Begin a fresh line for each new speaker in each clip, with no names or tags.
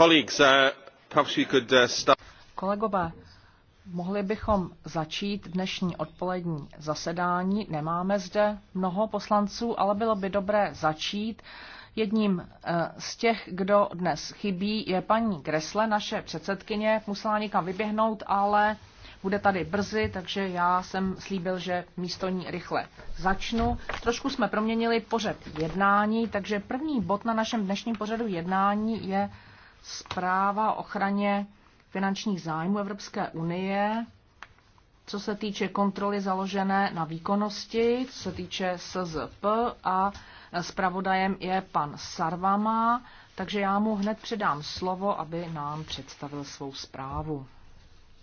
Uh, uh,
Kolegové, mohli bychom začít dnešní odpolední zasedání. Nemáme zde mnoho poslanců, ale bylo by dobré začít. Jedním uh, z těch, kdo dnes chybí, je paní Gresle, naše předsedkyně. Musela někam vyběhnout, ale bude tady brzy, takže já jsem slíbil, že místo ní rychle začnu. Trošku jsme proměnili pořad jednání, takže první bod na našem dnešním pořadu jednání je zpráva o ochraně finančních zájmů Evropské unie, co se týče kontroly založené na výkonnosti, co se týče SZP a zpravodajem je pan Sarvama, takže já mu hned předám slovo, aby nám představil svou zprávu.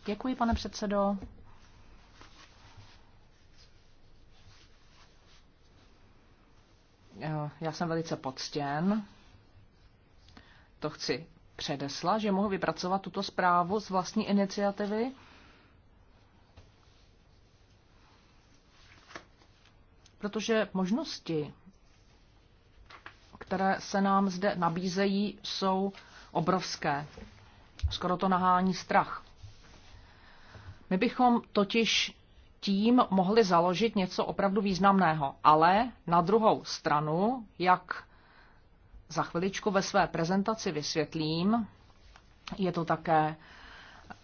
Děkuji, pane předsedo. Já jsem velice poctěn. To chci předesla, že mohu vypracovat tuto zprávu z vlastní iniciativy. Protože možnosti, které se nám zde nabízejí, jsou obrovské. Skoro to nahání strach. My bychom totiž tím mohli založit něco opravdu významného, ale na druhou stranu, jak za chviličku ve své prezentaci vysvětlím. Je to také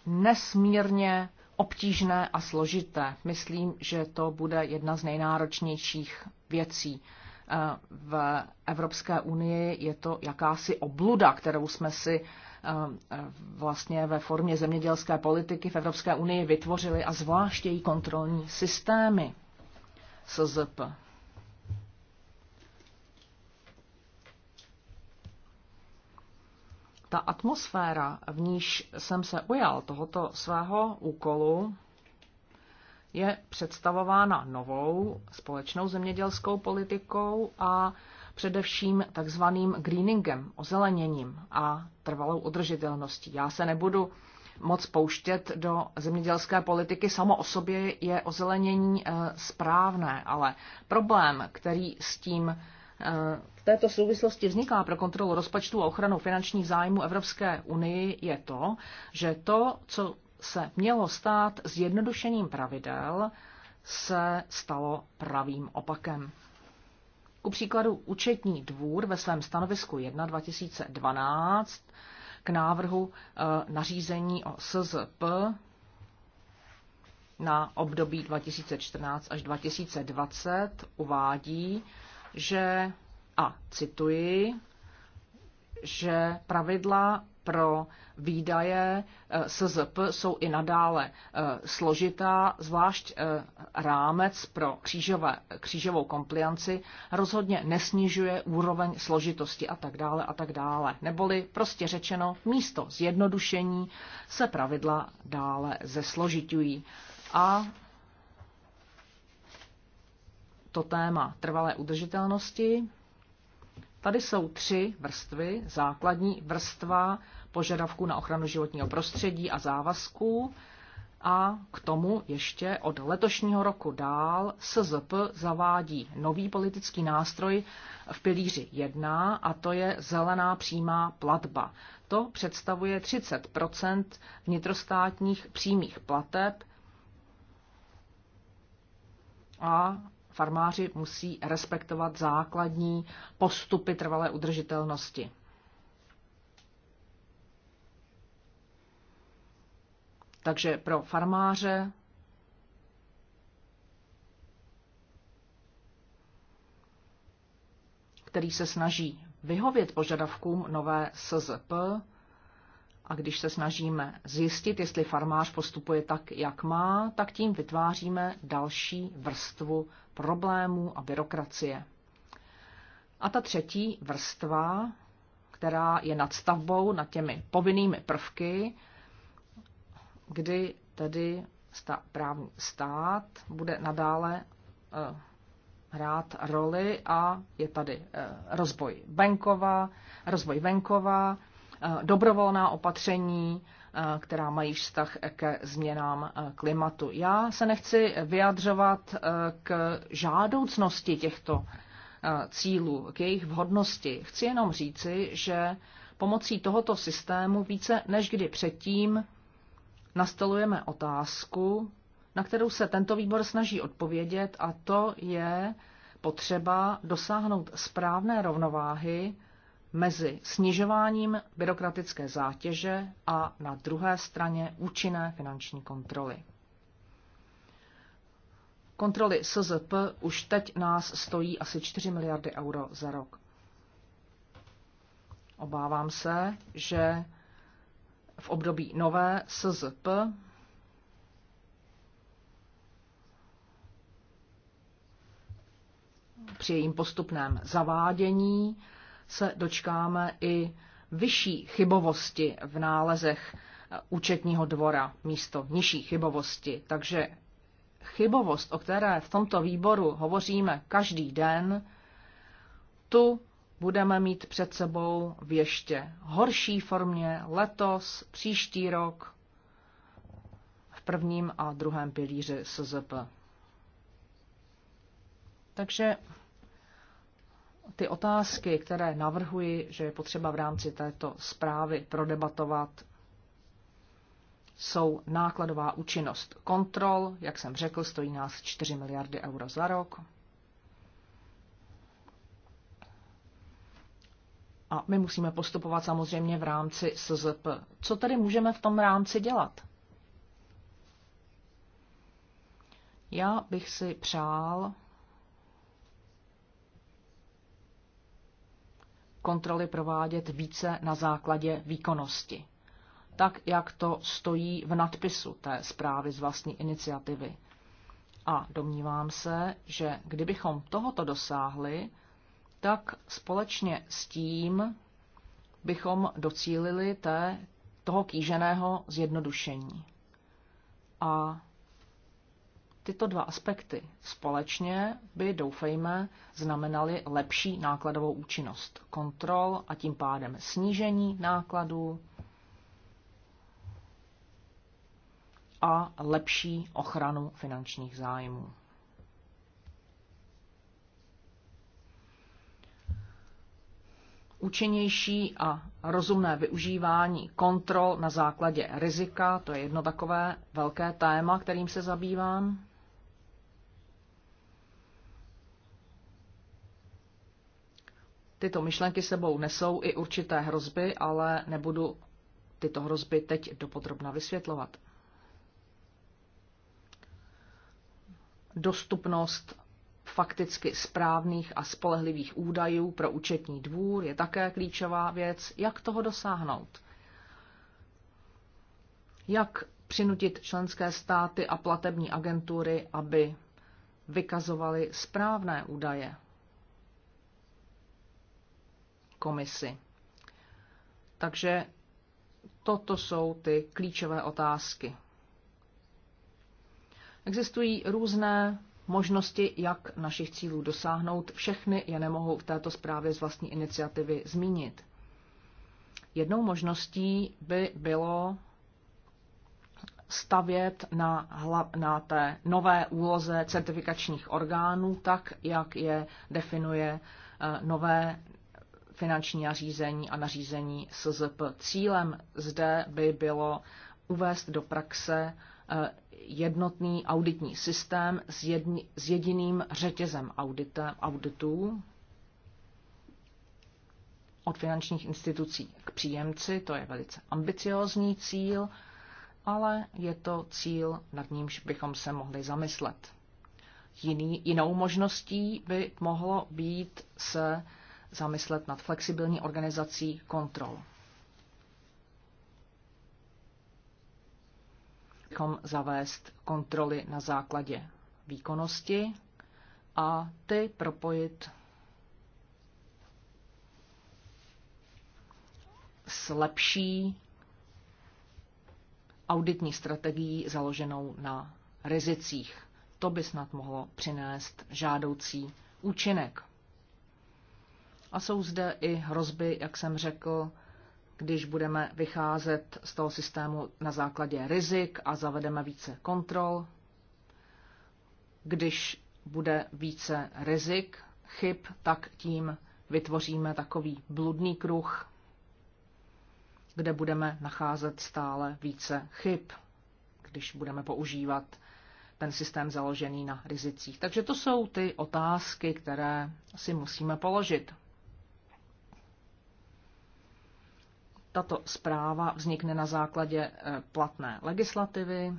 nesmírně obtížné a složité. Myslím, že to bude jedna z nejnáročnějších věcí. Eh, v Evropské unii je to jakási obluda, kterou jsme si eh, vlastně ve formě zemědělské politiky v Evropské unii vytvořili a zvláště její kontrolní systémy SZP. ta atmosféra, v níž jsem se ujal tohoto svého úkolu, je představována novou společnou zemědělskou politikou a především takzvaným greeningem, ozeleněním a trvalou udržitelností. Já se nebudu moc pouštět do zemědělské politiky. Samo o sobě je ozelenění eh, správné, ale problém, který s tím Eh, v této souvislosti vzniká pro kontrolu rozpočtu a ochranu finančních zájmů Evropské unii, je to, že to, co se mělo stát zjednodušením pravidel, se stalo pravým opakem. Ku příkladu účetní dvůr ve svém stanovisku 1 2012 k návrhu eh, nařízení o SZP na období 2014 až 2020 uvádí, že, a cituji, že pravidla pro výdaje eh, SZP jsou i nadále eh, složitá, zvlášť eh, rámec pro křížové, křížovou komplianci rozhodně nesnižuje úroveň složitosti a tak dále a tak dále. Neboli prostě řečeno, místo zjednodušení se pravidla dále zesložitují a to téma trvalé udržitelnosti. Tady jsou tři vrstvy. Základní vrstva požadavků na ochranu životního prostředí a závazků. A k tomu ještě od letošního roku dál SZP zavádí nový politický nástroj v pilíři 1 a to je zelená přímá platba. To představuje 30 vnitrostátních přímých plateb a farmáři musí respektovat základní postupy trvalé udržitelnosti. Takže pro farmáře který se snaží vyhovět požadavkům nové SZP, a když se snažíme zjistit, jestli farmář postupuje tak, jak má, tak tím vytváříme další vrstvu problémů a byrokracie. A ta třetí vrstva, která je nad stavbou, nad těmi povinnými prvky, kdy tedy stá, právní stát bude nadále uh, hrát roli a je tady uh, rozvoj venkova, rozvoj venkova, Eh, dobrovolná opatření, eh, která mají vztah ke změnám eh, klimatu. Já se nechci vyjadřovat k žádoucnosti těchto cílů, k jejich vhodnosti. Chci jenom říci, že pomocí tohoto systému více než kdy předtím nastolujeme otázku, na kterou se tento výbor snaží odpovědět, a to je potřeba dosáhnout správné rovnováhy mezi snižováním byrokratické zátěže a na druhé straně účinné finanční kontroly. Kontroly SZP už teď nás stojí asi 4 miliardy euro za rok. Obávám se, že v období nové SZP při jejím postupném zavádění se dočkáme i vyšší chybovosti v nálezech eh, účetního dvora místo nižší chybovosti. Takže chybovost, o které v tomto výboru hovoříme každý den, tu budeme mít před sebou v ještě horší formě letos, příští rok, v prvním a druhém pilíři SZP. Takže ty otázky, které navrhuji, že je potřeba v rámci této zprávy prodebatovat, jsou nákladová účinnost kontrol, jak jsem řekl, stojí nás 4 miliardy euro za rok. A my musíme postupovat samozřejmě v rámci SZP. Co tedy můžeme v tom rámci dělat? Já bych si přál, kontroly provádět více na základě výkonnosti. Tak, jak to stojí v nadpisu té zprávy z vlastní iniciativy. A domnívám se, že kdybychom tohoto dosáhli, tak společně s tím bychom docílili té, toho kýženého zjednodušení. A Tyto dva aspekty společně by, doufejme, znamenaly lepší nákladovou účinnost kontrol a tím pádem snížení nákladů a lepší ochranu finančních zájmů. účinnější a rozumné využívání kontrol na základě rizika, to je jedno takové velké téma, kterým se zabývám. Tyto myšlenky sebou nesou i určité hrozby, ale nebudu tyto hrozby teď dopodrobna vysvětlovat. Dostupnost fakticky správných a spolehlivých údajů pro účetní dvůr je také klíčová věc, jak toho dosáhnout. Jak přinutit členské státy a platební agentury, aby vykazovali správné údaje komisi. Takže toto jsou ty klíčové otázky. Existují různé možnosti, jak našich cílů dosáhnout. Všechny je nemohu v této zprávě z vlastní iniciativy zmínit. Jednou možností by bylo stavět na, hla, na té nové úloze certifikačních orgánů, tak jak je definuje eh, nové finanční nařízení a nařízení SZP. Cílem zde by bylo uvést do praxe eh, jednotný auditní systém s, jedni, s jediným řetězem audite, auditů od finančních institucí k příjemci. To je velice ambiciozní cíl, ale je to cíl, nad nímž bychom se mohli zamyslet. Jiný, jinou možností by mohlo být se zamyslet nad flexibilní organizací kontrol. Bychom zavést kontroly na základě výkonnosti a ty propojit s lepší auditní strategií založenou na rizicích. To by snad mohlo přinést žádoucí účinek. A jsou zde i hrozby, jak jsem řekl, když budeme vycházet z toho systému na základě rizik a zavedeme více kontrol, když bude více rizik, chyb, tak tím vytvoříme takový bludný kruh, kde budeme nacházet stále více chyb, když budeme používat ten systém založený na rizicích. Takže to jsou ty otázky, které si musíme položit. Tato zpráva vznikne na základě eh, platné legislativy.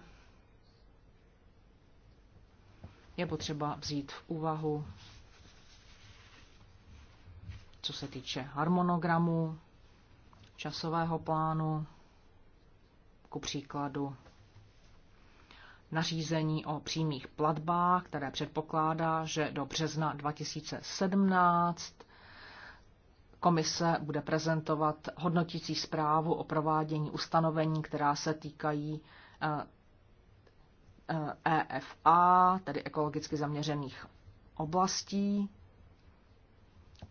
Je potřeba vzít v úvahu, co se týče harmonogramu, časového plánu, ku příkladu nařízení o přímých platbách, které předpokládá, že do března 2017 Komise bude prezentovat hodnotící zprávu o provádění ustanovení, která se týkají EFA, eh, eh, e tedy ekologicky zaměřených oblastí.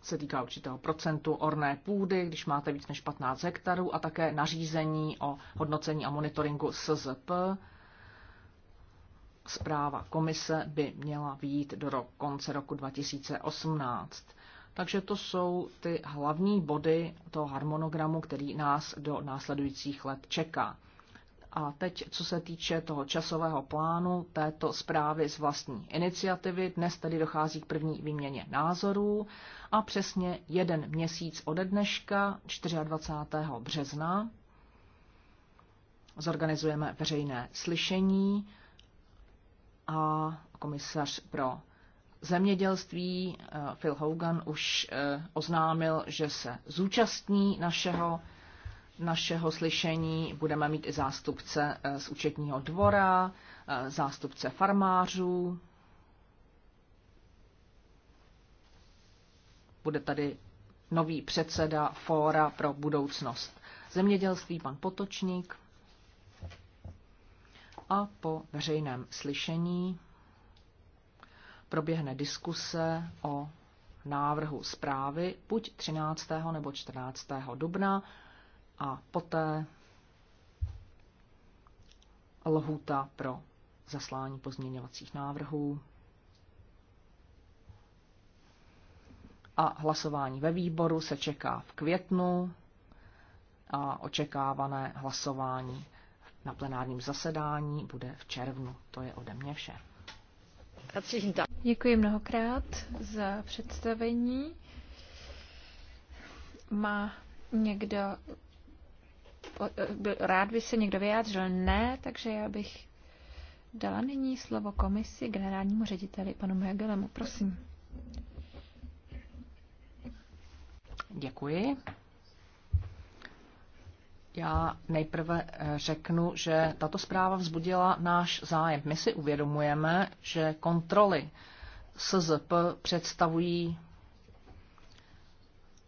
Se týká určitého procentu orné půdy, když máte víc než 15 hektarů, a také nařízení o hodnocení a monitoringu SZP. Zpráva komise by měla být do konce roku 2018. Takže to jsou ty hlavní body toho harmonogramu, který nás do následujících let čeká. A teď, co se týče toho časového plánu této zprávy z vlastní iniciativy, dnes tedy dochází k první výměně názorů a přesně jeden měsíc ode dneška, 24. března, zorganizujeme veřejné slyšení a komisař pro zemědělství eh, Phil Hogan už eh, oznámil, že se zúčastní našeho, našeho slyšení. Budeme mít i zástupce eh, z účetního dvora, zástupce farmářů. Bude tady nový předseda Fóra pro budoucnost zemědělství, pan Potočník. A po veřejném slyšení proběhne diskuse o návrhu zprávy buď 13. nebo 14. dubna a poté lhůta pro zaslání pozměňovacích návrhů a hlasování ve výboru se čeká v květnu a očekávané hlasování na plenárním zasedání bude v červnu. To je ode mě vše.
Děkuji mnohokrát za představení. Má někdo, rád by se někdo vyjádřil? Ne, takže já bych dala nyní slovo komisi generálnímu řediteli panu Megelemu. Prosím.
Děkuji. Já nejprve eh, řeknu, že tato zpráva vzbudila náš zájem. My si uvědomujeme, že kontroly SZP představují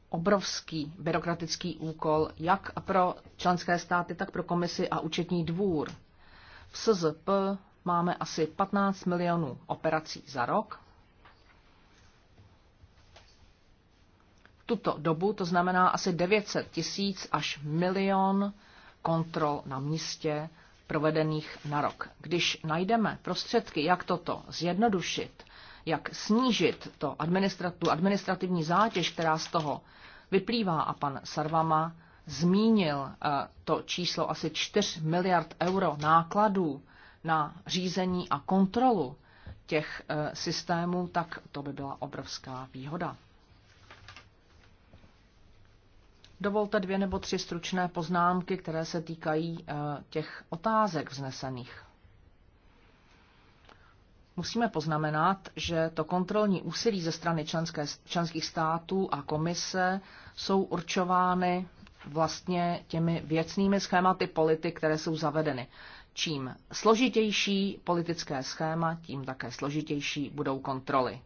obrovský byrokratický úkol jak pro členské státy, tak pro komisi a účetní dvůr. V SZP máme asi 15 milionů operací za rok tuto dobu, to znamená asi 900 tisíc až milion kontrol na místě provedených na rok. Když najdeme prostředky, jak toto zjednodušit, jak snížit to administrat, tu administrativní zátěž, která z toho vyplývá, a pan Sarvama zmínil eh, to číslo asi 4 miliard euro nákladů na řízení a kontrolu těch eh, systémů, tak to by byla obrovská výhoda. Dovolte dvě nebo tři stručné poznámky, které se týkají eh, těch otázek vznesených. Musíme poznamenat, že to kontrolní úsilí ze strany členské, členských států a komise jsou určovány vlastně těmi věcnými schématy politik, které jsou zavedeny. Čím složitější politické schéma, tím také složitější budou kontroly.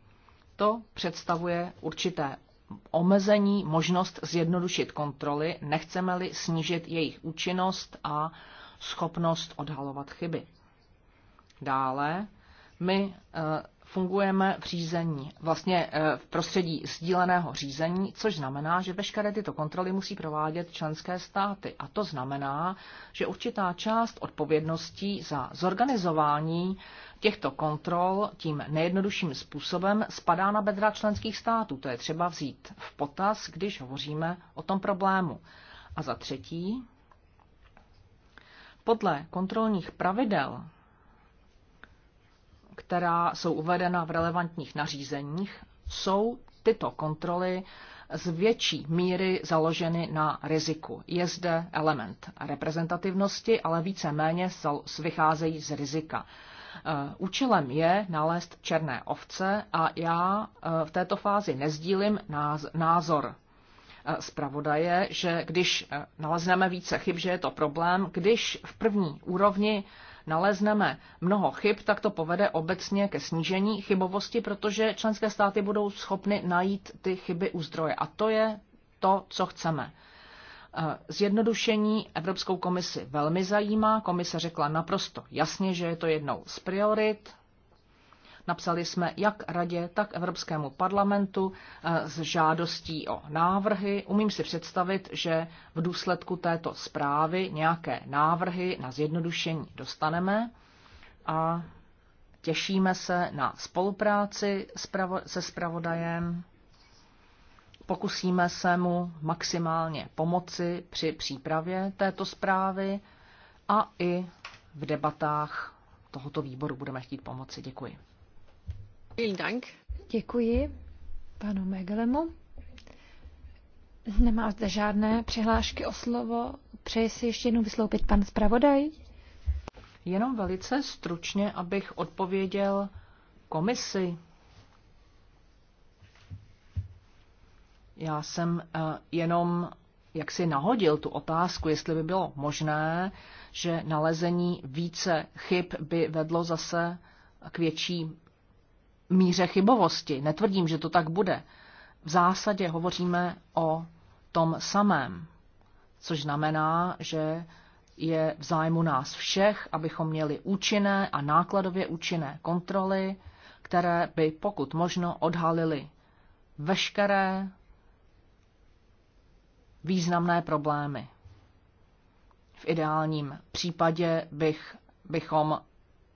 To představuje určité omezení možnost zjednodušit kontroly, nechceme-li snížit jejich účinnost a schopnost odhalovat chyby. Dále my eh, fungujeme v řízení, vlastně eh, v prostředí sdíleného řízení, což znamená, že veškeré tyto kontroly musí provádět členské státy. A to znamená, že určitá část odpovědností za zorganizování těchto kontrol tím nejjednodušším způsobem spadá na bedra členských států. To je třeba vzít v potaz, když hovoříme o tom problému. A za třetí, podle kontrolních pravidel která jsou uvedena v relevantních nařízeních, jsou tyto kontroly z větší míry založeny na riziku. Je zde element reprezentativnosti, ale více méně vycházejí z rizika. Eh, účelem je nalézt černé ovce a já eh, v této fázi nezdílím názor eh, zpravodaje, že když nalezneme více chyb, že je to problém, když v první úrovni nalezneme mnoho chyb, tak to povede obecně ke snížení chybovosti, protože členské státy budou schopny najít ty chyby u zdroje. A to je to, co chceme. Eh, zjednodušení Evropskou komisi velmi zajímá. Komise řekla naprosto jasně, že je to jednou z priorit. Napsali jsme jak radě, tak Evropskému parlamentu s eh, žádostí o návrhy. Umím si představit, že v důsledku této zprávy nějaké návrhy na zjednodušení dostaneme a těšíme se na spolupráci se spravodajem. Pokusíme se mu maximálně pomoci při přípravě této zprávy a i v debatách tohoto výboru budeme chtít pomoci. Děkuji.
Děkuji panu Megelemu. Nemá zde žádné přihlášky o slovo. Přeji si ještě jednou vysloupit pan zpravodaj?
Jenom velice stručně, abych odpověděl komisi. Já jsem eh, jenom jak si nahodil tu otázku, jestli by bylo možné, že nalezení více chyb by vedlo zase k větší míře chybovosti. Netvrdím, že to tak bude. V zásadě hovoříme o tom samém, což znamená, že je v zájmu nás všech, abychom měli účinné a nákladově účinné kontroly, které by pokud možno odhalily veškeré významné problémy. V ideálním případě bych, bychom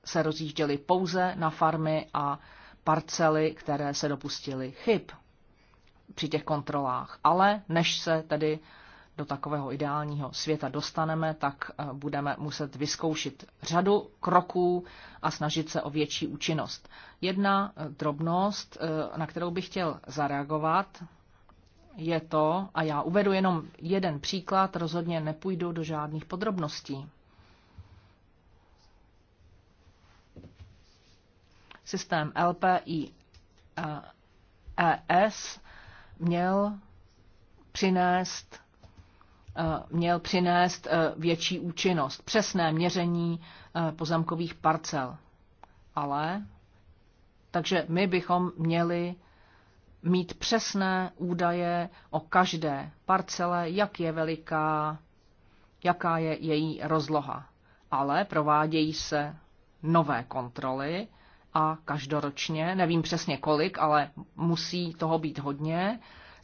se rozjížděli pouze na farmy a parcely, které se dopustily chyb při těch kontrolách. Ale než se tedy do takového ideálního světa dostaneme, tak eh, budeme muset vyzkoušet řadu kroků a snažit se o větší účinnost. Jedna eh, drobnost, eh, na kterou bych chtěl zareagovat, je to, a já uvedu jenom jeden příklad, rozhodně nepůjdu do žádných podrobností. Systém ES eh, e měl přinést eh, měl přinést eh, větší účinnost, přesné měření pozemkových parcel. Ale, takže my bychom měli mít přesné údaje o každé parcele, jak je veliká, jaká je její rozloha. Ale provádějí se nové kontroly a každoročně, nevím přesně kolik, ale musí toho být hodně,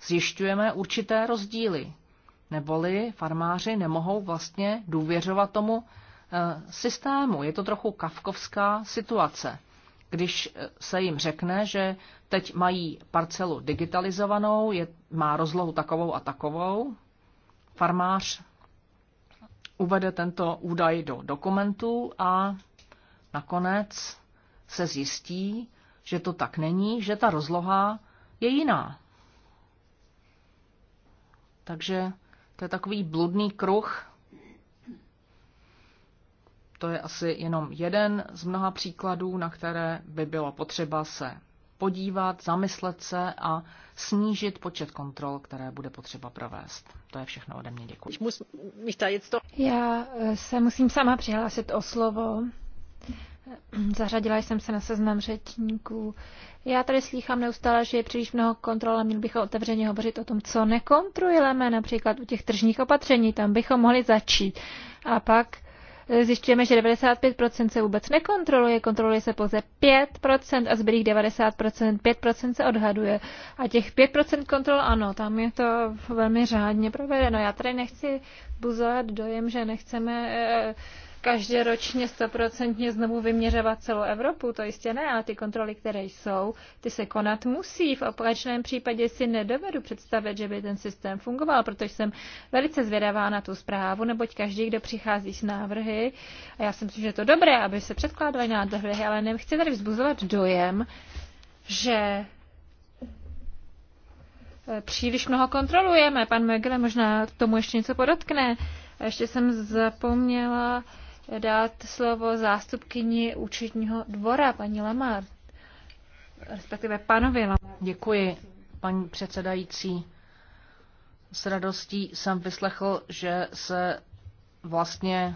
zjišťujeme určité rozdíly. Neboli farmáři nemohou vlastně důvěřovat tomu eh, systému. Je to trochu kavkovská situace. Když eh, se jim řekne, že teď mají parcelu digitalizovanou, je, má rozlohu takovou a takovou, farmář uvede tento údaj do dokumentu a nakonec se zjistí, že to tak není, že ta rozloha je jiná. Takže to je takový bludný kruh. To je asi jenom jeden z mnoha příkladů, na které by bylo potřeba se podívat, zamyslet se a snížit počet kontrol, které bude potřeba provést. To je všechno ode mě, děkuji.
Já eh, se musím sama přihlásit o slovo, Zařadila jsem se na seznam řečníků. Já tady slýchám neustále, že je příliš mnoho kontrol a měli bychom otevřeně hovořit o tom, co nekontrolujeme, například u těch tržních opatření, tam bychom mohli začít. A pak eh, zjišťujeme, že 95% se vůbec nekontroluje, kontroluje se pouze 5% a zbylých 90%, 5% se odhaduje. A těch 5% kontrol, ano, tam je to velmi řádně provedeno. Já tady nechci buzovat dojem, že nechceme eh, každoročně stoprocentně znovu vyměřovat celou Evropu, to jistě ne, ale ty kontroly, které jsou, ty se konat musí. V opačném případě si nedovedu představit, že by ten systém fungoval, protože jsem velice zvědavá na tu zprávu, neboť každý, kdo přichází s návrhy, a já si myslím, že je to dobré, aby se předkládaly návrhy, ale nechci tady vzbuzovat dojem, že e, příliš mnoho kontrolujeme. Pan Megle možná k tomu ještě něco podotkne. Ještě jsem zapomněla dát slovo
zástupkyni účetního dvora, paní Lamar, respektive panovi Lamar. Děkuji, paní předsedající. S radostí jsem vyslechl, že se vlastně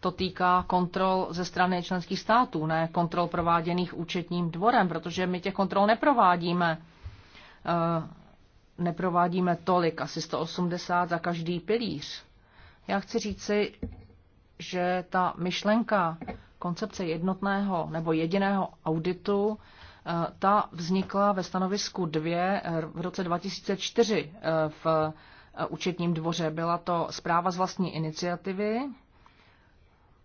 to týká kontrol ze strany členských států, ne kontrol prováděných účetním dvorem, protože my těch kontrol neprovádíme. Eh, neprovádíme tolik, asi 180 za každý pilíř. Já chci říci, že ta myšlenka koncepce jednotného nebo jediného auditu eh, ta vznikla ve stanovisku 2 eh, v roce 2004 eh, v účetním dvoře. Byla to zpráva z vlastní iniciativy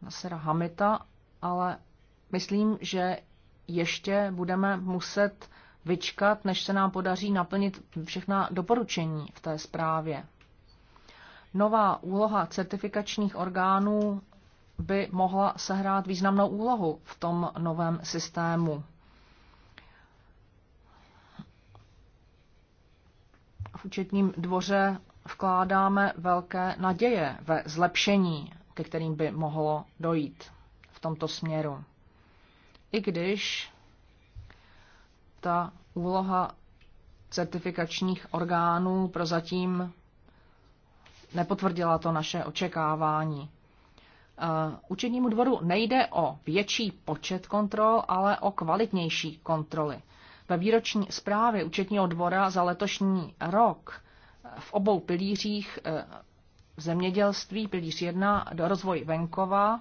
Nasera Hamita, ale myslím, že ještě budeme muset vyčkat, než se nám podaří naplnit všechna doporučení v té zprávě. Nová úloha certifikačních orgánů by mohla sehrát významnou úlohu v tom novém systému. V účetním dvoře vkládáme velké naděje ve zlepšení, ke kterým by mohlo dojít v tomto směru. I když ta úloha certifikačních orgánů prozatím nepotvrdila to naše očekávání. Učenímu eh, dvoru nejde o větší počet kontrol, ale o kvalitnější kontroly. Ve výroční zprávě účetního dvora za letošní rok v obou pilířích v eh, zemědělství, pilíř 1 do rozvoj venkova,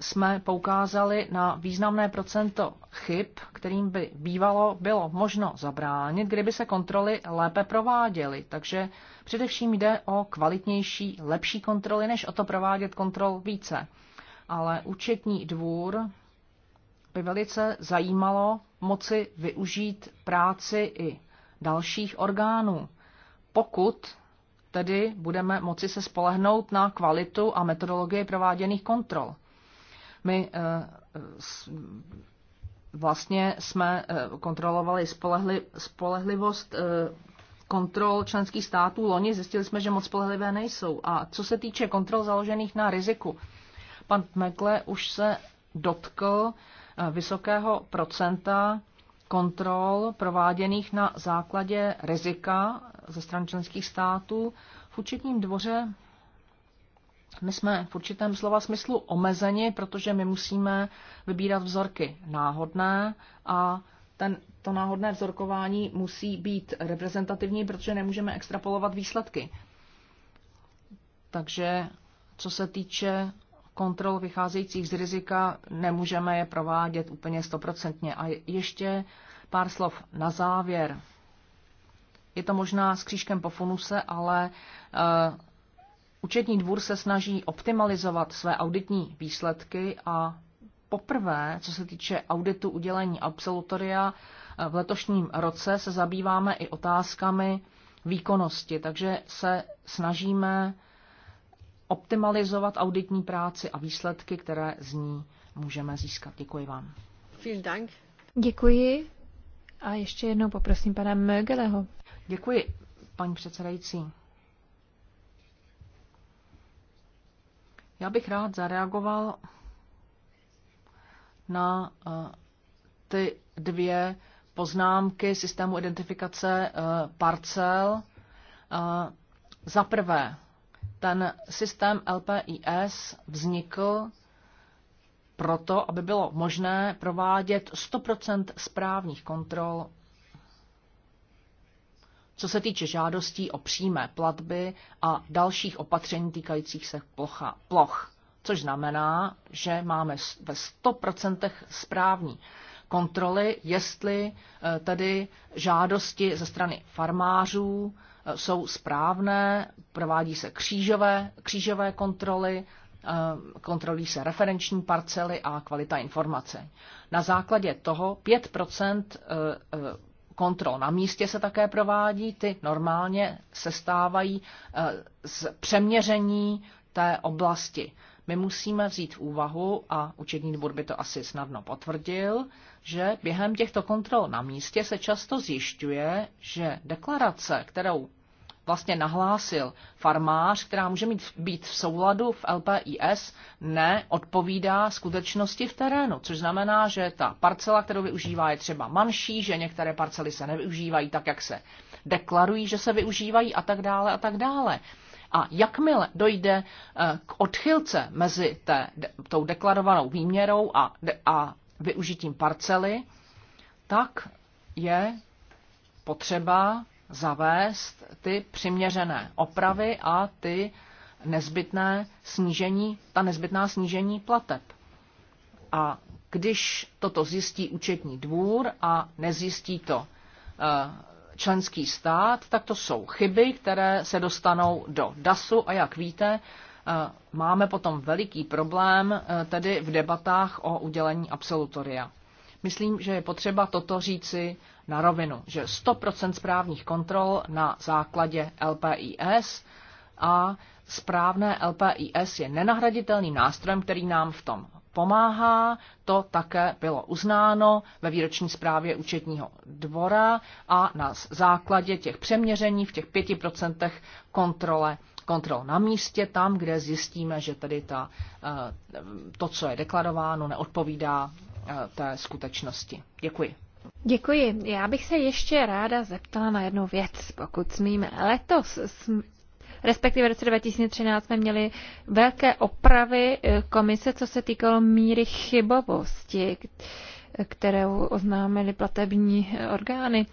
jsme poukázali na významné procento chyb, kterým by bývalo bylo možno zabránit, kdyby se kontroly lépe prováděly. Takže především jde o kvalitnější, lepší kontroly, než o to provádět kontrol více. Ale účetní dvůr by velice zajímalo moci využít práci i dalších orgánů, pokud tedy budeme moci se spolehnout na kvalitu a metodologii prováděných kontrol. My eh, vlastně jsme eh, kontrolovali spolehli, spolehlivost eh, kontrol členských států loni, zjistili jsme, že moc spolehlivé nejsou. A co se týče kontrol založených na riziku, pan Mekle už se dotkl vysokého procenta kontrol prováděných na základě rizika ze strany členských států. V účetním dvoře my jsme v určitém slova smyslu omezeni, protože my musíme vybírat vzorky náhodné a ten, to náhodné vzorkování musí být reprezentativní, protože nemůžeme extrapolovat výsledky. Takže co se týče kontrol vycházejících z rizika, nemůžeme je provádět úplně stoprocentně. A ještě pár slov na závěr. Je to možná s křížkem po funuse, ale eh, Účetní dvůr se snaží optimalizovat své auditní výsledky a poprvé, co se týče auditu udělení absolutoria, v letošním roce se zabýváme i otázkami výkonnosti, takže se snažíme optimalizovat auditní práci a výsledky, které z ní můžeme získat. Děkuji vám.
Děkuji.
A ještě jednou poprosím pana Mögeleho. Děkuji, paní předsedající. Já bych rád zareagoval na eh, ty dvě poznámky systému identifikace eh, parcel. Eh, za prvé, ten systém LPIS vznikl proto, aby bylo možné provádět 100 správních kontrol co se týče žádostí o přímé platby a dalších opatření týkajících se plocha, ploch, což znamená, že máme ve 100% správní kontroly, jestli eh, tedy žádosti ze strany farmářů eh, jsou správné, provádí se křížové, křížové kontroly, eh, kontrolují se referenční parcely a kvalita informace. Na základě toho 5 kontrol na místě se také provádí, ty normálně se stávají eh, z přeměření té oblasti. My musíme vzít v úvahu, a účetní dvůr by to asi snadno potvrdil, že během těchto kontrol na místě se často zjišťuje, že deklarace, kterou vlastně nahlásil farmář, která může mít, být v souladu v LPIS, neodpovídá skutečnosti v terénu, což znamená, že ta parcela, kterou využívá, je třeba manší, že některé parcely se nevyužívají tak, jak se deklarují, že se využívají a tak dále a tak dále. A jakmile dojde eh, k odchylce mezi té, tou deklarovanou výměrou a, a využitím parcely, tak je potřeba zavést ty přiměřené opravy a ty nezbytné snížení, ta nezbytná snížení plateb. A když toto zjistí účetní dvůr a nezjistí to eh, členský stát, tak to jsou chyby, které se dostanou do DASu a jak víte, eh, máme potom veliký problém eh, tedy v debatách o udělení absolutoria. Myslím, že je potřeba toto říci na rovinu, že 100% správných kontrol na základě LPIS a správné LPIS je nenahraditelný nástrojem, který nám v tom pomáhá. To také bylo uznáno ve výroční zprávě účetního dvora a na základě těch přeměření v těch 5% kontrole kontrol na místě, tam, kde zjistíme, že tedy ta, eh, to, co je deklarováno, neodpovídá eh, té skutečnosti. Děkuji.
Děkuji. Já bych se ještě ráda zeptala na jednu věc, pokud smíme. Letos sm... respektive v roce 2013 jsme měli velké opravy eh, komise, co se týkalo míry chybovosti, kterou oznámili platební orgány.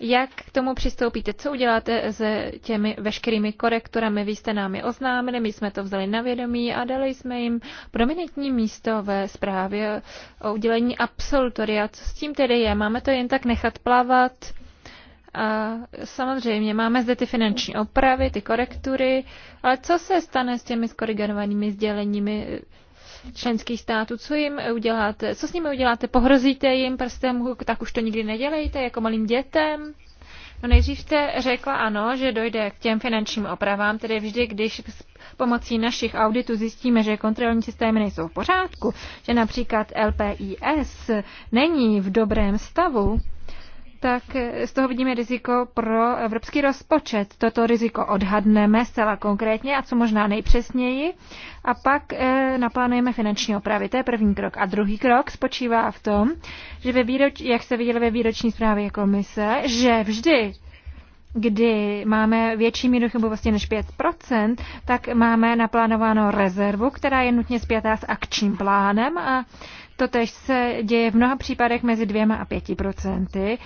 Jak k tomu přistoupíte? Co uděláte s těmi veškerými korektorami? Vy jste nám je oznámili, my jsme to vzali na vědomí a dali jsme jim prominentní místo ve zprávě o udělení absolutoria. Co s tím tedy je? Máme to jen tak nechat plavat? A samozřejmě máme zde ty finanční opravy, ty korektury, ale co se stane s těmi skorigovanými sděleními? členských států. Co jim uděláte? Co s nimi uděláte? Pohrozíte jim prstem, tak už to nikdy nedělejte, jako malým dětem? No nejdřív jste řekla ano, že dojde k těm finančním opravám, tedy vždy, když s pomocí našich auditů zjistíme, že kontrolní systémy nejsou v pořádku, že například LPIS není v dobrém stavu, tak z toho vidíme riziko pro evropský rozpočet. Toto riziko odhadneme zcela konkrétně a co možná nejpřesněji a pak eh, naplánujeme finanční opravy. To je první krok. A druhý krok spočívá v tom, že ve výroč, jak se viděli ve výroční zprávě komise, že vždy kdy máme větší míru chybovosti než 5%, tak máme naplánováno rezervu, která je nutně zpětá s akčním plánem a to tež se děje v mnoha případech mezi dvěma a pěti procenty,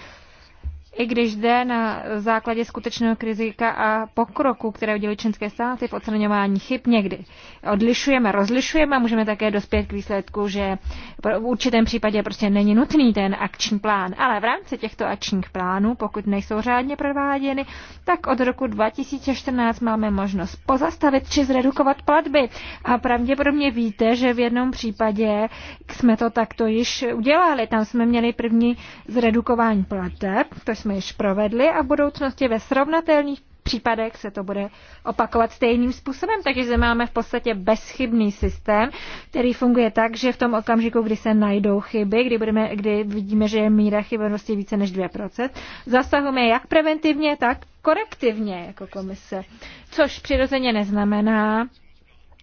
i když jde na základě skutečného rizika a pokroku, které udělí členské státy v oceňování chyb, někdy odlišujeme, rozlišujeme a můžeme také dospět k výsledku, že v určitém případě prostě není nutný ten akční plán. Ale v rámci těchto akčních plánů, pokud nejsou řádně prováděny, tak od roku 2014 máme možnost pozastavit či zredukovat platby. A pravděpodobně víte, že v jednom případě jsme to takto již udělali. Tam jsme měli první zredukování plateb, to jsme již provedli a v budoucnosti ve srovnatelných případech se to bude opakovat stejným způsobem, takže zde máme v podstatě bezchybný systém, který funguje tak, že v tom okamžiku, kdy se najdou chyby, kdy, budeme, kdy vidíme, že je míra chybovosti více než 2%, zasahujeme jak preventivně, tak korektivně jako komise, což přirozeně neznamená,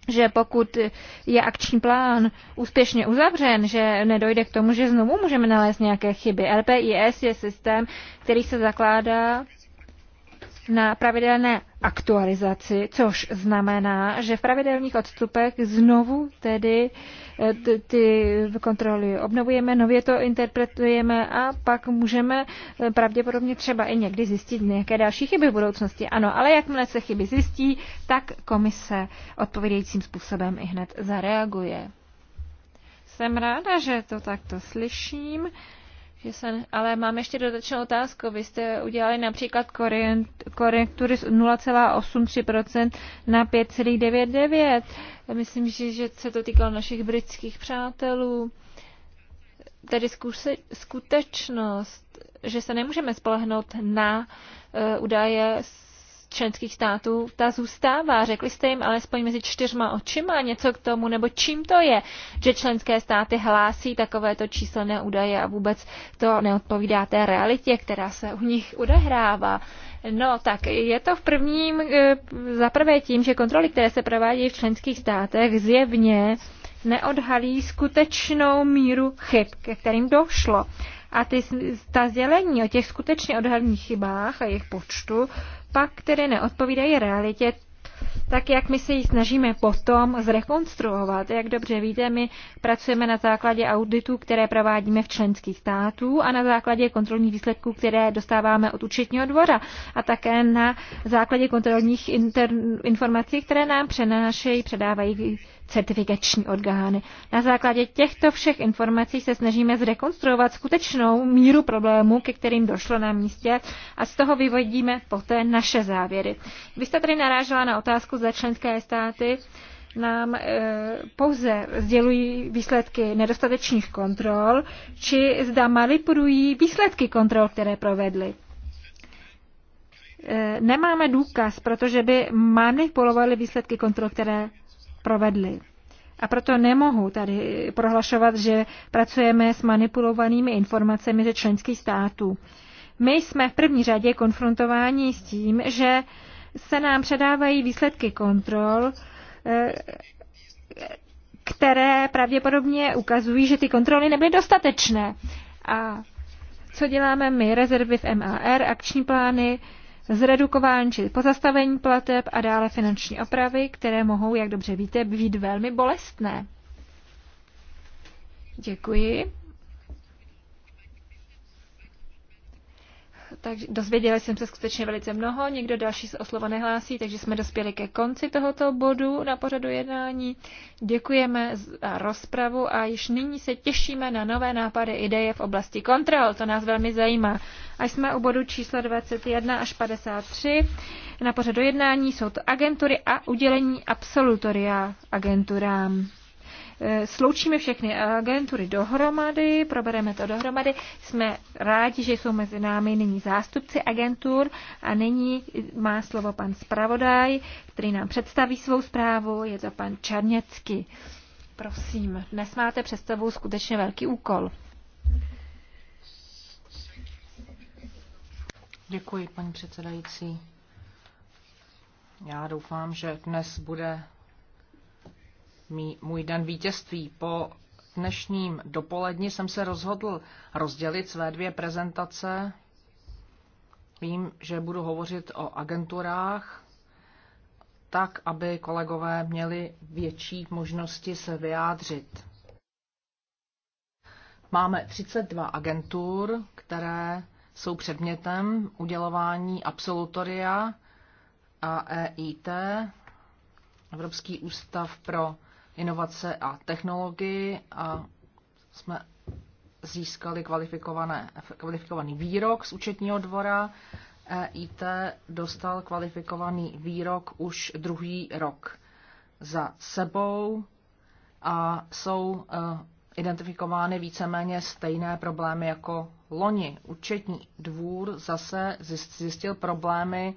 že pokud je akční plán úspěšně uzavřen, že nedojde k tomu, že znovu můžeme nalézt nějaké chyby. LPIS je systém, který se zakládá na pravidelné aktualizaci, což znamená, že v pravidelných odstupech znovu tedy eh, ty kontroly obnovujeme, nově to interpretujeme a pak můžeme eh, pravděpodobně třeba i někdy zjistit nějaké další chyby v budoucnosti. Ano, ale jakmile se chyby zjistí, tak komise odpovědějícím způsobem i hned zareaguje. Jsem ráda, že to takto slyším. Že se, ale mám ještě dodatečnou otázku. Vy jste udělali například korektury z 0,83% na 5,99%. Myslím, že, že se to týkalo našich britských přátelů. Tedy zkuse, skutečnost, že se nemůžeme spolehnout na uh, údaje z členských států, ta zůstává. Řekli jste jim alespoň mezi čtyřma očima něco k tomu, nebo čím to je, že členské státy hlásí takovéto číselné údaje a vůbec to neodpovídá té realitě, která se u nich odehrává. No, tak je to v prvním, eh, zaprvé tím, že kontroly, které se provádějí v členských státech, zjevně neodhalí skutečnou míru chyb, ke kterým došlo. A ty, ta sdělení o těch skutečně odhalených chybách a jejich počtu pak které neodpovídají realitě, tak jak my se ji snažíme potom zrekonstruovat. Jak dobře víte, my pracujeme na základě auditů, které provádíme v členských států a na základě kontrolních výsledků, které dostáváme od účetního dvora a také na základě kontrolních informací, které nám přenášejí, předávají certifikační orgány. Na základě těchto všech informací se snažíme zrekonstruovat skutečnou míru problémů, ke kterým došlo na místě a z toho vyvodíme poté naše závěry. Vy jste tady narážela na otázku za členské státy nám e, pouze sdělují výsledky nedostatečných kontrol, či zda manipulují výsledky kontrol, které provedly. E, eh, nemáme důkaz, protože by manipulovali výsledky kontrol, které provedli. A proto nemohu tady prohlašovat, že pracujeme s manipulovanými informacemi ze členských států. My jsme v první řadě konfrontováni s tím, že se nám předávají výsledky kontrol, eh, které pravděpodobně ukazují, že ty kontroly nebyly dostatečné. A co děláme my? Rezervy v MAR, akční plány, zredukování či pozastavení plateb a dále finanční opravy, které mohou, jak dobře víte, být velmi bolestné. Děkuji. takže dozvěděli jsem se skutečně velice mnoho, někdo další se o slovo nehlásí, takže jsme dospěli ke konci tohoto bodu na pořadu jednání. Děkujeme za rozpravu a již nyní se těšíme na nové nápady ideje v oblasti kontrol, to nás velmi zajímá. A jsme u bodu číslo 21 až 53. Na pořadu jednání jsou to agentury a udělení absolutoria agenturám. Eh, sloučíme všechny agentury dohromady, probereme to dohromady. Jsme rádi, že jsou mezi námi nyní zástupci agentur a nyní má slovo pan zpravodaj, který nám představí svou zprávu. Je to pan Čarněcky. Prosím, dnes máte před sebou skutečně velký úkol.
Děkuji, paní předsedající. Já doufám, že dnes bude mý, můj den vítězství. Po dnešním dopoledni jsem se rozhodl rozdělit své dvě prezentace. Vím, že budu hovořit o agenturách, tak, aby kolegové měli větší možnosti se vyjádřit. Máme 32 agentur, které jsou předmětem udělování absolutoria a EIT, Evropský ústav pro inovace a technologii a jsme získali kvalifikované, kvalifikovaný výrok z účetního dvora. EIT dostal kvalifikovaný výrok už druhý rok za sebou a jsou e, identifikovány víceméně stejné problémy jako loni. Účetní dvůr zase zjistil problémy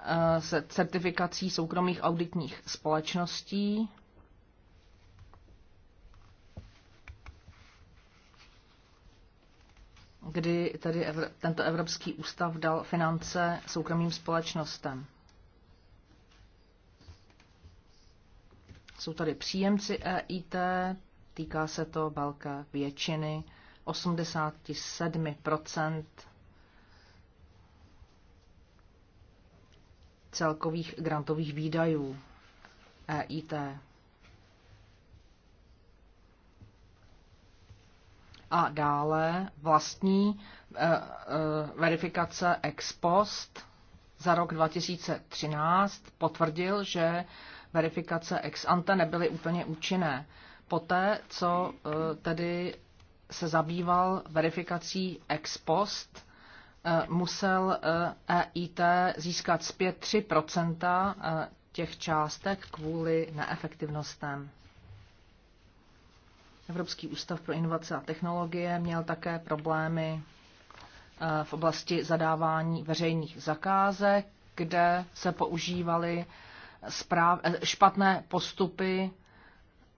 e, se certifikací soukromých auditních společností kdy tedy Evr- tento Evropský ústav dal finance soukromým společnostem. Jsou tady příjemci EIT, týká se to velké většiny, 87 celkových grantových výdajů EIT. a dále vlastní eh, eh, verifikace ex post za rok 2013 potvrdil, že verifikace ex ante nebyly úplně účinné. Poté, co eh, tedy se zabýval verifikací ex post, musel EIT e získat zpět 3 těch částek kvůli neefektivnostem. Evropský ústav pro inovace a technologie měl také problémy eh, v oblasti zadávání veřejných zakázek, kde se používaly správ, eh, špatné postupy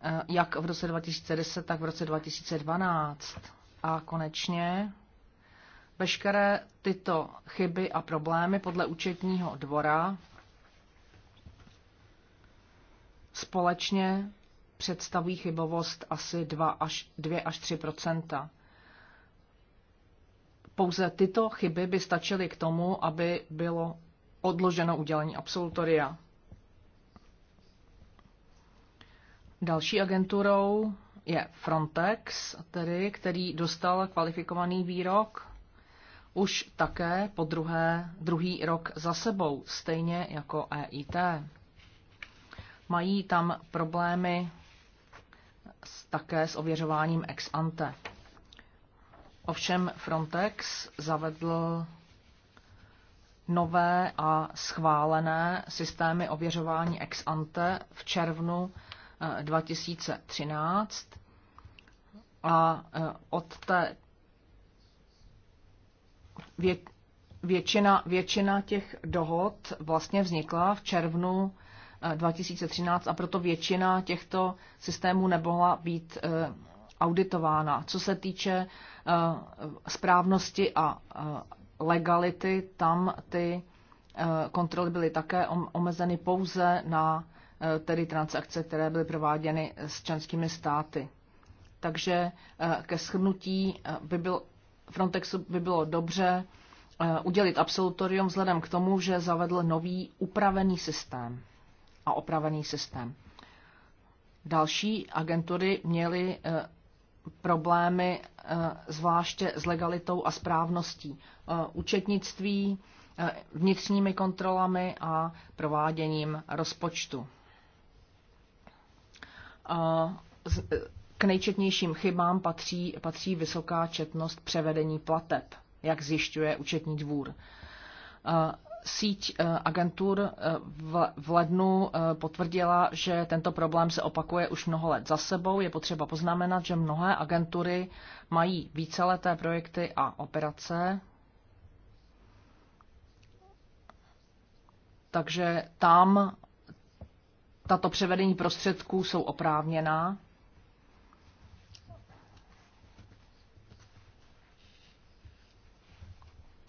eh, jak v roce 2010, tak v roce 2012. A konečně veškeré tyto chyby a problémy podle účetního dvora společně představují chybovost asi 2 až, 2 až 3 Pouze tyto chyby by stačily k tomu, aby bylo odloženo udělení absolutoria. Další agenturou je Frontex, tedy, který dostal kvalifikovaný výrok už také po druhé, druhý rok za sebou, stejně jako EIT. Mají tam problémy také s ověřováním ex ante. Ovšem Frontex zavedl nové a schválené systémy ověřování ex ante v červnu 2013 eh, a eh, od té většina, většina těch dohod vlastně vznikla v červnu 2013 a proto většina těchto systémů nemohla být eh, auditována. Co se týče eh, správnosti a eh, legality, tam ty kontroly byly také omezeny pouze na tedy transakce, které byly prováděny s členskými státy. Takže ke shrnutí by byl, Frontexu by bylo dobře udělit absolutorium vzhledem k tomu, že zavedl nový upravený systém a opravený systém. Další agentury měly eh, problémy eh, zvláště s legalitou a správností eh, účetnictví, vnitřními kontrolami a prováděním rozpočtu. K nejčetnějším chybám patří, patří vysoká četnost převedení plateb, jak zjišťuje účetní dvůr síť eh, agentur eh, v lednu eh, potvrdila, že tento problém se opakuje už mnoho let za sebou. Je potřeba poznamenat, že mnohé agentury mají víceleté projekty a operace. Takže tam tato převedení prostředků jsou oprávněná.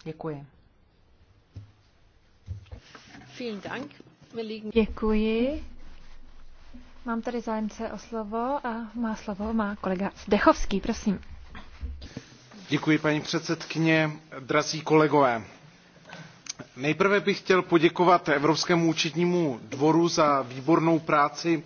Děkuji.
Děkuji. Mám tady zájemce o slovo a má slovo má kolega Zdechovský, prosím.
Děkuji, paní předsedkyně, drazí kolegové. Nejprve bych chtěl poděkovat Evropskému účetnímu dvoru za výbornou práci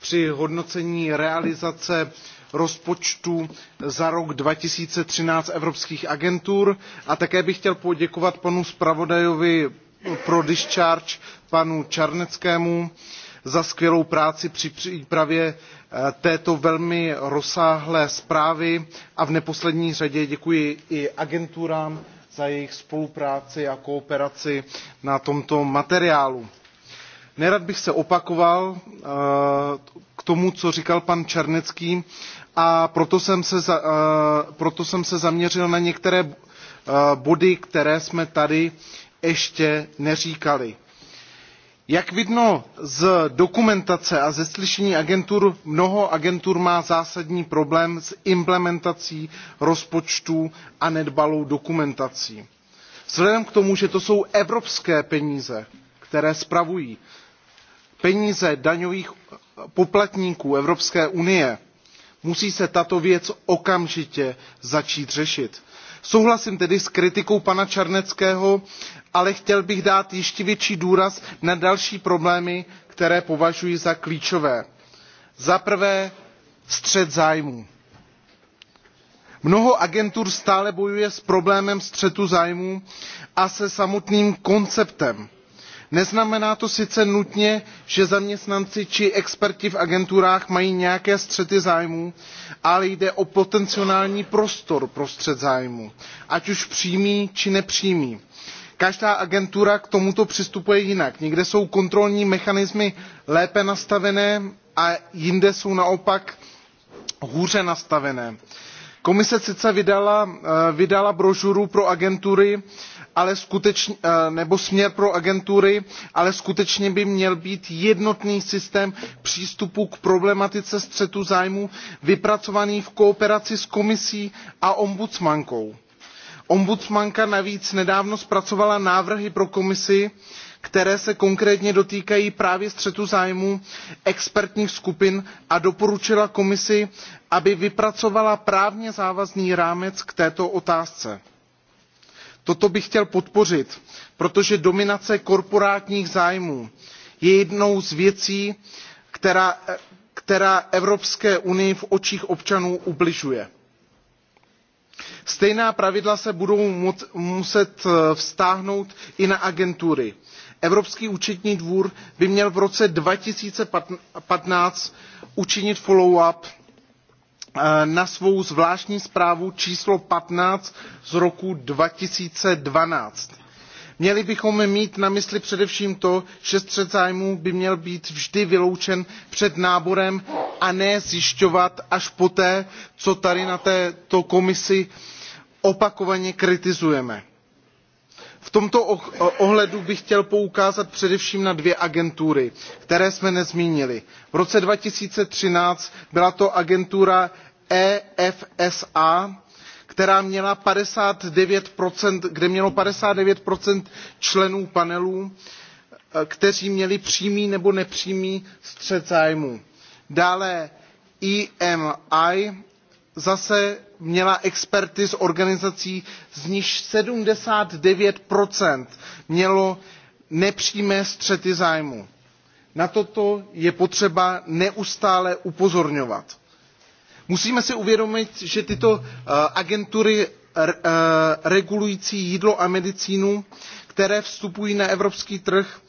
při hodnocení realizace rozpočtu za rok 2013 evropských agentur a také bych chtěl poděkovat panu zpravodajovi pro discharge panu czarneckému za skvělou práci při přípravě eh, této velmi rozsáhlé zprávy a v neposlední řadě děkuji i agenturám za jejich spolupráci a kooperaci na tomto materiálu. nerad bych se opakoval eh, k tomu co říkal pan czarnecki a proto jsem se, za, eh, proto jsem se zaměřil na některé body které jsme tady ještě neříkali. Jak vidno z dokumentace a ze slyšení agentur, mnoho agentur má zásadní problém s implementací rozpočtů a nedbalou dokumentací. Vzhledem k tomu, že to jsou evropské peníze, které spravují, peníze daňových poplatníků Evropské unie, musí se tato věc okamžitě začít řešit. Souhlasím tedy s kritikou pana Čarneckého ale chtěl bych dát ještě větší důraz na další problémy které považuji za klíčové. za prvé střet zájmů. mnoho agentur stále bojuje s problémem střetu zájmů a se samotným konceptem. neznamená to sice nutně že zaměstnanci či experti v agenturách mají nějaké střety zájmů ale jde o potenciální prostor pro střet zájmů ať už přímý či nepřímý každá agentura k tomuto přistupuje jinak někde jsou kontrolní mechanismy lépe nastavené a jinde jsou naopak hůře nastavené. komise sice vydala, eh, brožuru pro agentury ale eh, nebo směr pro agentury ale skutečně by měl být jednotný systém přístupu k problematice střetu zájmů vypracovaný v kooperaci s komisí a ombudsmankou ombudsmanka navíc nedávno zpracovala návrhy pro komisi které se konkrétně dotýkají právě střetu zájmů expertních skupin a doporučila komisi aby vypracovala právně závazný rámec k této otázce. toto bych chtěl podpořit protože dominace korporátních zájmů je jednou z věcí která, evropské unii v očích občanů ubližuje stejná pravidla se budou muset eh, vztáhnout i na agentury. evropský účetní dvůr by měl v roce two thousand and fifteen učinit follow up eh, na svou zvláštní zprávu číslo fifteen z roku two thousand and twelve měli bychom mít na mysli především to že střet zájmů by měl být vždy vyloučen před náborem a ne zjišťovat až poté co tady na této komisi opakovaně kritizujeme. v tomto ohledu bych chtěl poukázat především na dvě agentury které jsme nezmínili. v roce two thousand and thirteen byla to agentura efsa která měla 59%, kde mělo 59% členů panelu, eh, kteří měli přímý nebo nepřímý střet zájmů. Dále EMI zase měla experty z organizací, z nichž 79% mělo nepřímé střety zájmů. Na toto je potřeba neustále upozorňovat musíme si uvědomit že tyto eh, agentury eh, eh, regulující jídlo a medicínu které vstupují na evropský trh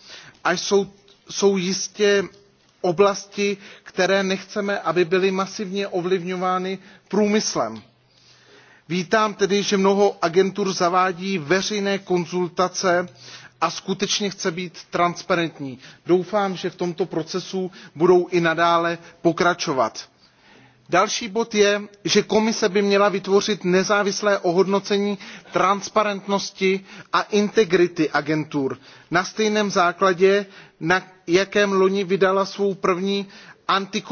jsou, jsou jistě oblasti které nechceme aby byly masivně ovlivňovány průmyslem. vítám tedy že mnoho agentur zavádí veřejné konzultace a skutečně chce být transparentní. doufám že v tomto procesu budou i nadále pokračovat další bod je že komise by měla vytvořit nezávislé ohodnocení transparentnosti a integrity agentur na stejném základě na jakém loni vydala svou první anti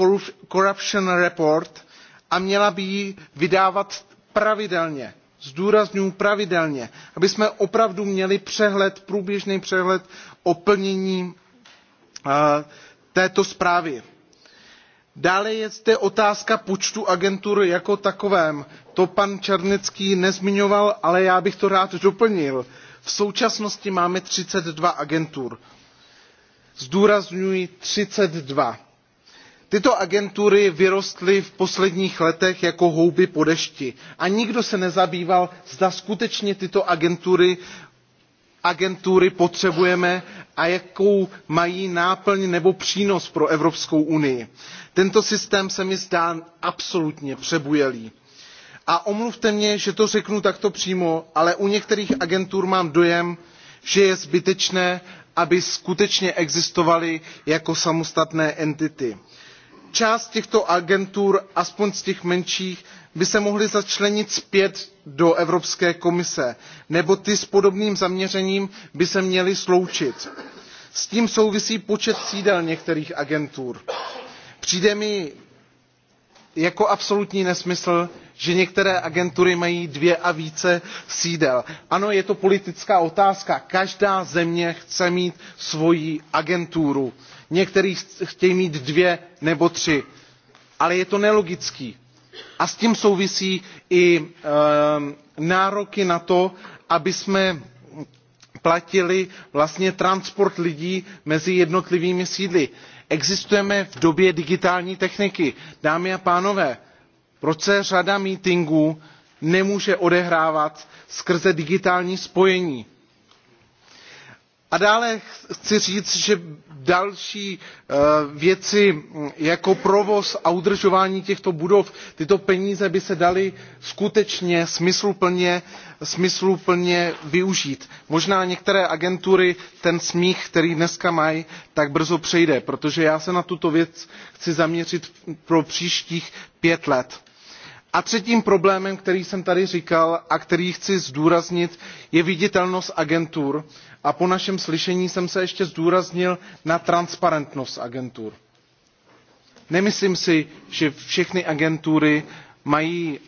corruption report a měla by ji vydávat pravidelně zdůrazňuji pravidelně abychom opravdu měli přehled průběžný přehled o plnění eh, této zprávy dále je zde otázka počtu agentur jako takového to pan czarnecki nezmiňoval ale já bych to rád doplnil. v současnosti máme thirty two agentur zdůrazňuji thirty two. tyto agentury vyrostly v posledních letech jako houby po dešti a nikdo se nezabýval zda skutečně tyto agentury agentury potřebujeme a jakou mají náplň nebo přínos pro evropskou unii tento systém se mi zdá absolutně přebujelý a omluvte mě že to řeknu takto přímo ale u některých agentur mám dojem že je zbytečné aby skutečně existovaly jako samostatné entity. část těchto agentur aspoň z těch menších by se mohly začlenit zpět do evropské komise nebo ty s podobným zaměřením by se měly sloučit. s tím souvisí počet sídel některých agentur přijde mi jako absolutní nesmysl že některé agentury mají dvě a více sídel. ano je to politická otázka každá země chce mít svoji agenturu Někteří chtějí mít dvě nebo tři ale je to nelogické a s tím souvisí i e, nároky na to abychom platili vlastně transport lidí mezi jednotlivými sídly existujeme v době digitální techniky. dámy a pánové proč se řada mítinků nemůže odehrávat skrze digitální spojení? a dále chci říct že další eh, věci jako provoz a udržování těchto budov tyto peníze by se daly skutečně smysluplně, smysluplně využít. možná některé agentury ten smích který dnes mají tak brzo přejde protože já se na tuto věc chci zaměřit pro příštích pět let. a třetím problémem který jsem tady říkal a který chci zdůraznit je viditelnost agentur a po našem slyšení jsem se ještě zdůraznil na transparentnost agentur. nemyslím si že všechny agentury mají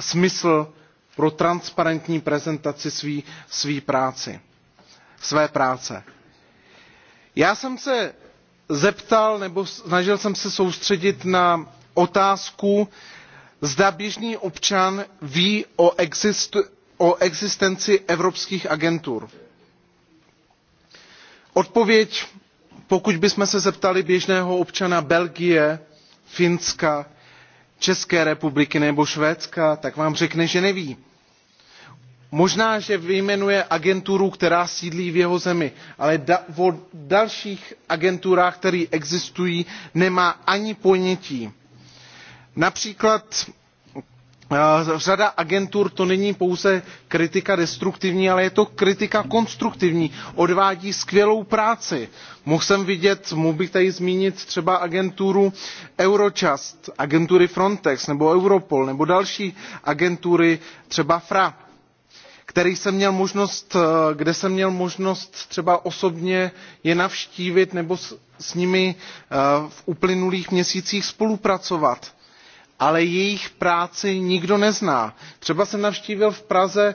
smysl pro transparentní prezentaci svý, svý práci, své práce. Já jsem se zeptal nebo snažil jsem se soustředit na otázku, zda běžný občan ví o, exist, o existenci evropských agentur odpověď pokud bychom se zeptali běžného občana belgie finska české republiky nebo švédska tak vám řekne že neví. možná že vyjmenuje agenturu která sídlí v jeho zemi ale o dalších agenturách které existují nemá ani ponětí. například Eh, řada agentur to není pouze kritika destruktivní ale je to kritika konstruktivní odvádí skvělou práci. mohl bych tady zmínit třeba agenturu eurojust agentury frontex nebo europol nebo další agentury třeba fra kde jsem měl možnost, eh, kde jsem měl možnost třeba osobně je navštívit nebo s nimi eh, v uplynulých měsících spolupracovat ale jejich práci nikdo nezná. Třeba jsem navštívil v Praze,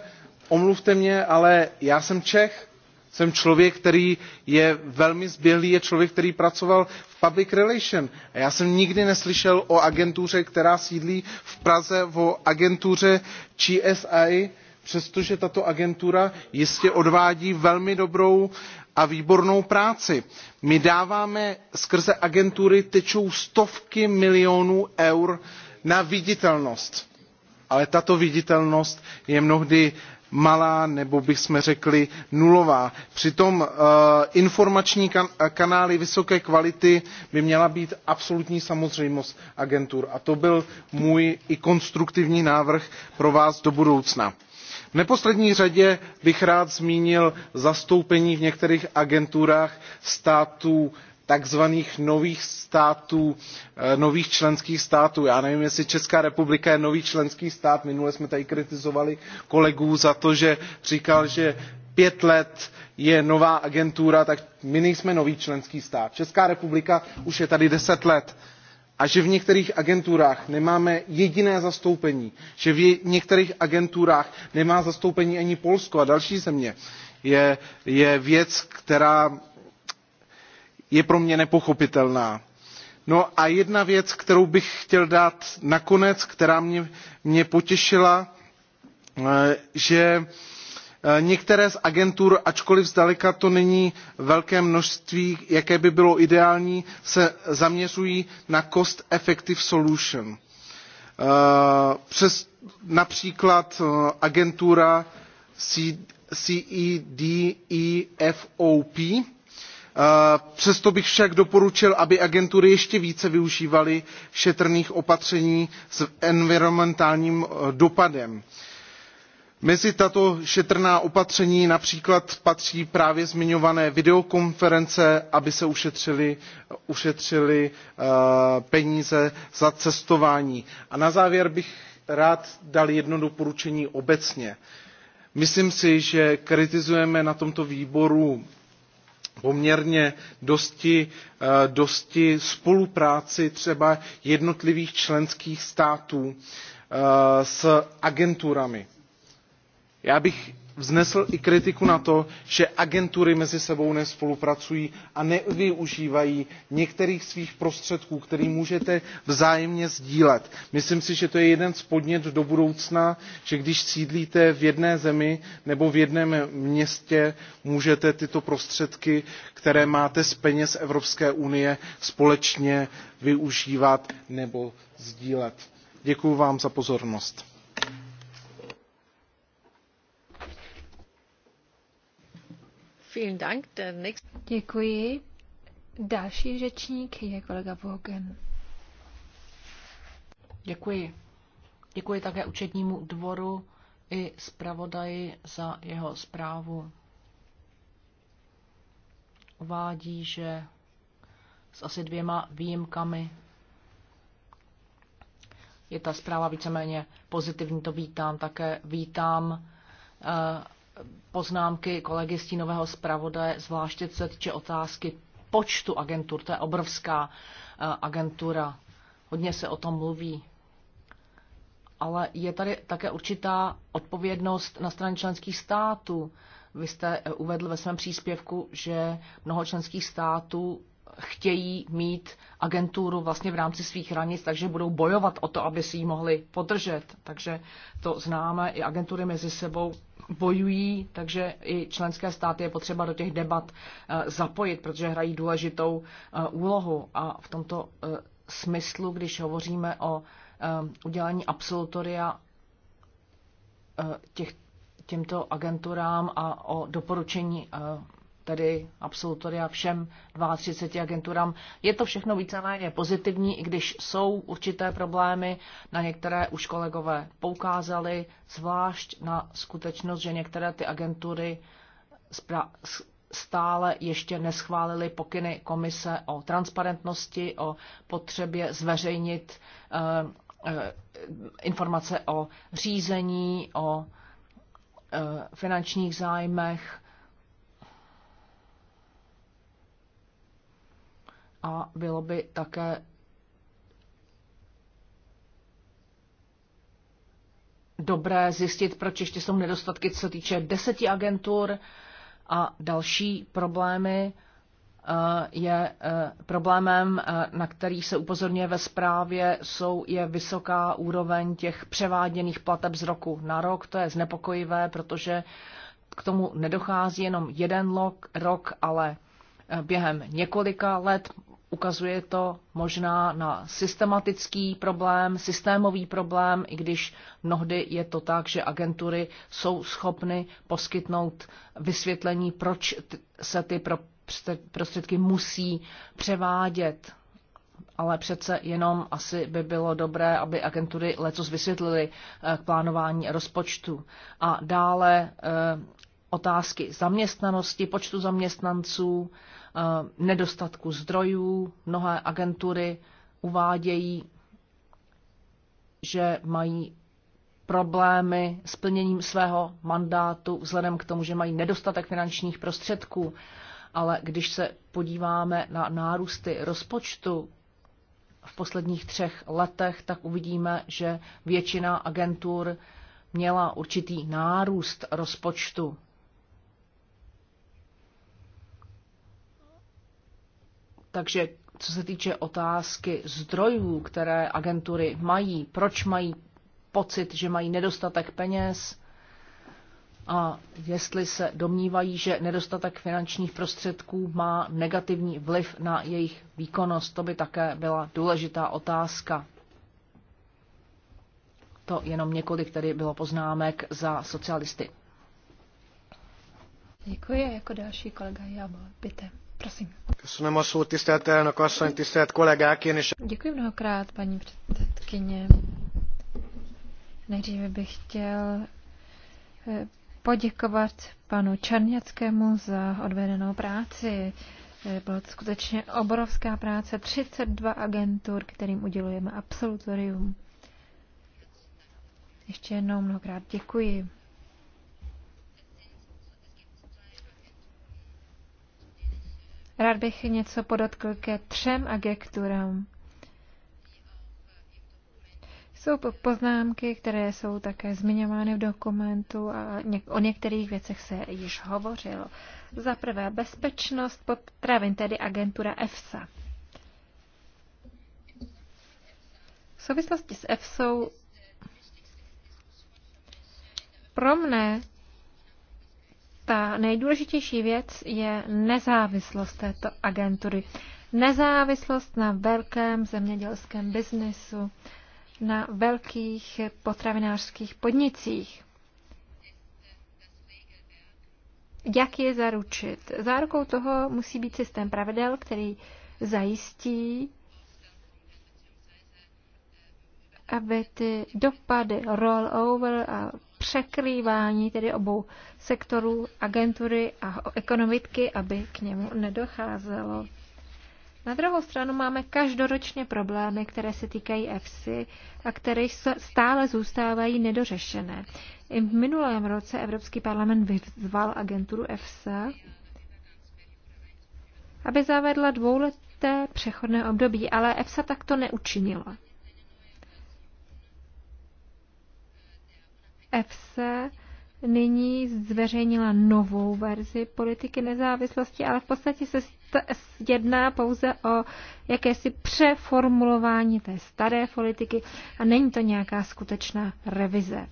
omluvte mě, ale já jsem Čech, jsem člověk, který je velmi zběhlý, je člověk, který pracoval v public relation. A já jsem nikdy neslyšel o agentuře, která sídlí v Praze, o agentuře GSI, přestože tato agentura jistě odvádí velmi dobrou a výbornou práci. My dáváme skrze agentury tečou stovky milionů eur na viditelnost. Ale tato viditelnost je mnohdy malá nebo bychom řekli nulová. Přitom eh, informační kanály vysoké kvality by měla být absolutní samozřejmost agentur. A to byl můj i konstruktivní návrh pro vás do budoucna. V neposlední řadě bych rád zmínil zastoupení v některých agenturách států takzvaných nových států, eh, nových členských států. Já nevím, jestli Česká republika je nový členský stát. Minule jsme tady kritizovali kolegů za to, že říkal, že pět let je nová agentura, tak my nejsme nový členský stát. Česká republika už je tady deset let a že v některých agenturách nemáme jediné zastoupení že v některých agenturách nemá zastoupení ani polsko a další země je, je věc která je pro mě nepochopitelná. no a jedna věc kterou bych chtěl dát na konec která mě, mě potěšila eh, že eh, některé z agentur ačkoliv zdaleka to není velké množství jaké by bylo ideální se zaměřují na cost effective solution. Eh, přes například agentura cedefop Eh, přesto bych však doporučil aby agentury ještě více využívaly šetrných opatření s environmentálním eh, dopadem. mezi tato šetrná opatření například patří právě zmiňované videokonference aby se ušetřily, ušetřily eh, peníze za cestování. a na závěr bych rád dal jedno doporučení obecně. myslím si že kritizujeme na tomto výboru poměrně dosti, eh, dosti spolupráci třeba jednotlivých členských států eh, s agenturami. Já bych vznesl i kritiku na to že agentury mezi sebou nespolupracují a nevyužívají některých svých prostředků které můžete vzájemně sdílet. myslím si že to je jeden z podnětů do budoucna že když sídlíte v jedné zemi nebo v jednom městě můžete tyto prostředky které máte z peněz evropské unie společně využívat nebo sdílet. děkuji vám za pozornost.
Děkuji. Další řečník je kolega Vogen.
Děkuji. Děkuji také učednímu dvoru i zpravodaji za jeho zprávu. Uvádí, že s asi dvěma výjimkami je ta zpráva víceméně pozitivní, to vítám. Také vítám eh, poznámky kolegy stínového zpravodaje, zvláště se týče otázky počtu agentur. To je obrovská eh, agentura. Hodně se o tom mluví. Ale je tady také určitá odpovědnost na straně členských států. Vy jste eh, uvedl ve svém příspěvku, že mnoho členských států chtějí mít agenturu vlastně v rámci svých hranic, takže budou bojovat o to, aby si ji mohli podržet. Takže to známe, i agentury mezi sebou bojují, takže i členské státy je potřeba do těch debat eh, zapojit, protože hrají důležitou eh, úlohu. A v tomto eh, smyslu, když hovoříme o udělení absolutoria těch, těmto agenturám a o doporučení tedy absolutoria všem 32 agenturám. Je to všechno víceméně pozitivní, i když jsou určité problémy, na některé už kolegové poukázali, zvlášť na skutečnost, že některé ty agentury stále ještě neschválili pokyny komise o transparentnosti, o potřebě zveřejnit eh, eh, informace o řízení, o eh, finančních zájmech, a bylo by také dobré zjistit, proč ještě jsou nedostatky, co týče deseti agentur a další problémy eh, je eh, problémem, eh, na který se upozorňuje ve zprávě, jsou, je vysoká úroveň těch převáděných plateb z roku na rok. To je znepokojivé, protože k tomu nedochází jenom jeden rok, ale během několika let Ukazuje to možná na systematický problém, systémový problém, i když mnohdy je to tak, že agentury jsou schopny poskytnout vysvětlení, proč se ty prostředky musí převádět. Ale přece jenom asi by bylo dobré, aby agentury letos vysvětlili eh, k plánování rozpočtu. A dále eh, otázky zaměstnanosti, počtu zaměstnanců, Eh, nedostatku zdrojů. Mnohé agentury uvádějí, že mají problémy s plněním svého mandátu vzhledem k tomu, že mají nedostatek finančních prostředků. Ale když se podíváme na nárůsty rozpočtu v posledních třech letech, tak uvidíme, že většina agentur měla určitý nárůst rozpočtu Takže co se týče otázky zdrojů, které agentury mají, proč mají pocit, že mají nedostatek peněz a jestli se domnívají, že nedostatek finančních prostředků má negativní vliv na jejich výkonnost, to by také byla důležitá otázka. To jenom několik tady bylo poznámek za socialisty.
Děkuji. Jako další kolega Javor, pěte. Prosím. Děkuji mnohokrát, paní předsedkyně. Nejdříve bych chtěl eh, poděkovat panu Černěckému za odvedenou práci. Eh, byla to skutečně obrovská práce, 32 agentur, kterým udělujeme absolutorium. Ještě jednou mnohokrát děkuji. Rád bych něco podotkl ke třem agenturám. Jsou poznámky, které jsou také zmiňovány v dokumentu a něk- o některých věcech se již hovořilo. Za prvé bezpečnost potravin, tedy agentura EFSA. V souvislosti s EFSA pro mne ta nejdůležitější věc je nezávislost této agentury. Nezávislost na velkém zemědělském biznesu, na velkých potravinářských podnicích. Jak je zaručit? Zárukou toho musí být systém pravidel, který zajistí, aby ty dopady rollover a překrývání tedy obou sektorů agentury a ekonomiky, aby k němu nedocházelo. Na druhou stranu máme každoročně problémy, které se týkají EFSI a které stále zůstávají nedořešené. I v minulém roce Evropský parlament vyzval agenturu EFSA, aby zavedla dvouleté přechodné období, ale EFSA tak to neučinila. EFSA nyní zveřejnila novou verzi politiky nezávislosti, ale v podstatě se jedná pouze o jakési přeformulování té staré politiky a není to nějaká skutečná revize.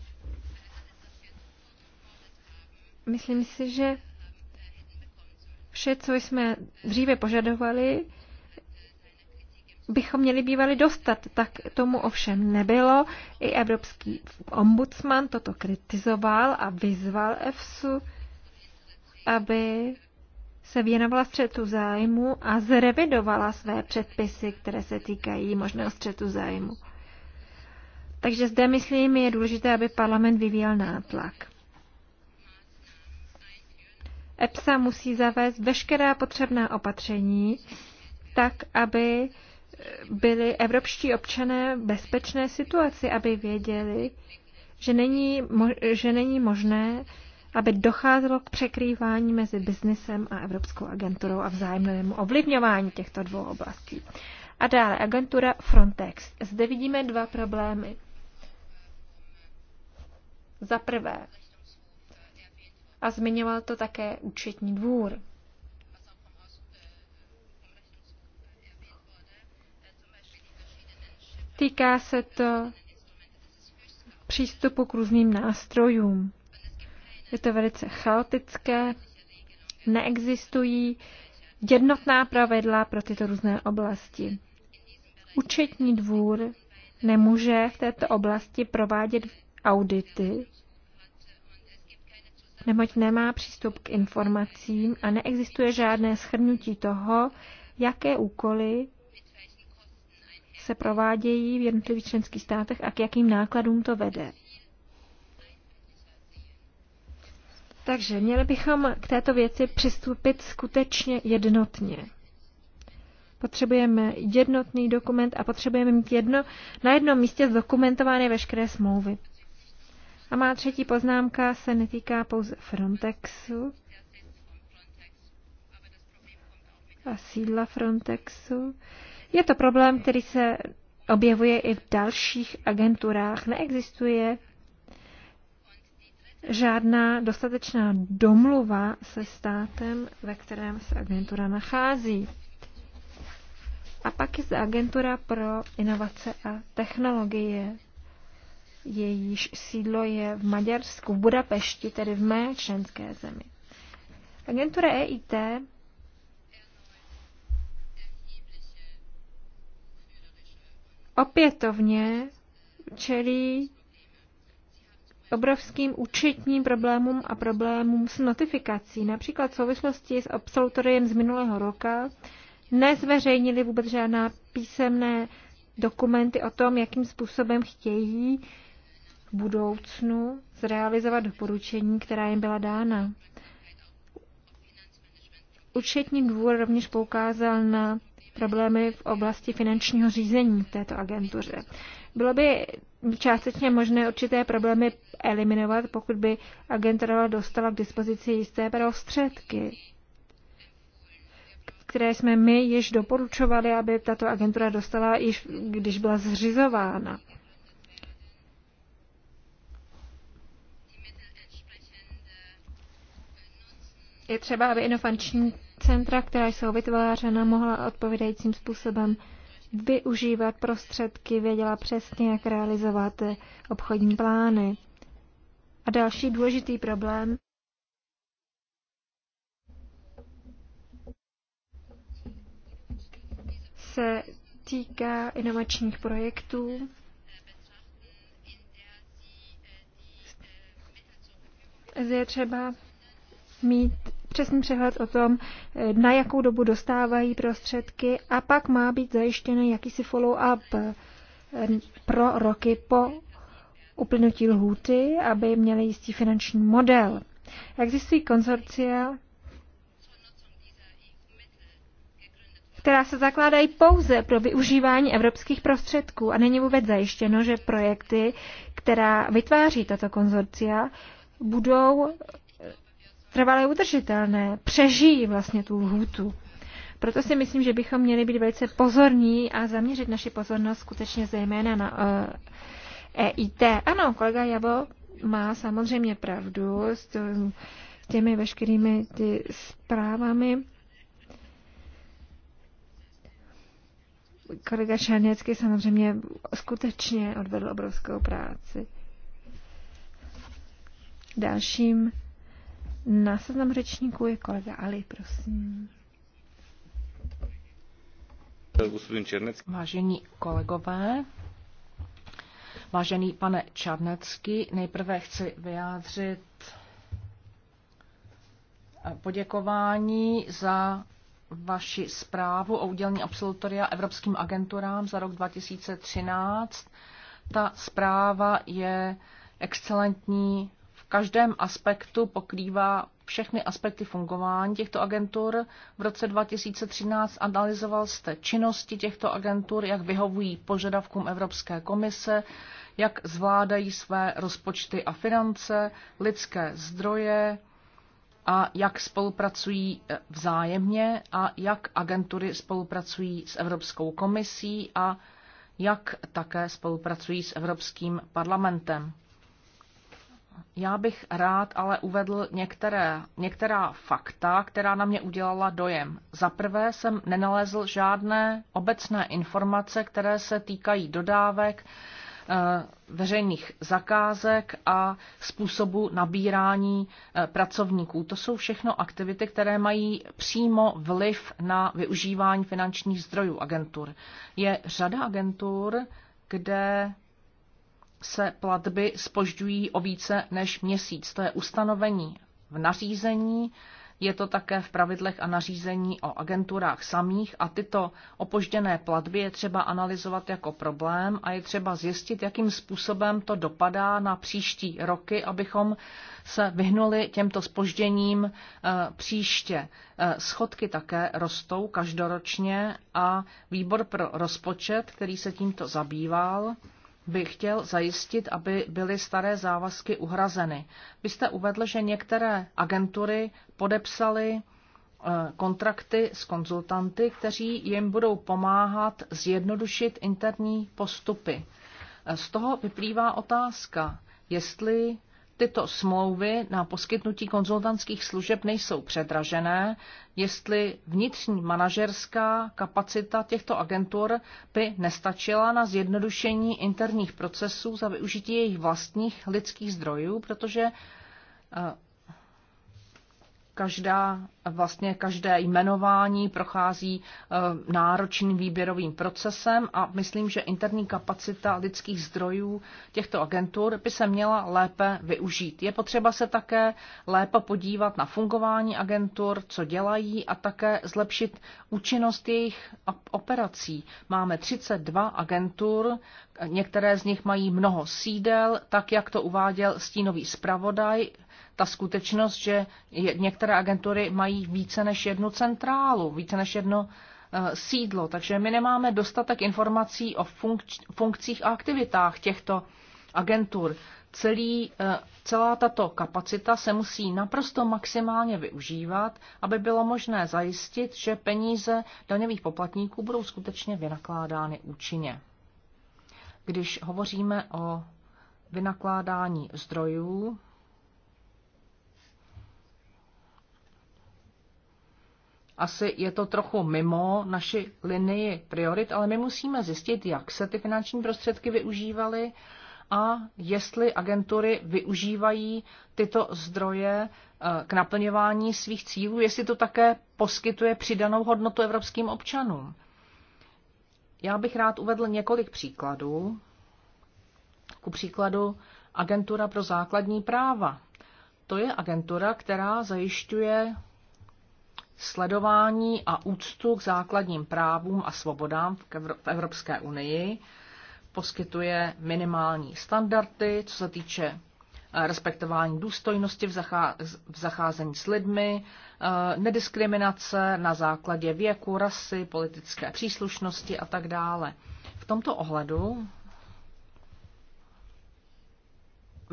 Myslím si, že vše, co jsme dříve požadovali, bychom měli bývali dostat. Tak tomu ovšem nebylo. I evropský ombudsman toto kritizoval a vyzval EFSU, aby se věnovala střetu zájmu a zrevidovala své předpisy, které se týkají možného střetu zájmu. Takže zde, myslím, je důležité, aby parlament vyvíjel nátlak. EPSA musí zavést veškerá potřebná opatření, tak, aby byli evropští občané v bezpečné situaci, aby věděli, že není, že není možné, aby docházelo k překrývání mezi biznesem a Evropskou agenturou a vzájemnému ovlivňování těchto dvou oblastí. A dále agentura Frontex. Zde vidíme dva problémy. Za prvé, a zmiňoval to také účetní dvůr. Týká se to přístupu k různým nástrojům. Je to velice chaotické, neexistují jednotná pravidla pro tyto různé oblasti. Účetní dvůr nemůže v této oblasti provádět audity, neboť nemá přístup k informacím a neexistuje žádné schrnutí toho, jaké úkoly se provádějí v jednotlivých členských státech a k jakým nákladům to vede. Takže měli bychom k této věci přistoupit skutečně jednotně. Potřebujeme jednotný dokument a potřebujeme mít jedno, na jednom místě zdokumentované veškeré smlouvy. A má třetí poznámka se netýká pouze Frontexu a sídla Frontexu, je to problém, který se objevuje i v dalších agenturách. Neexistuje žádná dostatečná domluva se státem, ve kterém se agentura nachází. A pak je zde agentura pro inovace a technologie. Jejíž sídlo je v Maďarsku, v Budapešti, tedy v mé členské zemi. Agentura EIT opětovně čelí obrovským účetním problémům a problémům s notifikací. Například v souvislosti s absolutoriem z minulého roka nezveřejnili vůbec žádná písemné dokumenty o tom, jakým způsobem chtějí v budoucnu zrealizovat doporučení, která jim byla dána. Účetní dvůr rovněž poukázal na problémy v oblasti finančního řízení této agentuře. Bylo by částečně možné určité problémy eliminovat, pokud by agentura dostala k dispozici jisté prostředky, které jsme my již doporučovali, aby tato agentura dostala, již když byla zřizována. Je třeba, aby inovační centra, která jsou vytvářena, mohla odpovědajícím způsobem využívat prostředky, věděla přesně, jak realizovat obchodní plány. A další důležitý problém se týká inovačních projektů. Je třeba mít přesný přehled o tom, eh, na jakou dobu dostávají prostředky a pak má být zajištěný jakýsi follow-up eh, pro roky po uplynutí lhůty, aby měli jistý finanční model. Existují konzorcia, která se zakládají pouze pro využívání evropských prostředků a není vůbec zajištěno, že projekty, která vytváří tato konzorcia, budou trvalé udržitelné, přežijí vlastně tu lhůtu. Proto si myslím, že bychom měli být velice pozorní a zaměřit naši pozornost skutečně zejména na uh, eh, EIT. Ano, kolega Jabo má samozřejmě pravdu s, těmi veškerými ty zprávami. Kolega Černěcky samozřejmě skutečně odvedl obrovskou práci. Dalším na seznam řečníků
je kolega Ali, prosím. Vážení kolegové, vážený pane Čarnecký, nejprve chci vyjádřit poděkování za vaši zprávu o udělení absolutoria evropským agenturám za rok 2013. Ta zpráva je excelentní každém aspektu pokrývá všechny aspekty fungování těchto agentur. V roce 2013 analyzoval jste činnosti těchto agentur, jak vyhovují požadavkům Evropské komise, jak zvládají své rozpočty a finance, lidské zdroje a jak spolupracují eh, vzájemně a jak agentury spolupracují s Evropskou komisí a jak také spolupracují s Evropským parlamentem. Já bych rád ale uvedl některé, některá fakta, která na mě udělala dojem. Za prvé jsem nenalezl žádné obecné informace, které se týkají dodávek, eh, veřejných zakázek a způsobu nabírání eh, pracovníků. To jsou všechno aktivity, které mají přímo vliv na využívání finančních zdrojů agentur. Je řada agentur, kde se platby spožďují o více než měsíc. To je ustanovení v nařízení, je to také v pravidlech a nařízení o agenturách samých a tyto opožděné platby je třeba analyzovat jako problém a je třeba zjistit, jakým způsobem to dopadá na příští roky, abychom se vyhnuli těmto spožděním eh, příště. Eh, schodky také rostou každoročně a výbor pro rozpočet, který se tímto zabýval, by chtěl zajistit, aby byly staré závazky uhrazeny. Vy jste uvedl, že některé agentury podepsaly eh, kontrakty s konzultanty, kteří jim budou pomáhat zjednodušit interní postupy. Eh, z toho vyplývá otázka, jestli tyto smlouvy na poskytnutí konzultantských služeb nejsou předražené, jestli vnitřní manažerská kapacita těchto agentur by nestačila na zjednodušení interních procesů za využití jejich vlastních lidských zdrojů, protože eh, každá, vlastně každé jmenování prochází eh, náročným výběrovým procesem a myslím, že interní kapacita lidských zdrojů těchto agentur by se měla lépe využít. Je potřeba se také lépe podívat na fungování agentur, co dělají a také zlepšit účinnost jejich operací. Máme 32 agentur, některé z nich mají mnoho sídel, tak jak to uváděl stínový zpravodaj, ta skutečnost, že některé agentury mají více než jednu centrálu, více než jedno eh, sídlo, takže my nemáme dostatek informací o funkcích a aktivitách těchto agentur. Celý, eh, celá tato kapacita se musí naprosto maximálně využívat, aby bylo možné zajistit, že peníze daňových poplatníků budou skutečně vynakládány účinně. Když hovoříme o vynakládání zdrojů, Asi je to trochu mimo naši linii priorit, ale my musíme zjistit, jak se ty finanční prostředky využívaly a jestli agentury využívají tyto zdroje eh, k naplňování svých cílů, jestli to také poskytuje přidanou hodnotu evropským občanům. Já bych rád uvedl několik příkladů. Ku příkladu Agentura pro základní práva. To je agentura, která zajišťuje sledování a úctu k základním právům a svobodám v Evropské unii, poskytuje minimální standardy, co se týče eh, respektování důstojnosti v, zacházení s lidmi, eh, nediskriminace na základě věku, rasy, politické příslušnosti a tak dále. V tomto ohledu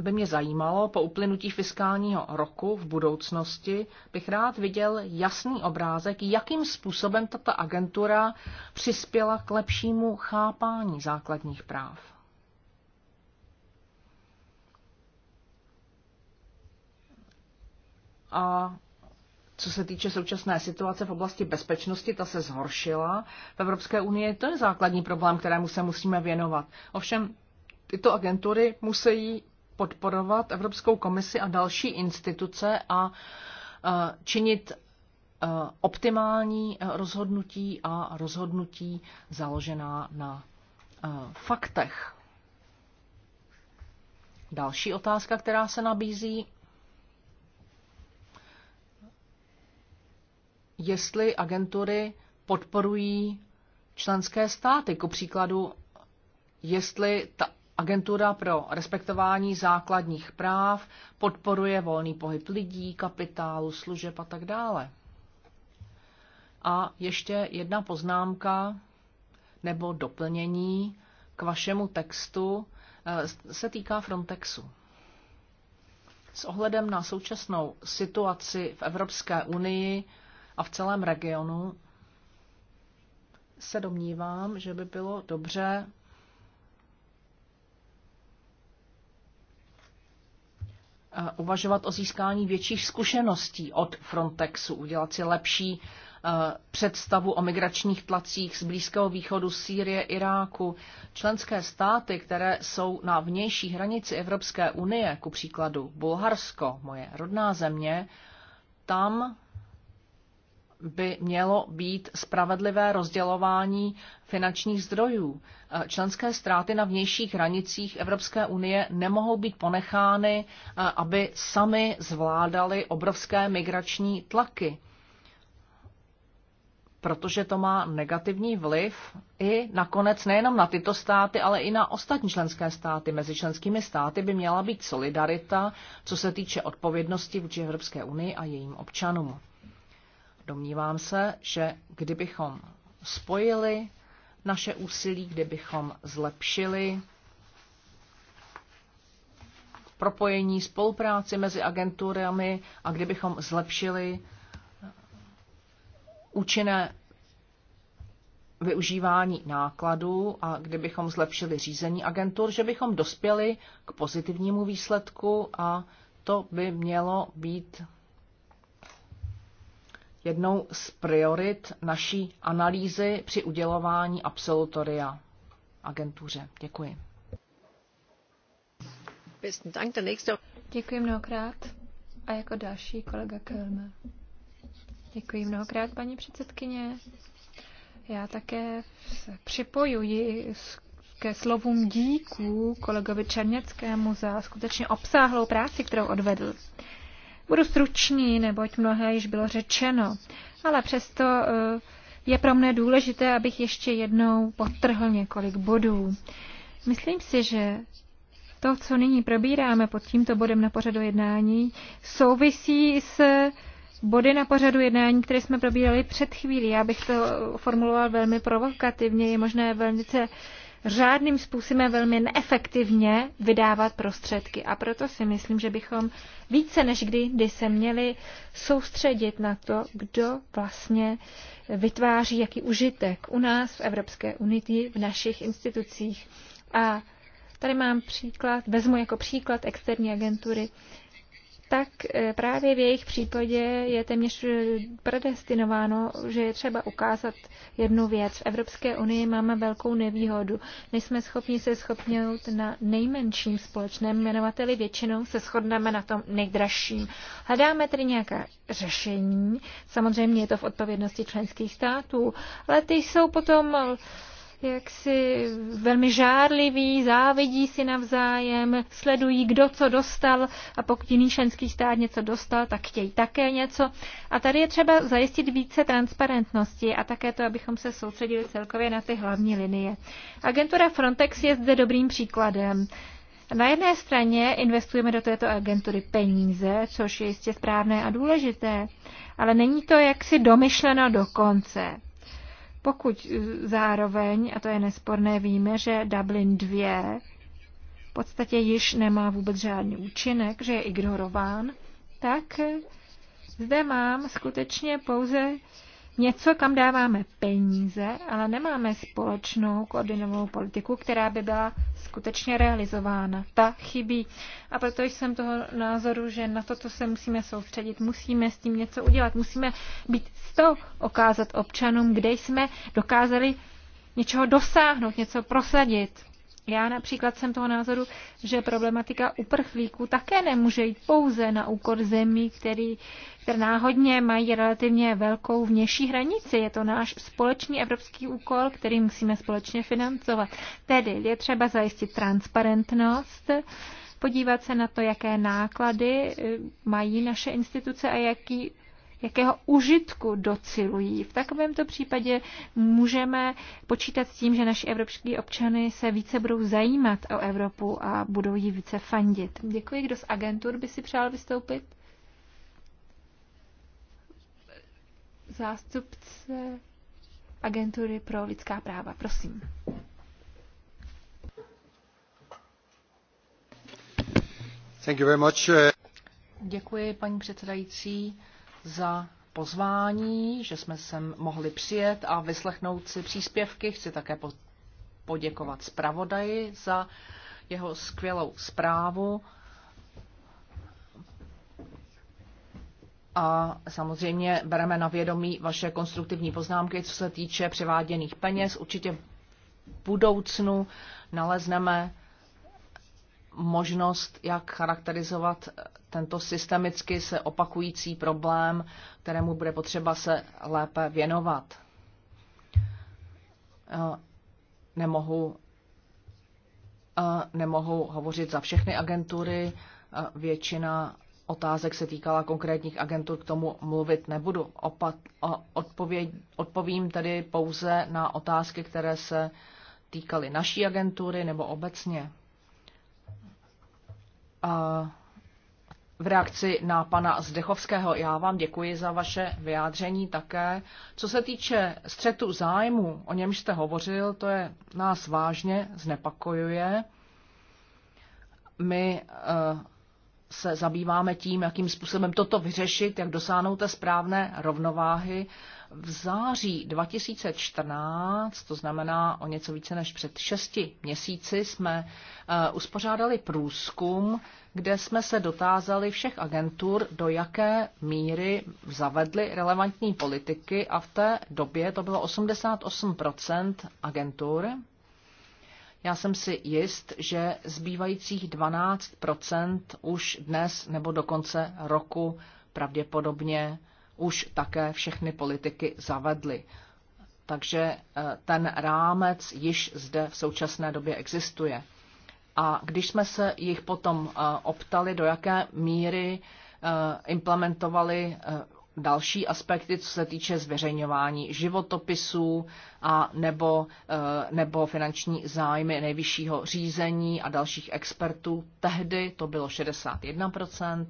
by mě zajímalo, po uplynutí fiskálního roku v budoucnosti bych rád viděl jasný obrázek, jakým způsobem tato agentura přispěla k lepšímu chápání základních práv. A co se týče současné situace v oblasti bezpečnosti, ta se zhoršila. V Evropské unii to je základní problém, kterému se musíme věnovat. Ovšem, tyto agentury musí podporovat Evropskou komisi a další instituce a e, činit e, optimální rozhodnutí a rozhodnutí založená na e, faktech. Další otázka, která se nabízí, jestli agentury podporují členské státy, ku příkladu, jestli ta Agentura pro respektování základních práv podporuje volný pohyb lidí, kapitálu, služeb a tak dále. A ještě jedna poznámka nebo doplnění k vašemu textu eh, se týká Frontexu. S ohledem na současnou situaci v Evropské unii a v celém regionu se domnívám, že by bylo dobře Eh, uvažovat o získání větších zkušeností od Frontexu, udělat si lepší eh, představu o migračních tlacích z Blízkého východu, Sýrie, Iráku. Členské státy, které jsou na vnější hranici Evropské unie, ku příkladu Bulharsko, moje rodná země, tam by mělo být spravedlivé rozdělování finančních zdrojů. Eh, členské ztráty na vnějších hranicích Evropské unie nemohou být ponechány, eh, aby sami zvládali obrovské migrační tlaky, protože to má negativní vliv i nakonec nejenom na tyto státy, ale i na ostatní členské státy. Mezi členskými státy by měla být solidarita, co se týče odpovědnosti vůči Evropské unii a jejím občanům. Domnívám se, že kdybychom spojili naše úsilí, kdybychom zlepšili propojení, spolupráci mezi agenturami a kdybychom zlepšili účinné využívání nákladů a kdybychom zlepšili řízení agentur, že bychom dospěli k pozitivnímu výsledku a to by mělo být jednou z priorit naší analýzy při udělování absolutoria agentuře. Děkuji.
Děkuji mnohokrát. A jako další kolega Kelme. Děkuji mnohokrát, paní předsedkyně. Já také se připojuji ke slovům díků kolegovi Černěckému za skutečně obsáhlou práci, kterou odvedl. Budu stručný, neboť mnohé již bylo řečeno, ale přesto eh, je pro mne důležité, abych ještě jednou potrhl několik bodů. Myslím si, že to, co nyní probíráme pod tímto bodem na pořadu jednání, souvisí s body na pořadu jednání, které jsme probírali před chvílí. Já bych to formuloval velmi provokativně, je možné velice řádným způsobem velmi neefektivně vydávat prostředky. A proto si myslím, že bychom více než kdy, kdy se měli soustředit na to, kdo vlastně vytváří jaký užitek u nás v Evropské unii, v našich institucích. A tady mám příklad, vezmu jako příklad externí agentury tak e, právě v jejich případě je téměř e, predestinováno, že je třeba ukázat jednu věc. V Evropské unii máme velkou nevýhodu. Nejsme schopni se schopnout na nejmenším společném jmenovateli, většinou se shodneme na tom nejdražším. Hledáme tedy nějaká řešení, samozřejmě je to v odpovědnosti členských států, ale ty jsou potom jaksi velmi žárliví, závidí si navzájem, sledují, kdo co dostal a pokud jiný členský stát něco dostal, tak chtějí také něco. A tady je třeba zajistit více transparentnosti a také to, abychom se soustředili celkově na ty hlavní linie. Agentura Frontex je zde dobrým příkladem. Na jedné straně investujeme do této agentury peníze, což je jistě správné a důležité, ale není to jaksi domyšleno do konce. Pokud zároveň, a to je nesporné, víme, že Dublin 2 v podstatě již nemá vůbec žádný účinek, že je ignorován, tak zde mám skutečně pouze něco, kam dáváme peníze, ale nemáme společnou koordinovanou politiku, která by byla skutečně realizována. Ta chybí. A proto jsem toho názoru, že na toto se musíme soustředit, musíme s tím něco udělat, musíme být s to okázat občanům, kde jsme dokázali něčeho dosáhnout, něco prosadit. Já například jsem toho názoru, že problematika uprchlíků také nemůže jít pouze na úkor zemí, který, které náhodně mají relativně velkou vnější hranici. Je to náš společný evropský úkol, který musíme společně financovat. Tedy je třeba zajistit transparentnost, podívat se na to, jaké náklady eh, mají naše instituce a jaký jakého užitku docilují. V takovémto případě můžeme počítat s tím, že naši evropští občany se více budou zajímat o Evropu a budou ji více fandit. Děkuji. Kdo z agentur by si přál vystoupit? Zástupce agentury pro lidská práva. Prosím.
Thank you very much.
Děkuji, paní předsedající za pozvání, že jsme sem mohli přijet a vyslechnout si příspěvky. Chci také poděkovat zpravodaji za jeho skvělou zprávu. A samozřejmě bereme na vědomí vaše konstruktivní poznámky, co se týče převáděných peněz. Určitě v budoucnu nalezneme možnost, jak charakterizovat tento systemicky se opakující problém, kterému bude potřeba se lépe věnovat. Eh, nemohu, eh, nemohu hovořit za všechny agentury, eh, většina otázek se týkala konkrétních agentur, k tomu mluvit nebudu. Opat, odpověd, odpovím tedy pouze na otázky, které se týkaly naší agentury nebo obecně v reakci na pana Zdechovského. Já vám děkuji za vaše vyjádření také. Co se týče střetu zájmu, o něm jste hovořil, to je nás vážně znepokojuje. My eh, se zabýváme tím, jakým způsobem toto vyřešit, jak dosáhnout té správné rovnováhy v září 2014, to znamená o něco více než před šesti měsíci, jsme eh, uspořádali průzkum, kde jsme se dotázali všech agentur, do jaké míry zavedly relevantní politiky a v té době to bylo 88 agentur. Já jsem si jist, že zbývajících 12 už dnes nebo do konce roku pravděpodobně už také všechny politiky zavedly. Takže eh, ten rámec již zde v současné době existuje. A když jsme se jich potom eh, optali, do jaké míry eh, implementovali další aspekty, co se týče zveřejňování životopisů a nebo, nebo finanční zájmy nejvyššího řízení a dalších expertů. Tehdy to bylo 61%,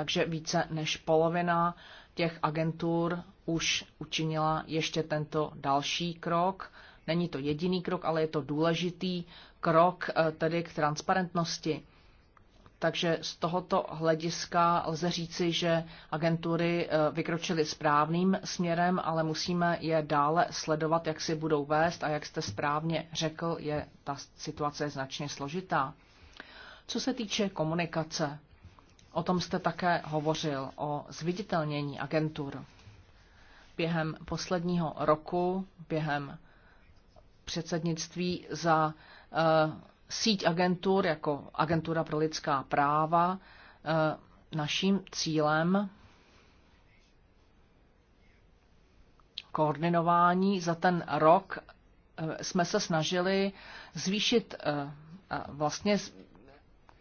takže více než polovina těch agentur už učinila ještě tento další krok. Není to jediný krok, ale je to důležitý krok eh, tedy k transparentnosti. Takže z tohoto hlediska lze říci, že agentury eh, vykročily správným směrem, ale musíme je dále sledovat, jak si budou vést a jak jste správně řekl, je ta situace značně složitá. Co se týče komunikace, O tom jste také hovořil, o zviditelnění agentur. Během posledního roku, během předsednictví za uh, síť agentur jako Agentura pro lidská práva, uh, naším cílem koordinování za ten rok eh, jsme se snažili zvýšit vlastně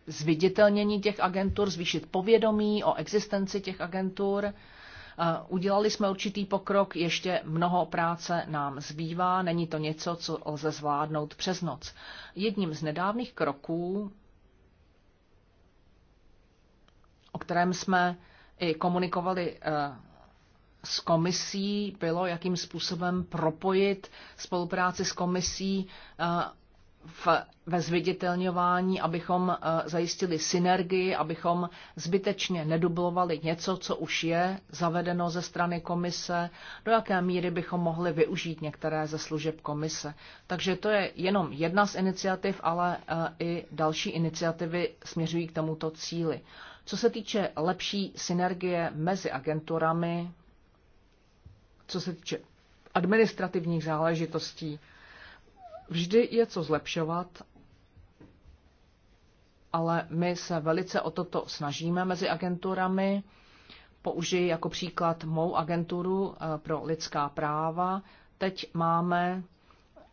zviditelnění těch agentur, zvýšit povědomí o existenci těch agentur. Eh, udělali jsme určitý pokrok, ještě mnoho práce nám zbývá, není to něco, co lze zvládnout přes noc. Jedním z nedávných kroků, o kterém jsme i komunikovali eh, s komisí, bylo, jakým způsobem propojit spolupráci s komisí eh, v, ve zviditelňování, abychom eh, zajistili synergii, abychom zbytečně nedublovali něco, co už je zavedeno ze strany komise, do jaké míry bychom mohli využít některé ze služeb komise. Takže to je jenom jedna z iniciativ, ale eh, i další iniciativy směřují k tomuto cíli. Co se týče lepší synergie mezi agenturami, co se týče administrativních záležitostí, Vždy je co zlepšovat, ale my se velice o toto snažíme mezi agenturami. Použiji jako příklad mou agenturu eh, pro lidská práva. Teď máme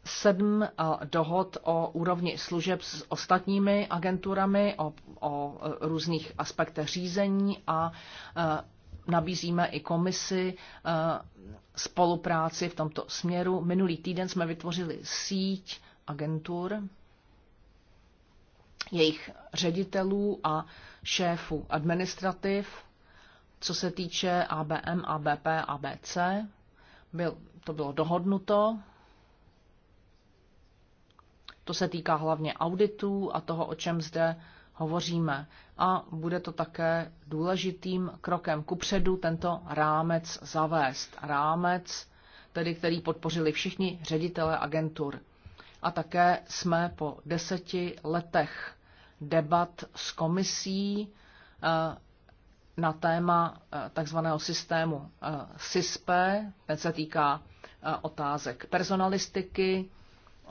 sedm eh, dohod o úrovni služeb s ostatními agenturami, o, o eh, různých aspektech řízení a nabízíme i komisi eh, spolupráci v tomto směru. Minulý týden jsme vytvořili síť agentur, jejich ředitelů a šéfů administrativ, co se týče ABM, ABP, ABC. Byl, to bylo dohodnuto. To se týká hlavně auditů a toho, o čem zde hovoříme. A bude to také důležitým krokem kupředu tento rámec zavést. Rámec, tedy který podpořili všichni ředitele agentur. A také jsme po deseti letech debat s komisí eh, na téma eh, takzvaného systému eh, SISPE, ten se týká otázek personalistiky,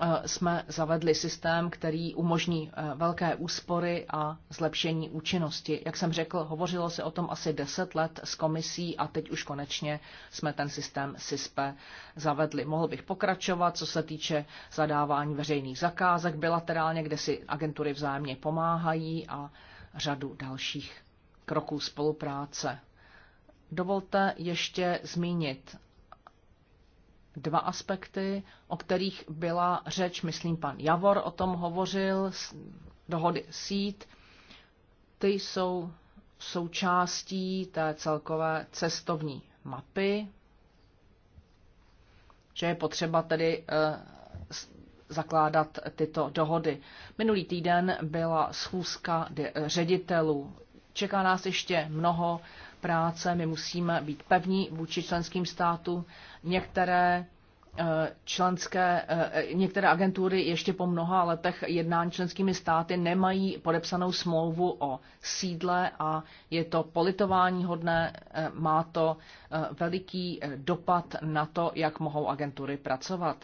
Eh, jsme zavedli systém, který umožní eh, velké úspory a zlepšení účinnosti. Jak jsem řekl, hovořilo se o tom asi 10 let s komisí a teď už konečně jsme ten systém SISPE zavedli. Mohl bych pokračovat, co se týče zadávání veřejných zakázek bilaterálně, kde si agentury vzájemně pomáhají a řadu dalších kroků spolupráce. Dovolte ještě zmínit dva aspekty, o kterých byla řeč, myslím, pan Javor o tom hovořil, dohody sít, ty jsou součástí té celkové cestovní mapy, že je potřeba tedy eh, zakládat tyto dohody. Minulý týden byla schůzka eh, ředitelů. Čeká nás ještě mnoho práce. My musíme být pevní vůči členským státům. Některé eh, členské, eh, eh, některé agentury ještě po mnoha letech jednání členskými státy nemají podepsanou smlouvu o sídle a je to politování hodné, má to veliký dopad na to, jak mohou agentury pracovat.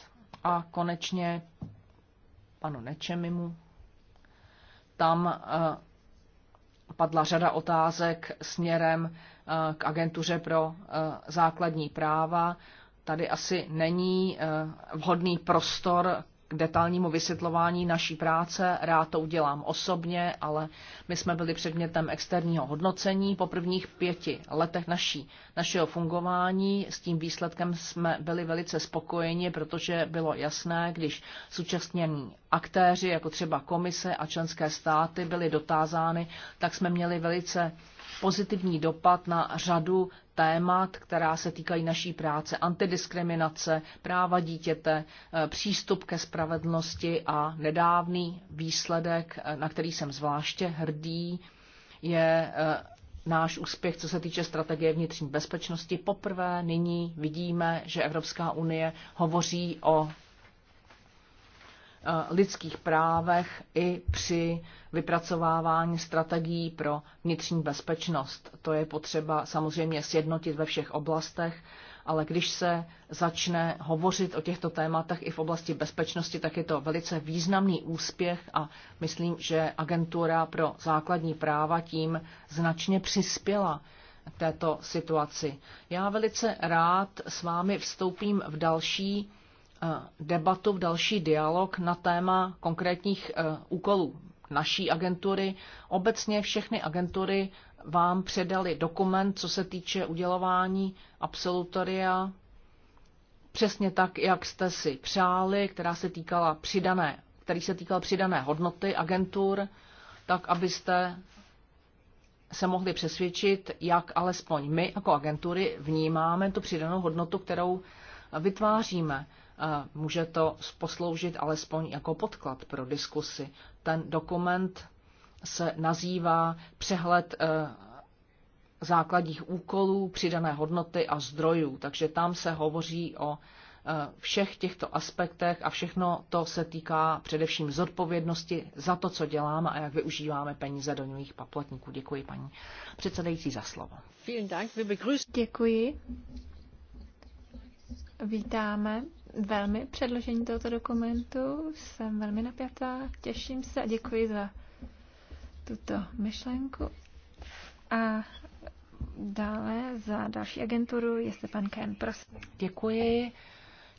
A konečně panu Nečemimu, tam padla řada otázek směrem Eh, k agentuře pro eh, základní práva. Tady asi není eh, vhodný prostor k detailnímu vysvětlování naší práce. Rád to udělám osobně, ale my jsme byli předmětem externího hodnocení po prvních pěti letech naší, našeho fungování. S tím výsledkem jsme byli velice spokojeni, protože bylo jasné, když současnění aktéři, jako třeba komise a členské státy, byli dotázány, tak jsme měli velice pozitivní dopad na řadu témat, která se týkají naší práce, antidiskriminace, práva dítěte, eh, přístup ke spravedlnosti a nedávný výsledek, eh, na který jsem zvláště hrdý, je eh, náš úspěch, co se týče strategie vnitřní bezpečnosti. Poprvé nyní vidíme, že Evropská unie hovoří o Eh, lidských právech i při vypracovávání strategií pro vnitřní bezpečnost. To je potřeba samozřejmě sjednotit ve všech oblastech, ale když se začne hovořit o těchto tématech i v oblasti bezpečnosti, tak je to velice významný úspěch a myslím, že agentura pro základní práva tím značně přispěla této situaci. Já velice rád s vámi vstoupím v další Eh, debatu, v další dialog na téma konkrétních eh, úkolů naší agentury. Obecně všechny agentury vám předali dokument, co se týče udělování absolutoria, přesně tak, jak jste si přáli, která se týkala přidané, který se týkal přidané hodnoty agentur, tak abyste se mohli přesvědčit, jak alespoň my jako agentury vnímáme tu přidanou hodnotu, kterou vytváříme může to posloužit alespoň jako podklad pro diskusy. Ten dokument se nazývá Přehled eh, základních úkolů, přidané hodnoty a zdrojů, takže tam se hovoří o eh, všech těchto aspektech a všechno to se týká především zodpovědnosti za to, co děláme a jak využíváme peníze do nových paplatníků. Děkuji paní předsedající za slovo.
Děkuji. Vítáme velmi předložení tohoto dokumentu. Jsem velmi napjatá, těším se a děkuji za tuto myšlenku. A dále za další agenturu je pan Ken. Prosím.
Děkuji.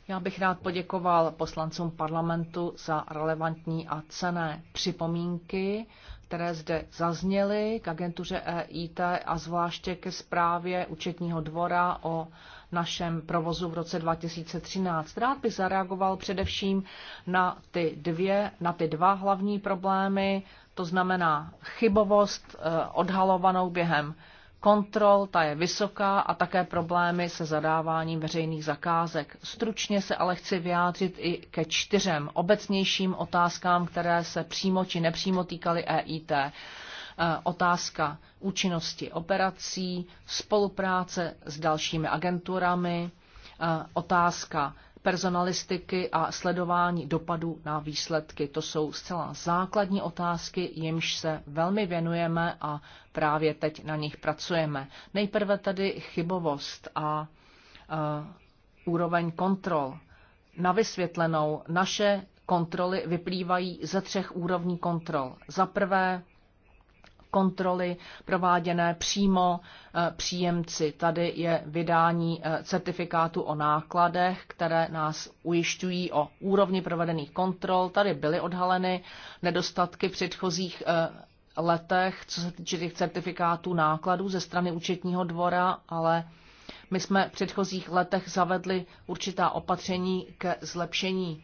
Já bych rád poděkoval poslancům parlamentu za relevantní a cené připomínky, které zde zazněly k agentuře EIT a zvláště ke zprávě účetního dvora o našem provozu v roce 2013. Rád bych zareagoval především na ty, dvě, na ty dva hlavní problémy, to znamená chybovost eh, odhalovanou během kontrol, ta je vysoká a také problémy se zadáváním veřejných zakázek. Stručně se ale chci vyjádřit i ke čtyřem obecnějším otázkám, které se přímo či nepřímo týkaly EIT. Eh, otázka účinnosti operací, spolupráce s dalšími agenturami, eh, otázka personalistiky a sledování dopadu na výsledky. To jsou zcela základní otázky, jimž se velmi věnujeme a právě teď na nich pracujeme. Nejprve tedy chybovost a uh, úroveň kontrol. Na vysvětlenou naše kontroly vyplývají ze třech úrovní kontrol. Za prvé kontroly prováděné přímo eh, příjemci. Tady je vydání eh, certifikátu o nákladech, které nás ujišťují o úrovni provedených kontrol. Tady byly odhaleny nedostatky předchozích eh, letech, co se týče těch certifikátů nákladů ze strany účetního dvora, ale my jsme v předchozích letech zavedli určitá opatření ke zlepšení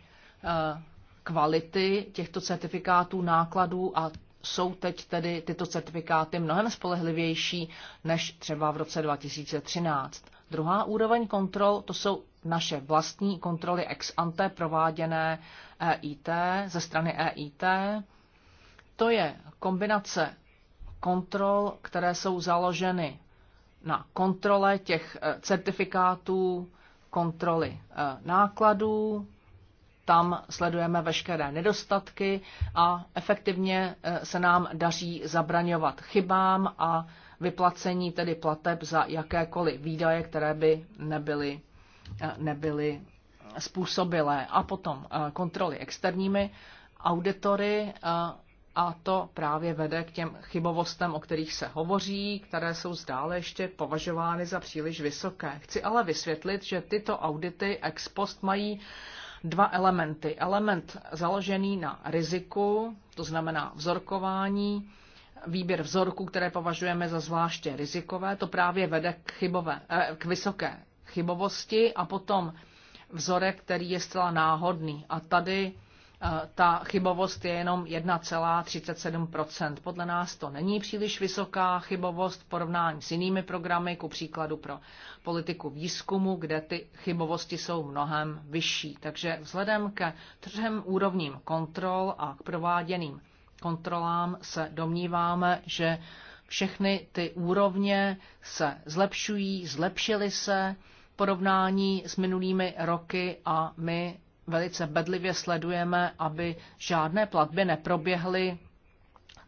kvality těchto certifikátů nákladů a jsou teď tedy tyto certifikáty mnohem spolehlivější než třeba v roce 2013. Druhá úroveň kontrol to jsou naše vlastní kontroly ex ante prováděné EIT ze strany EIT. To je kombinace kontrol, které jsou založeny na kontrole těch eh, certifikátů, kontroly eh, nákladů, tam sledujeme veškeré nedostatky a efektivně eh, se nám daří zabraňovat chybám a vyplacení tedy plateb za jakékoliv výdaje, které by nebyly, eh, nebyly způsobilé. A potom eh, kontroly externími auditory a to právě vede k těm chybovostem, o kterých se hovoří, které jsou zdále ještě považovány za příliš vysoké. Chci ale vysvětlit, že tyto audity ex post mají dva elementy. Element založený na riziku, to znamená vzorkování, výběr vzorku, které považujeme za zvláště rizikové, to právě vede k, chybové, eh, k vysoké chybovosti a potom vzorek, který je zcela náhodný. A tady Eh, ta chybovost je jenom 1,37 Podle nás to není příliš vysoká chybovost v porovnání s jinými programy, ku příkladu pro politiku výzkumu, kde ty chybovosti jsou mnohem vyšší. Takže vzhledem ke třem úrovním kontrol a k prováděným kontrolám se domníváme, že všechny ty úrovně se zlepšují, zlepšily se porovnání s minulými roky a my velice bedlivě sledujeme, aby žádné platby neproběhly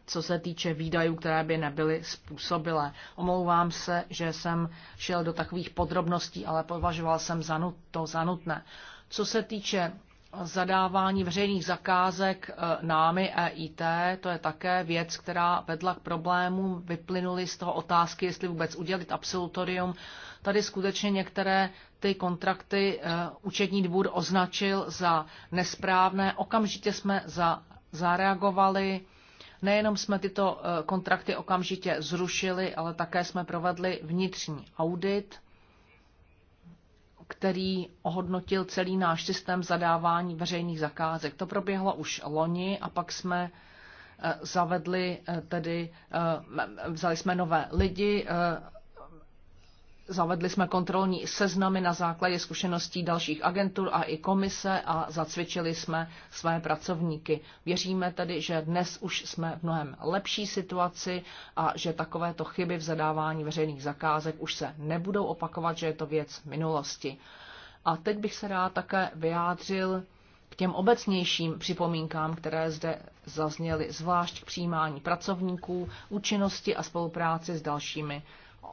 co se týče výdajů, které by nebyly způsobilé. Omlouvám se, že jsem šel do takových podrobností, ale považoval jsem to za nutné. Co se týče zadávání veřejných zakázek eh, námi EIT, to je také věc, která vedla k problémům, vyplynuly z toho otázky, jestli vůbec udělit absolutorium. Tady skutečně některé ty kontrakty eh, účetní dvůr označil za nesprávné. Okamžitě jsme za, zareagovali. Nejenom jsme tyto eh, kontrakty okamžitě zrušili, ale také jsme provedli vnitřní audit, který ohodnotil celý náš systém zadávání veřejných zakázek. To proběhlo už loni a pak jsme eh, zavedli tedy, vzali jsme nové lidi, Zavedli jsme kontrolní seznamy na základě zkušeností dalších agentur a i komise a zacvičili jsme své pracovníky. Věříme tedy, že dnes už jsme v mnohem lepší situaci a že takovéto chyby v zadávání veřejných zakázek už se nebudou opakovat, že je to věc minulosti. A teď bych se rád také vyjádřil k těm obecnějším připomínkám, které zde zazněly, zvlášť k přijímání pracovníků, účinnosti a spolupráci s dalšími Eh,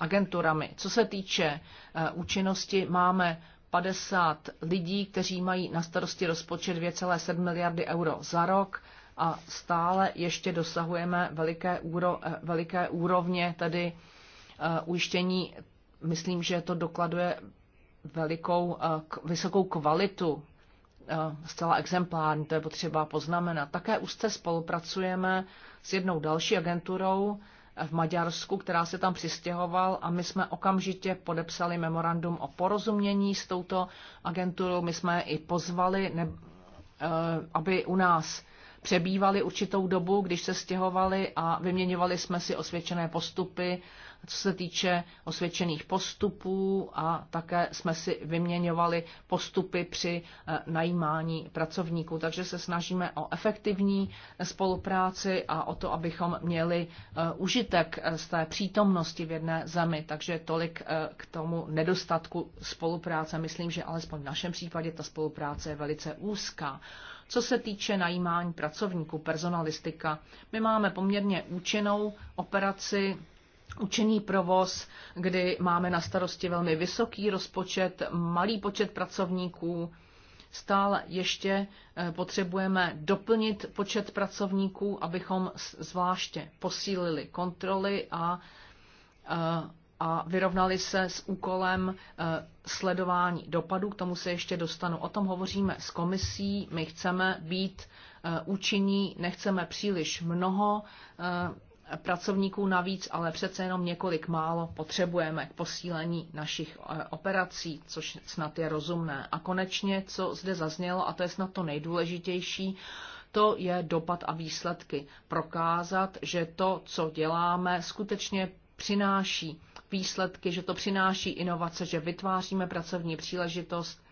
agenturami. Co se týče eh, účinnosti, máme 50 lidí, kteří mají na starosti rozpočet 2,7 miliardy euro za rok a stále ještě dosahujeme veliké, úro, eh, veliké úrovně, tedy ujištění, myslím, že to dokladuje velikou, vysokou kvalitu, zcela exemplární, to je potřeba poznamenat. Také úzce spolupracujeme s jednou další agenturou, v Maďarsku, která se tam přistěhoval a my jsme okamžitě podepsali memorandum o porozumění s touto agenturou. My jsme i pozvali, ne, eh, aby u nás přebývali určitou dobu, když se stěhovali a vyměňovali jsme si osvědčené postupy co se týče osvědčených postupů a také jsme si vyměňovali postupy při eh, najímání pracovníků. Takže se snažíme o efektivní eh, spolupráci a o to, abychom měli eh, užitek z té přítomnosti v jedné zemi. Takže tolik k tomu nedostatku spolupráce. Myslím, že alespoň v našem případě ta spolupráce je velice úzká. Co se týče najímání pracovníků, personalistika, my máme poměrně účinnou operaci učený provoz, kdy máme na starosti velmi vysoký rozpočet, malý počet pracovníků. Stále ještě eh, potřebujeme doplnit počet pracovníků, abychom zvláště posílili kontroly a, eh, a vyrovnali se s úkolem eh, sledování dopadů. K tomu se ještě dostanu. O tom hovoříme s komisí. My chceme být účinní, nechceme příliš mnoho pracovníků navíc, ale přece jenom několik málo potřebujeme k posílení našich eh, operací, což snad je rozumné. A konečně, co zde zaznělo, a to je snad to nejdůležitější, to je dopad a výsledky. Prokázat, že to, co děláme, skutečně přináší výsledky, že to přináší inovace, že vytváříme pracovní příležitost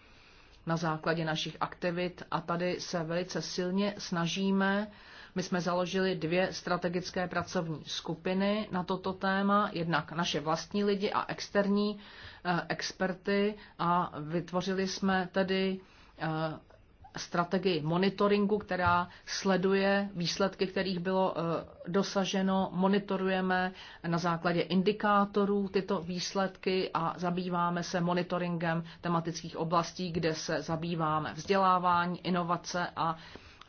na základě našich aktivit a tady se velice silně snažíme my jsme založili dvě strategické pracovní skupiny na toto téma, jednak naše vlastní lidi a externí eh, experty a vytvořili jsme tedy eh, strategii monitoringu, která sleduje výsledky, kterých bylo eh, dosaženo. Monitorujeme na základě indikátorů tyto výsledky a zabýváme se monitoringem tematických oblastí, kde se zabýváme vzdělávání, inovace a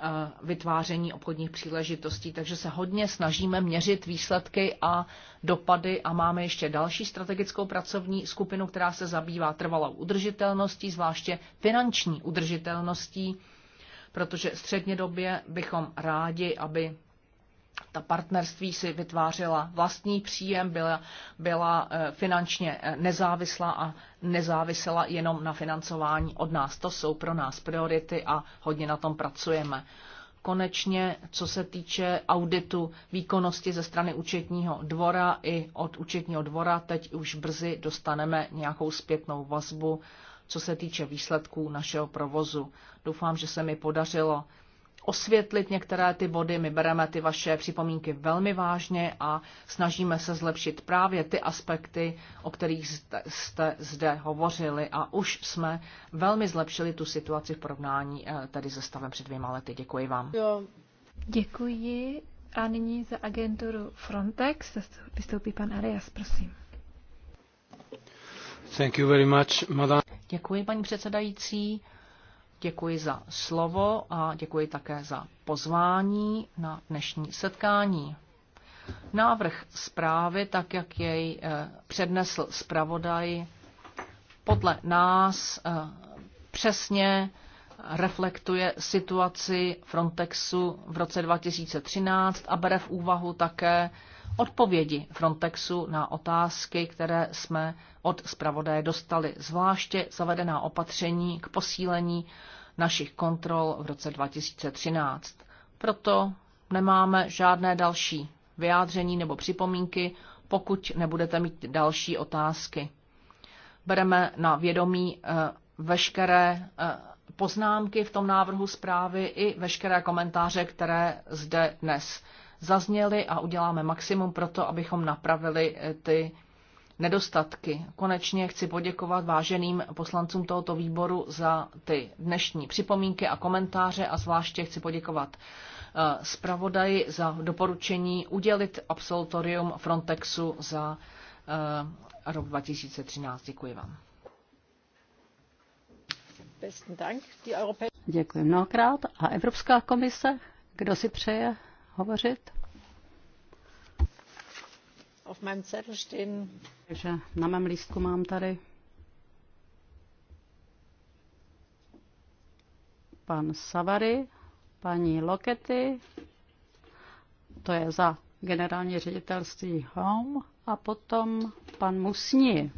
Eh, vytváření obchodních příležitostí. Takže se hodně snažíme měřit výsledky a dopady a máme ještě další strategickou pracovní skupinu, která se zabývá trvalou udržitelností, zvláště finanční udržitelností, protože střednědobě bychom rádi, aby ta partnerství si vytvářela vlastní příjem, byla, byla eh, finančně eh, nezávislá a nezávisela jenom na financování od nás. To jsou pro nás priority a hodně na tom pracujeme. Konečně, co se týče auditu výkonnosti ze strany účetního dvora i od účetního dvora, teď už brzy dostaneme nějakou zpětnou vazbu, co se týče výsledků našeho provozu. Doufám, že se mi podařilo osvětlit některé ty body. My bereme ty vaše připomínky velmi vážně a snažíme se zlepšit právě ty aspekty, o kterých jste, jste zde hovořili a už jsme velmi zlepšili tu situaci v porovnání eh, Tady se stavem před dvěma lety. Děkuji vám. Jo.
Děkuji. A nyní za
agenturu Frontex vystoupí pan Arias, prosím.
Thank you very much, madam.
Děkuji, paní předsedající. Děkuji za slovo a děkuji také za pozvání na dnešní setkání. Návrh zprávy, tak jak jej eh, přednesl zpravodaj, podle nás eh, přesně reflektuje situaci Frontexu v roce 2013 a bere v úvahu také odpovědi Frontexu na otázky, které jsme od zpravodaje dostali, zvláště zavedená opatření k posílení našich kontrol v roce 2013. Proto nemáme žádné další vyjádření nebo připomínky, pokud nebudete mít další otázky. Bereme na vědomí eh, veškeré eh, poznámky v tom návrhu zprávy i veškeré komentáře, které zde dnes zazněly a uděláme maximum pro to, abychom napravili eh, ty nedostatky. Konečně chci poděkovat váženým poslancům tohoto výboru za ty dnešní připomínky a komentáře a zvláště chci poděkovat eh, zpravodaji za doporučení udělit absolutorium Frontexu za eh, rok 2013. Děkuji vám. Děkuji
mnohokrát. A Evropská komise, kdo si přeje hovořit? Auf meinem Zettel stehen. Takže na mém lístku mám tady pan Savary, paní Lokety, to je za generální ředitelství Home, a potom pan Musni.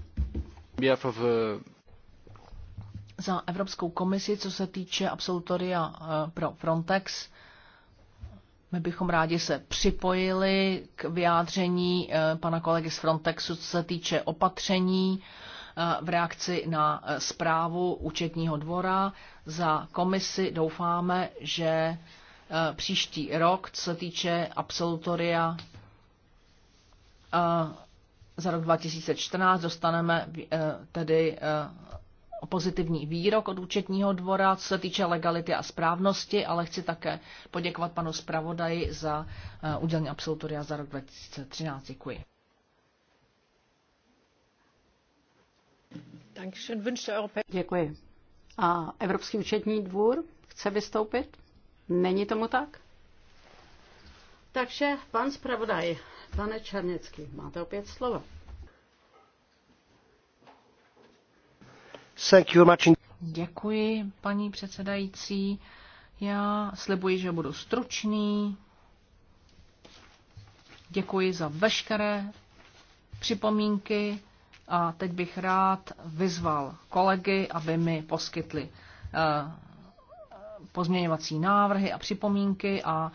Za Evropskou komisi, co se týče absolutoria eh, pro Frontex, my bychom rádi se připojili k vyjádření eh, pana kolegy z Frontexu, co se týče opatření eh, v reakci na eh, zprávu účetního dvora. Za komisi doufáme, že příští rok, co se týče absolutoria za rok 2014, dostaneme tedy pozitivní výrok od účetního dvora, co se týče legality a správnosti, ale chci také poděkovat panu zpravodaji za eh, udělení absolutoria za rok 2013. Děkuji.
Děkuji. A Evropský účetní dvůr chce vystoupit? Není tomu tak? Takže pan zpravodaj, pane Černecký, máte opět slovo.
Thank you much. Děkuji, paní předsedající. Já slibuji, že budu stručný. Děkuji za veškeré připomínky a teď bych rád vyzval kolegy, aby mi poskytli eh, pozměňovací návrhy a připomínky a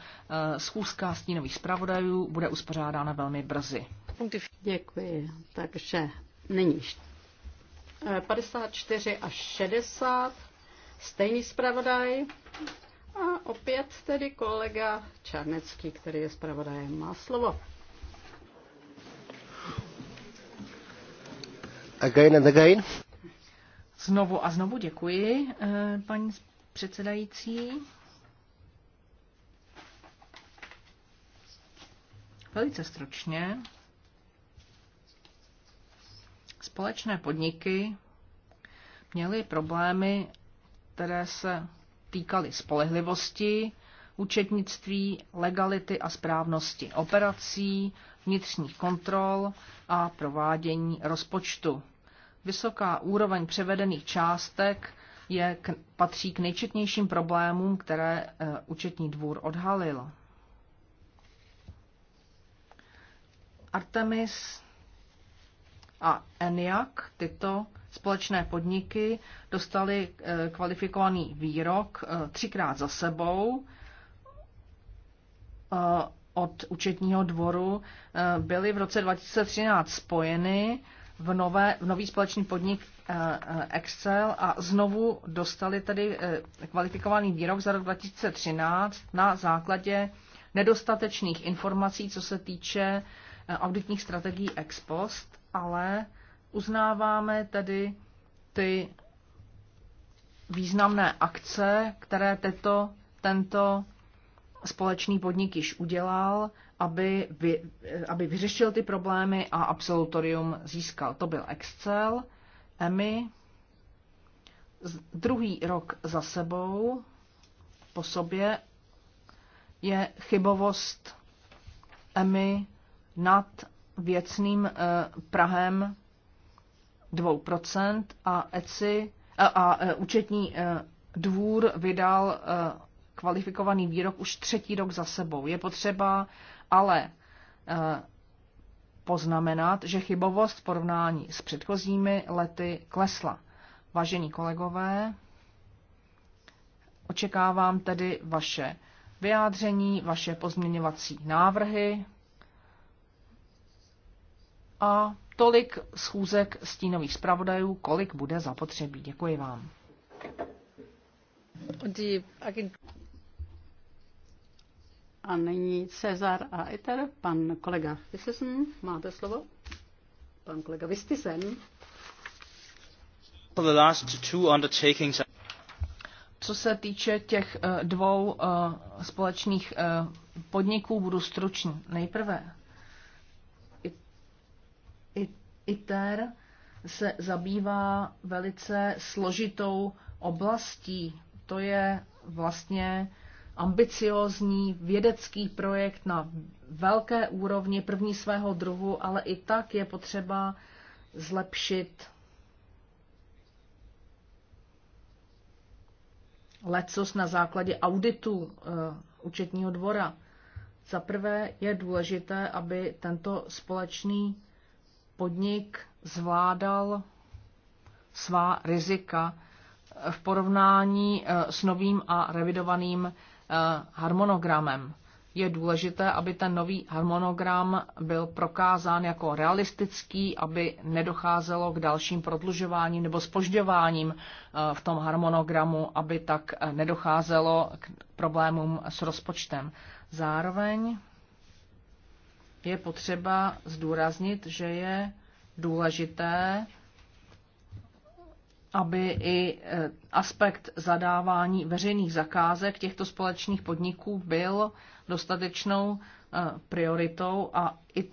eh, schůzka stínových zpravodajů bude uspořádána velmi brzy.
Děkuji. Takže nyní 54 až 60, stejný zpravodaj. A opět tedy kolega Čarnecký, který je zpravodajem, má slovo.
Again and again.
Znovu a znovu děkuji, eh, paní předsedající. Velice stručně. Společné podniky měly problémy, které se týkaly spolehlivosti, účetnictví, legality a správnosti operací, vnitřních kontrol a provádění rozpočtu. Vysoká úroveň převedených částek je k, patří k nejčetnějším problémům, které e, účetní dvůr odhalil. Artemis a ENIAC, tyto společné podniky, dostaly eh, kvalifikovaný výrok eh, třikrát za sebou eh, od účetního dvoru, byly v roce 2013 spojeny v, nové, v nový společný podnik Excel a znovu dostali tedy kvalifikovaný výrok za rok 2013 na základě nedostatečných informací, co se týče auditních strategií ex post ale uznáváme tedy ty významné akce, které tento, tento společný podnik již udělal, aby, vy, aby vyřešil ty problémy a absolutorium získal. To byl Excel, EMI, druhý rok za sebou, po sobě, je chybovost EMI nad věcným eh, Prahem 2% a ECI eh, a, eh, účetní dvůr vydal kvalifikovaný výrok už třetí rok za sebou. Je potřeba ale poznamenat, že chybovost v porovnání s předchozími lety klesla. Vážení kolegové, očekávám tedy vaše vyjádření, vaše pozměňovací návrhy a tolik schůzek stínových zpravodajů, kolik bude zapotřebí. Děkuji vám.
A nyní Cezar a Eter, pan kolega Vysesen, máte slovo? Pan kolega Vistisen.
Co se týče těch eh, dvou eh, společných eh, podniků, budu stručný. Nejprve ITER se zabývá velice složitou oblastí. To je vlastně ambiciózní vědecký projekt na velké úrovni první svého druhu, ale i tak je potřeba zlepšit lecos na základě auditu uh, účetního dvora. Za prvé je důležité, aby tento společný podnik zvládal svá rizika v porovnání eh, s novým a revidovaným eh, harmonogramem. Je důležité, aby ten nový harmonogram byl prokázán jako realistický, aby nedocházelo k dalším prodlužováním nebo spožďováním eh, v tom harmonogramu, aby tak nedocházelo k problémům s rozpočtem. Zároveň je potřeba zdůraznit, že je důležité, aby i eh, aspekt zadávání veřejných zakázek těchto společných podniků byl dostatečnou eh, prioritou a i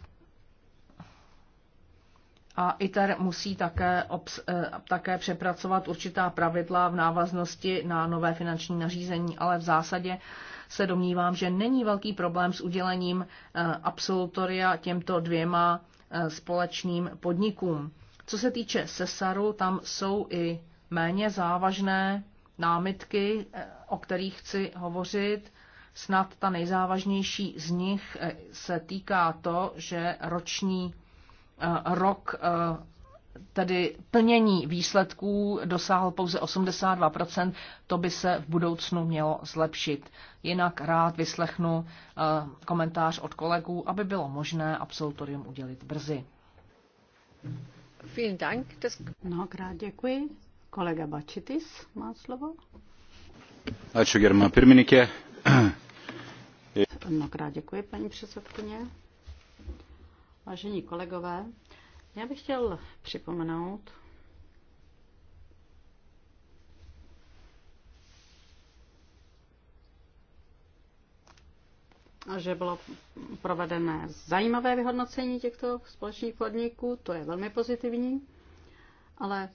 a ITER musí také, obs, eh, také přepracovat určitá pravidla v návaznosti na nové finanční nařízení, ale v zásadě se domnívám, že není velký problém s udělením eh, absolutoria těmto dvěma eh, společným podnikům. Co se týče Sesaru, tam jsou i méně závažné námitky, eh, o kterých chci hovořit. Snad ta nejzávažnější z nich se týká to, že roční rok tedy plnění výsledků dosáhl pouze 82%, to by se v budoucnu mělo zlepšit. Jinak rád vyslechnu eh, komentář od kolegů, aby bylo možné absolutorium udělit brzy.
Vielen Dank. Mnohokrát děkuji. Kolega
Bačitis
má slovo.
Ačiū, germa pirmininkė.
Mnohokrát děkuji, paní předsedkyně. Vážení kolegové, já bych chtěl připomenout, že bylo provedené zajímavé vyhodnocení těchto společných podniků, to je velmi pozitivní, ale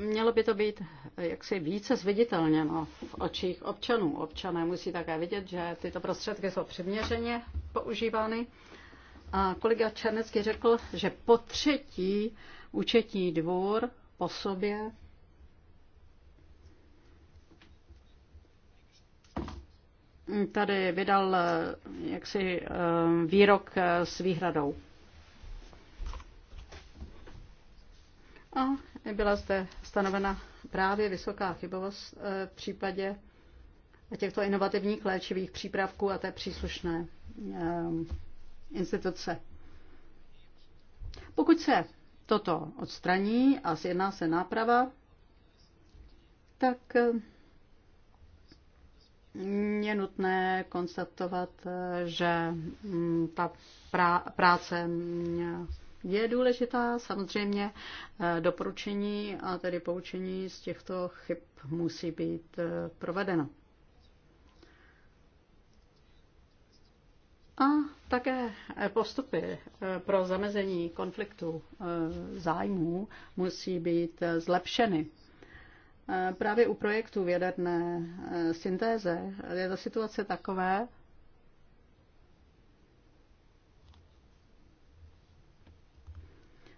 mělo by to být jaksi více zviditelněno v očích občanů. Občané musí také vidět, že tyto prostředky jsou přiměřeně používány a kolega Černecký řekl, že po třetí účetní dvůr po sobě tady vydal eh, jaksi eh, výrok eh, s výhradou. A byla zde stanovena právě vysoká chybovost v případě těchto inovativních léčivých přípravků a té příslušné instituce. Pokud se toto odstraní a sjedná se náprava, tak mm, je nutné konstatovat, že mm, ta práce mm, je důležitá. Samozřejmě eh, doporučení a tedy poučení z těchto chyb musí být eh, provedeno. A také postupy eh, pro zamezení konfliktu eh, zájmů musí být eh, zlepšeny. Právě u projektu v jaderné syntéze je ta situace takové,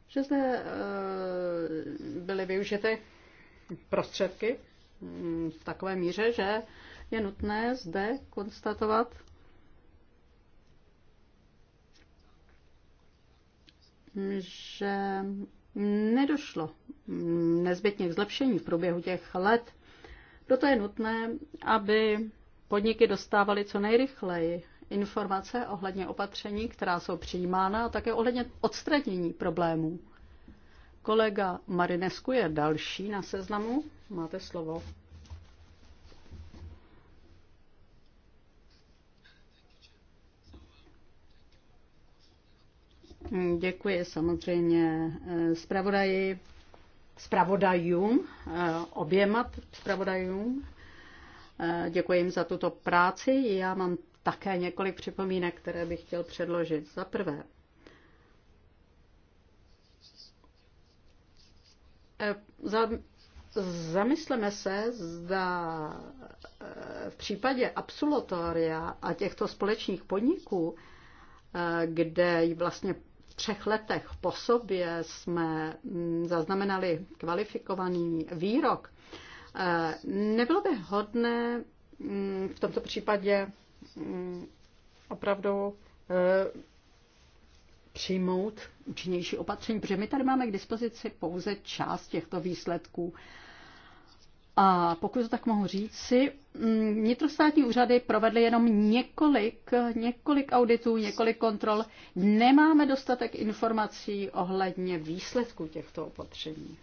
že zde byly využity prostředky mm, v takové míře, že je nutné zde konstatovat, že nedošlo nezbytně k zlepšení v průběhu těch let. Proto je nutné, aby podniky dostávaly co nejrychleji informace ohledně opatření, která jsou přijímána a také ohledně odstranění problémů. Kolega Marinesku je další na seznamu. Máte slovo. Děkuji samozřejmě eh, zpravodaji, zpravodajům, eh, oběma zpravodajům. Eh, děkuji jim za tuto práci. Já mám také několik připomínek, které bych chtěl předložit. Za prvé, zamysleme se, zda v případě absolutoria a těchto společných podniků, kde vlastně třech letech po sobě jsme mm, zaznamenali kvalifikovaný výrok, eh, nebylo by hodné mm, v tomto případě mm, opravdu eh, přijmout účinnější opatření, protože my tady máme k dispozici pouze část těchto výsledků a pokud to tak mohu říct, si mm, vnitrostátní úřady provedly jenom několik, několik auditů, několik kontrol. Nemáme dostatek informací ohledně výsledků těchto opatření.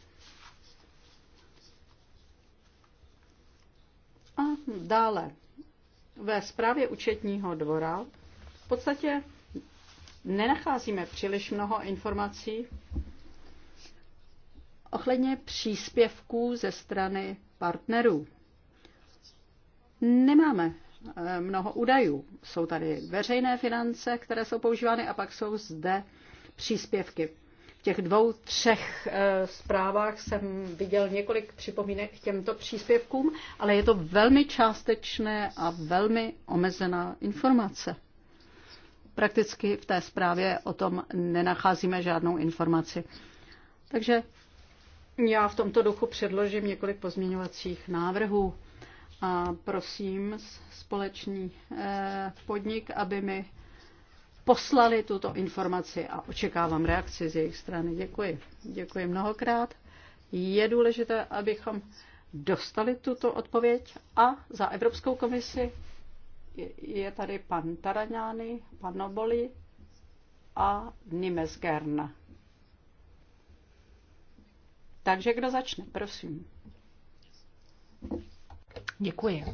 A dále. Ve zprávě účetního dvora v podstatě nenacházíme příliš mnoho informací ohledně příspěvků ze strany partnerů. Nemáme eh, mnoho údajů. Jsou tady veřejné finance, které jsou používány a pak jsou zde příspěvky. V těch dvou, třech eh, zprávách jsem viděl několik připomínek k těmto příspěvkům, ale je to velmi částečné a velmi omezená informace. Prakticky v té zprávě o tom nenacházíme žádnou informaci. Takže já v tomto duchu předložím několik pozměňovacích návrhů a prosím společný eh, podnik, aby mi poslali tuto informaci a očekávám reakci z jejich strany. Děkuji. Děkuji mnohokrát. Je důležité, abychom dostali tuto odpověď a za Evropskou komisi je tady pan Taraňány, pan Noboli a Nimes Gerna. Takže kdo začne, prosím.
Děkuji.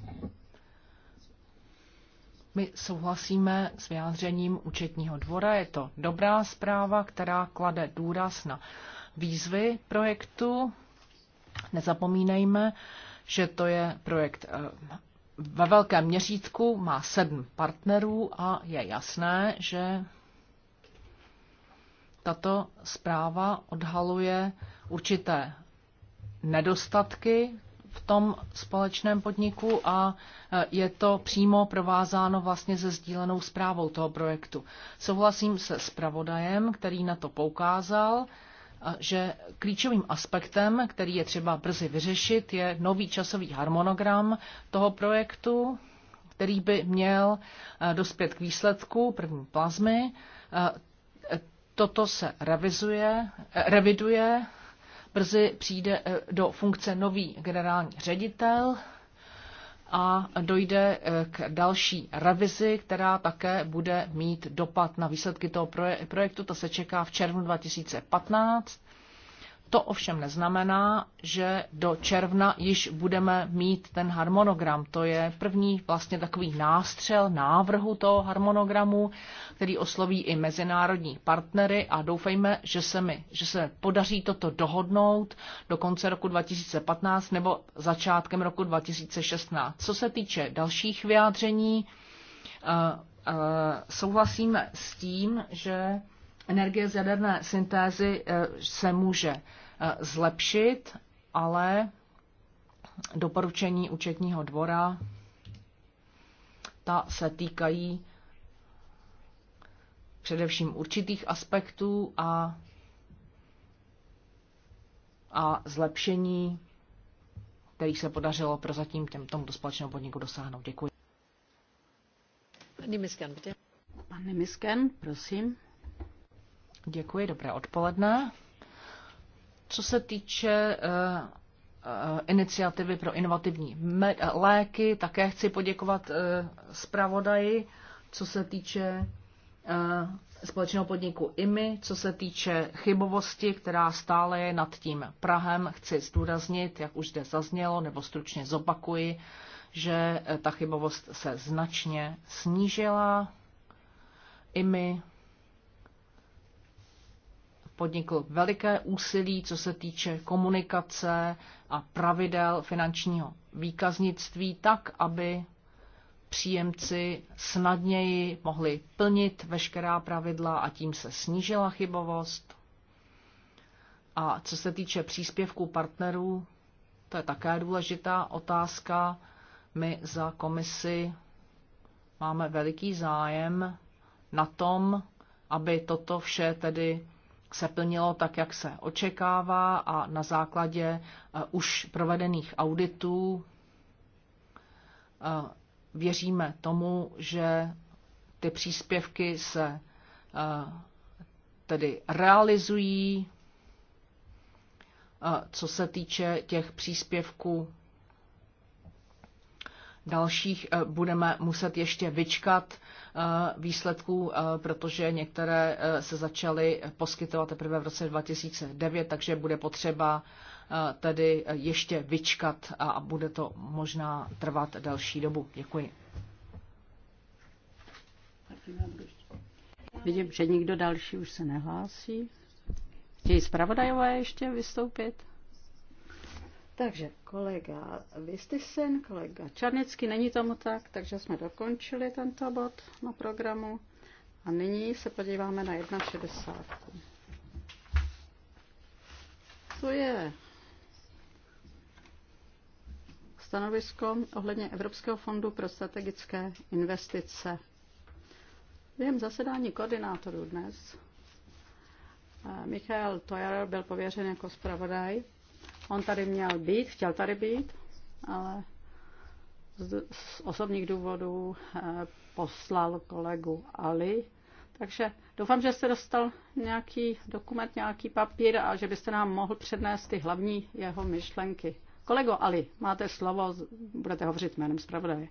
My souhlasíme s vyjádřením účetního dvora. Je to dobrá zpráva, která klade důraz na výzvy projektu. Nezapomínejme, že to je projekt eh, ve velkém měřítku, má sedm partnerů a je jasné, že tato zpráva odhaluje určité nedostatky v tom společném podniku a e, je to přímo provázáno vlastně se sdílenou zprávou toho projektu. Souhlasím se pravodajem, který na to poukázal, e, že klíčovým aspektem, který je třeba brzy vyřešit, je nový časový harmonogram toho projektu, který by měl e, dospět k výsledku první plazmy, Toto se revizuje, eh, reviduje, brzy přijde eh, do funkce nový generální ředitel a dojde eh, k další revizi, která také bude mít dopad na výsledky toho projektu. To se čeká v červnu 2015 to ovšem neznamená, že do června již budeme mít ten harmonogram. To je první vlastně takový nástřel návrhu toho harmonogramu, který osloví i mezinárodní partnery a doufejme, že se, mi, že se podaří toto dohodnout do konce roku 2015 nebo začátkem roku 2016. Co se týče dalších vyjádření, eh, eh, souhlasíme s tím, že Energie z jaderné syntézy eh, se může eh, zlepšit, ale doporučení účetního dvora ta se týkají především určitých aspektů a, a zlepšení, kterých se podařilo prozatím těm, tomuto společnému podniku dosáhnout. Děkuji.
Pan Misken,
prosím. Děkuji, dobré odpoledne. Co se týče eh, eh, iniciativy pro inovativní léky, také chci poděkovat eh, zpravodaji, co se týče společného podniku IMI, co se týče chybovosti, která stále je nad tím Prahem, chci zdůraznit, jak už zde zaznělo, nebo stručně zopakuji, že ta chybovost se značně snížila. IMI podnikl veliké úsilí, co se týče komunikace a pravidel finančního výkaznictví, tak, aby příjemci snadněji mohli plnit veškerá pravidla a tím se snížila chybovost. A co se týče příspěvků partnerů, to je také důležitá otázka. My za komisi máme veliký zájem na tom, aby toto vše tedy se plnilo tak, jak se očekává a na základě eh, už provedených auditů eh, věříme tomu, že ty příspěvky se eh, tedy realizují, co se týče těch příspěvků dalších budeme muset ještě vyčkat Eh, výsledků, eh, protože některé eh, se začaly poskytovat teprve v roce 2009, takže bude potřeba tedy ještě vyčkat a bude to možná trvat delší dobu. Děkuji.
Vidím, že nikdo další už se nehlásí. Chtějí zpravodajové ještě vystoupit? Takže kolega Vistisen, kolega Čarnecký, není tomu tak, takže jsme dokončili tento bod na programu. A nyní se podíváme na 1,60. Co je stanovisko ohledně Evropského fondu pro strategické investice. Během zasedání koordinátorů dnes eh, Michal Tojar byl pověřen jako zpravodaj On tady měl být, chtěl tady být, ale z, z osobních důvodů e, poslal kolegu Ali. Takže doufám, že jste dostal nějaký dokument, nějaký papír a že byste nám mohl přednést ty hlavní jeho myšlenky. Kolego Ali, máte slovo, budete hovořit jménem zpravodaje.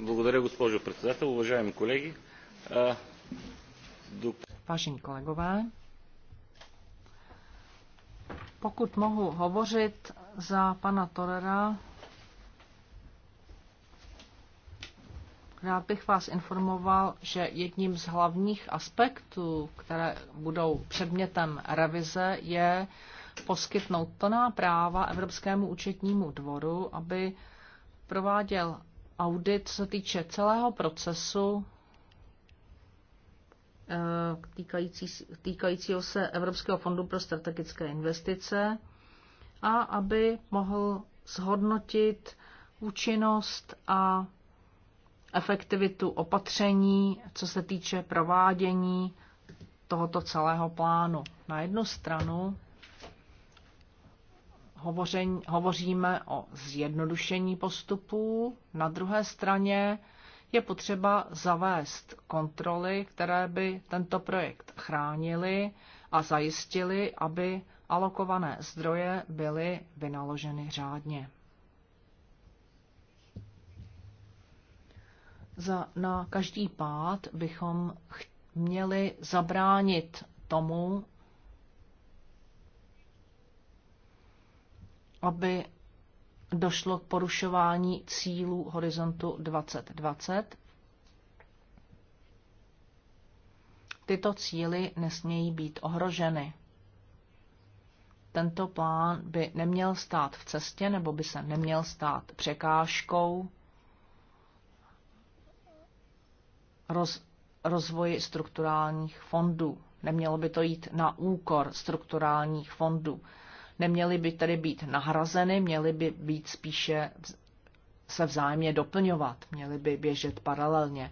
Благодаря, госпожо председател. Уважаеми колеги,
Vážení kolegové, pokud mohu hovořit za pana Torera, rád bych vás informoval, že jedním z hlavních aspektů, které budou předmětem revize, je poskytnout plná práva Evropskému účetnímu dvoru, aby prováděl audit, co se týče celého procesu Eh, týkající, týkajícího se Evropského fondu pro strategické investice a aby mohl zhodnotit účinnost a efektivitu opatření, co se týče provádění tohoto celého plánu. Na jednu stranu hovoření, hovoříme o zjednodušení postupů, na druhé straně je potřeba zavést kontroly, které by tento projekt chránily a zajistily, aby alokované zdroje byly vynaloženy řádně. Za, na každý pád bychom měli zabránit tomu, aby došlo k porušování cílů horizontu 2020. Tyto cíly nesmějí být ohroženy. Tento plán by neměl stát v cestě nebo by se neměl stát překážkou roz, rozvoji strukturálních fondů. Nemělo by to jít na úkor strukturálních fondů neměly by tedy být nahrazeny, měly by být spíše se vzájemně doplňovat, měly by běžet paralelně.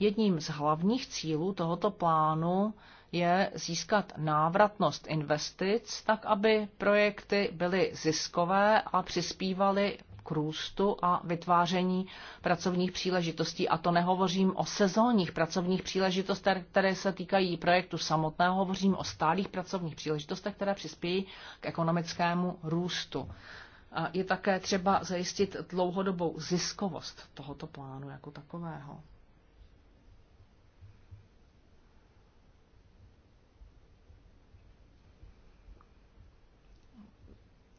Jedním z hlavních cílů tohoto plánu je získat návratnost investic, tak aby projekty byly ziskové a přispívaly k růstu a vytváření pracovních příležitostí. A to nehovořím o sezónních pracovních příležitostech, které se týkají projektu samotného, hovořím o stálých pracovních příležitostech, které přispějí k ekonomickému růstu. Je také třeba zajistit dlouhodobou ziskovost tohoto plánu jako takového.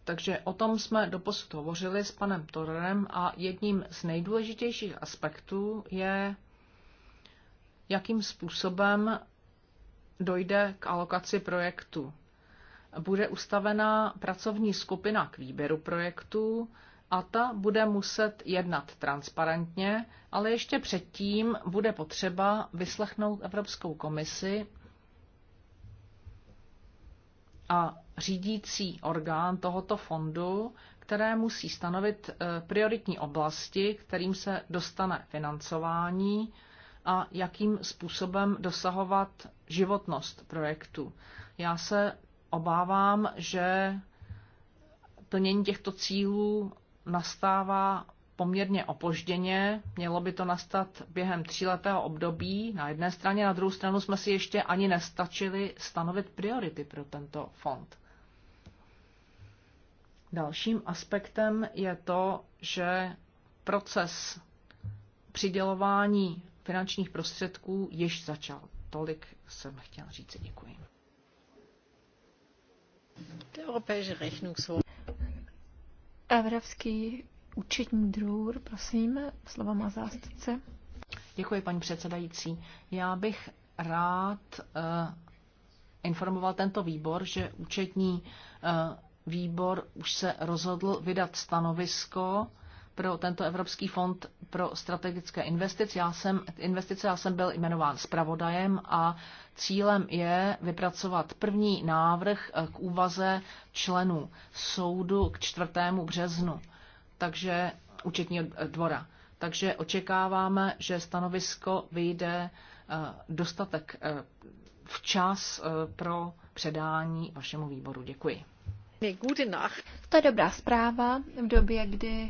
Takže o tom jsme doposud hovořili s panem Torrem a jedním z nejdůležitějších aspektů je, jakým způsobem dojde k alokaci projektu. Bude ustavená pracovní skupina k výběru projektů a ta bude muset jednat transparentně, ale ještě předtím bude potřeba vyslechnout Evropskou komisi a řídící orgán tohoto fondu, které musí stanovit eh, prioritní oblasti, kterým se dostane financování a jakým způsobem dosahovat životnost projektu. Já se obávám, že plnění těchto cílů nastává poměrně opožděně. Mělo by to nastat během tříletého období na jedné straně, na druhou stranu jsme si ještě ani nestačili stanovit priority pro tento fond. Dalším aspektem je to, že proces přidělování finančních prostředků již začal. Tolik jsem chtěl říct. Děkuji.
Evropský účetní drůr, prosím, slova má zástupce.
Děkuji, paní předsedající. Já bych rád uh, informoval tento výbor, že účetní uh, výbor už se rozhodl vydat stanovisko pro tento Evropský fond pro strategické investice. Já jsem, investice, já jsem byl jmenován zpravodajem a cílem je vypracovat první návrh eh, k úvaze členů soudu k 4. březnu, takže účetního dvora. Takže očekáváme, že stanovisko vyjde eh, dostatek eh, včas pro předání vašemu výboru. Děkuji.
To je dobrá zpráva v době, kdy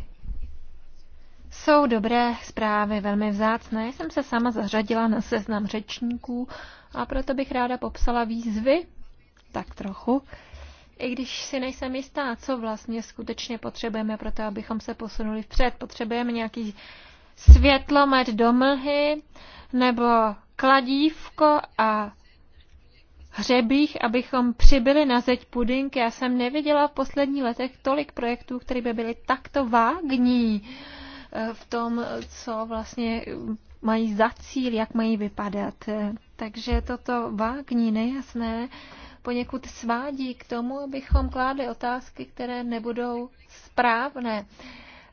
jsou dobré zprávy velmi vzácné. Jsem se sama zařadila na seznam řečníků a proto bych ráda popsala výzvy, tak trochu, i když si nejsem jistá, co vlastně skutečně potřebujeme pro to, abychom se posunuli vpřed. Potřebujeme nějaký světlomet do mlhy nebo kladívko a hřebích, abychom přibyli na zeď pudinky. Já jsem neviděla v posledních letech tolik projektů, které by byly takto vágní eh, v tom, co vlastně mají za cíl, jak mají vypadat. Eh, takže toto vágní, nejasné, poněkud svádí k tomu, abychom kládli otázky, které nebudou správné.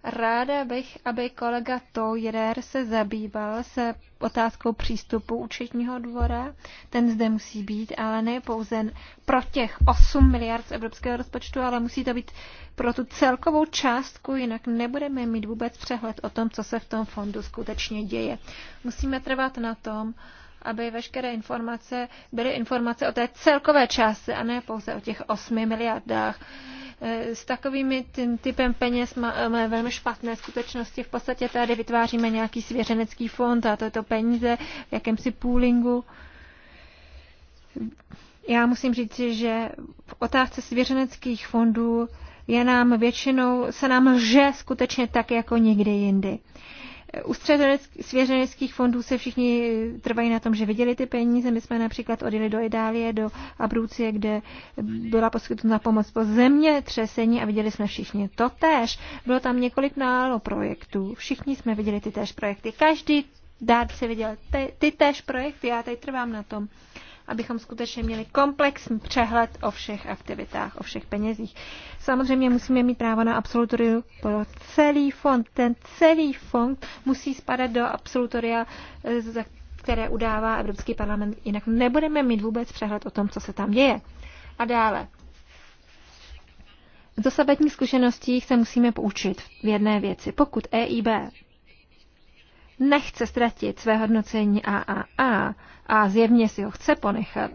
Ráda bych, aby kolega Toirer se zabýval se otázkou přístupu účetního dvora. Ten zde musí být, ale ne pouze pro těch 8 miliard z evropského rozpočtu, ale musí to být pro tu celkovou částku, jinak nebudeme mít vůbec přehled o tom, co se v tom fondu skutečně děje. Musíme trvat na tom, aby veškeré informace byly informace o té celkové části a ne pouze o těch 8 miliardách. Eh, s takovými typem peněz eh, máme velmi špatné skutečnosti. V podstatě tady vytváříme nějaký svěřenecký fond a to je to peníze v jakémsi poolingu. Já musím říct, že v otázce svěřeneckých fondů je nám většinou, se nám lže skutečně tak, jako nikdy jindy. Uh, u svěřeneckých fondů se všichni trvají na tom, že viděli ty peníze. My jsme například odjeli do Itálie, do Abrucie, kde byla poskytnuta pomoc po zemětřesení a viděli jsme všichni to též. Bylo tam několik nálo projektů. Všichni jsme viděli ty též projekty. Každý dárce viděl ty, ty též projekty. Já tady trvám na tom. Uh, abychom skutečně měli komplexní přehled o všech aktivitách, o všech penězích. Samozřejmě musíme mít právo na absolutoriu pro celý fond. Ten celý fond musí spadat do absolutoria, eh, za které udává Evropský parlament, jinak nebudeme mít vůbec přehled o tom, co se tam děje. A dále. Z dosavadních zkušeností se musíme poučit v jedné věci. Pokud EIB nechce ztratit své hodnocení AAA a zjevně si ho chce ponechat,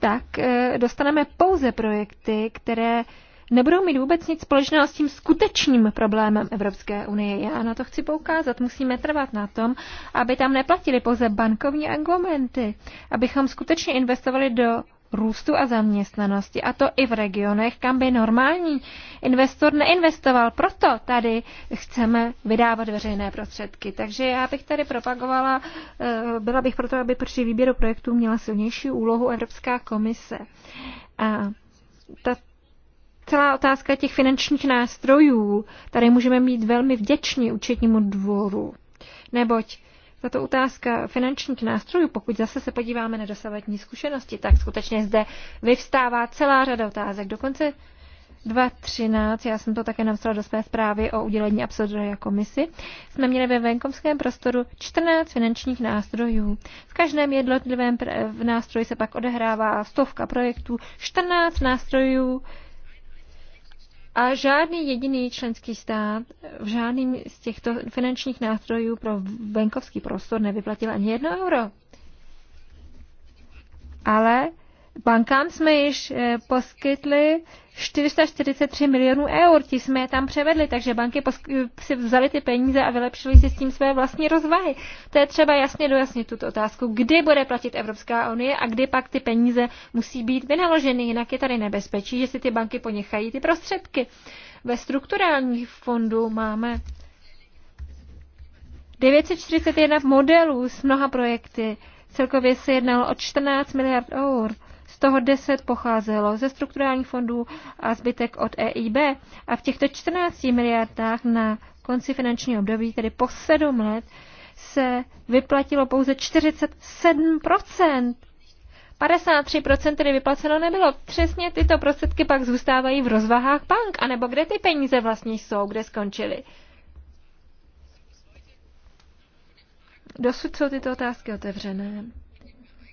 tak eh, dostaneme pouze projekty, které nebudou mít vůbec nic společného s tím skutečným problémem Evropské unie. Já na to chci poukázat. Musíme trvat na tom, aby tam neplatili pouze bankovní argumenty, abychom skutečně investovali do růstu a zaměstnanosti, a to i v regionech, kam by normální investor neinvestoval. Proto tady chceme vydávat veřejné prostředky. Takže já bych tady propagovala, eh, byla bych proto, aby při výběru projektů měla silnější úlohu Evropská komise. A ta celá otázka těch finančních nástrojů, tady můžeme být velmi vděční účetnímu dvoru, neboť tato otázka finančních nástrojů, pokud zase se podíváme na dosavadní zkušenosti, tak skutečně zde vyvstává celá řada otázek. Dokonce 2013, já jsem to také napsala do své zprávy o udělení absolutoria komisy. jsme měli ve venkovském prostoru 14 finančních nástrojů. V každém jednotlivém nástroji se pak odehrává stovka projektů, 14 nástrojů a žádný jediný členský stát v žádným z těchto finančních nástrojů pro venkovský prostor nevyplatil ani jedno euro. Ale Bankám jsme již eh, poskytli 443 milionů eur, ti jsme je tam převedli, takže banky si vzali ty peníze a vylepšili si s tím své vlastní rozvahy. To je třeba jasně dojasnit tuto otázku, kdy bude platit Evropská unie a kdy pak ty peníze musí být vynaloženy, jinak je tady nebezpečí, že si ty banky ponechají ty prostředky. Ve strukturálních fondu máme 941 modelů s mnoha projekty. Celkově se jednalo o 14 miliard eur toho 10 pocházelo ze strukturálních fondů a zbytek od EIB. A v těchto 14 miliardách na konci finančního období, tedy po 7 let, se vyplatilo pouze 47%. 53% tedy vyplaceno nebylo. Přesně tyto prostředky pak zůstávají v rozvahách bank. A nebo kde ty peníze vlastně jsou, kde skončily? Dosud jsou tyto otázky otevřené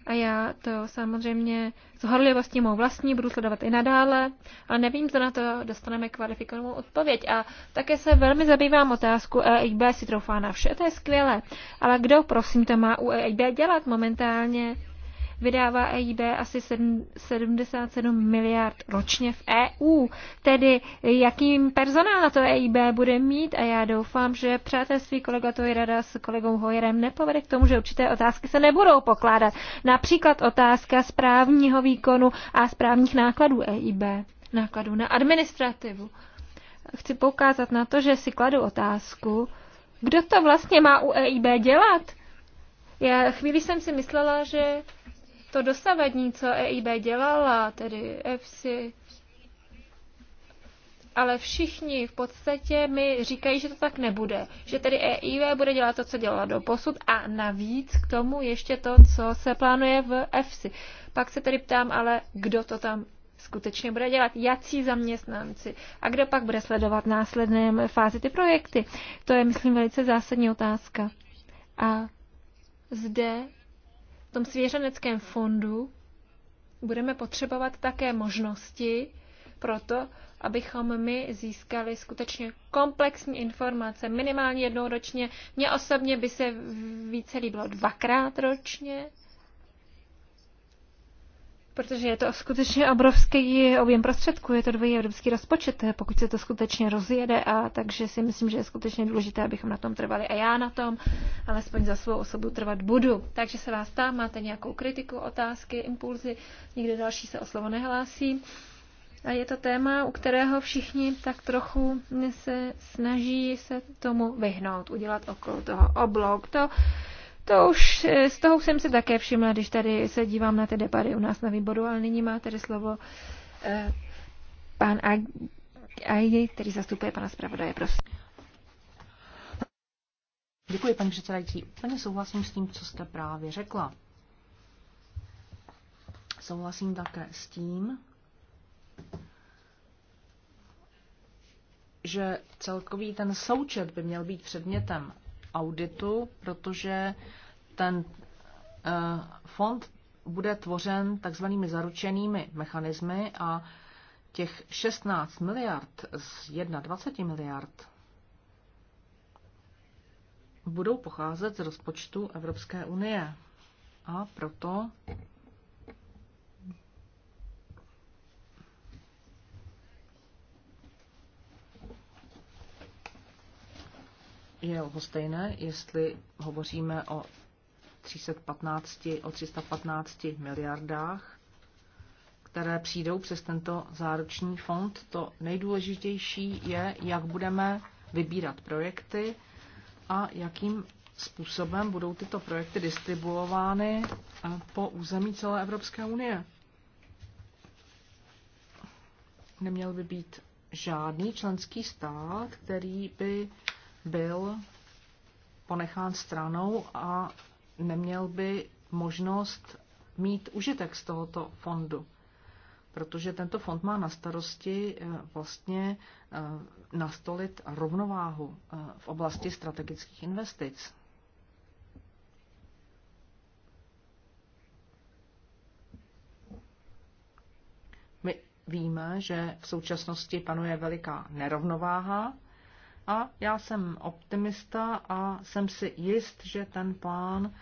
a já to samozřejmě s horlivostí mou vlastní budu sledovat i nadále, ale nevím, zda na to dostaneme kvalifikovanou odpověď. A také se velmi zabývám otázku EIB si troufá na vše, to je skvělé. Ale kdo, prosím, to má u EIB dělat momentálně? vydává EIB asi 77 miliard ročně v EU. Tedy jakým personál to EIB bude mít a já doufám, že přátelství kolega Tojrada s kolegou Hojerem nepovede k tomu, že určité otázky se nebudou pokládat. Například otázka správního výkonu a správních nákladů EIB, nákladů na administrativu. Chci poukázat na to, že si kladu otázku, kdo to vlastně má u EIB dělat? Já chvíli jsem si myslela, že to dosavadní, co EIB dělala, tedy EFSI, ale všichni v podstatě mi říkají, že to tak nebude. Že tedy EIB bude dělat to, co dělala do posud a navíc k tomu ještě to, co se plánuje v EFSI. Pak se tedy ptám, ale kdo to tam skutečně bude dělat, jací zaměstnanci a kdo pak bude sledovat následné fázi ty projekty. To je, myslím, velice zásadní otázka. A zde tom svěřeneckém fondu budeme potřebovat také možnosti pro to, abychom my získali skutečně komplexní informace, minimálně jednou ročně. Mně osobně by se více líbilo dvakrát ročně. Protože je to skutečně obrovský objem prostředků, je to dvojí evropský rozpočet, pokud se to skutečně rozjede, a takže si myslím, že je skutečně důležité, abychom na tom trvali. A já na tom alespoň za svou osobu trvat budu. Takže se vás tam máte nějakou kritiku, otázky, impulzy, nikdo další se o slovo nehlásí. A je to téma, u kterého všichni tak trochu se snaží se tomu vyhnout, udělat okolo toho oblouk. To to už eh, z toho jsem se také všimla, když tady se dívám na ty debaty u nás na výboru, ale nyní má tedy slovo eh, pan Ajdi, který zastupuje pana zpravodaje,
prosím. Děkuji, paní předsedající. Plně souhlasím s tím, co jste právě řekla. Souhlasím také s tím, že celkový ten součet by měl být předmětem auditu, protože ten eh, fond bude tvořen takzvanými zaručenými mechanismy a těch 16 miliard z 21 miliard budou pocházet z rozpočtu Evropské unie. A proto je lhostejné, jestli hovoříme o 315, o 315 miliardách, které přijdou přes tento záruční fond. To nejdůležitější je, jak budeme vybírat projekty a jakým způsobem budou tyto projekty distribuovány po území celé Evropské unie. Neměl by být žádný členský stát, který by byl ponechán stranou a neměl by možnost mít užitek z tohoto fondu. Protože tento fond má na starosti eh, vlastně eh, nastolit rovnováhu eh, v oblasti strategických investic. My víme, že v současnosti panuje veliká nerovnováha a já jsem optimista a jsem si jist, že ten plán uh,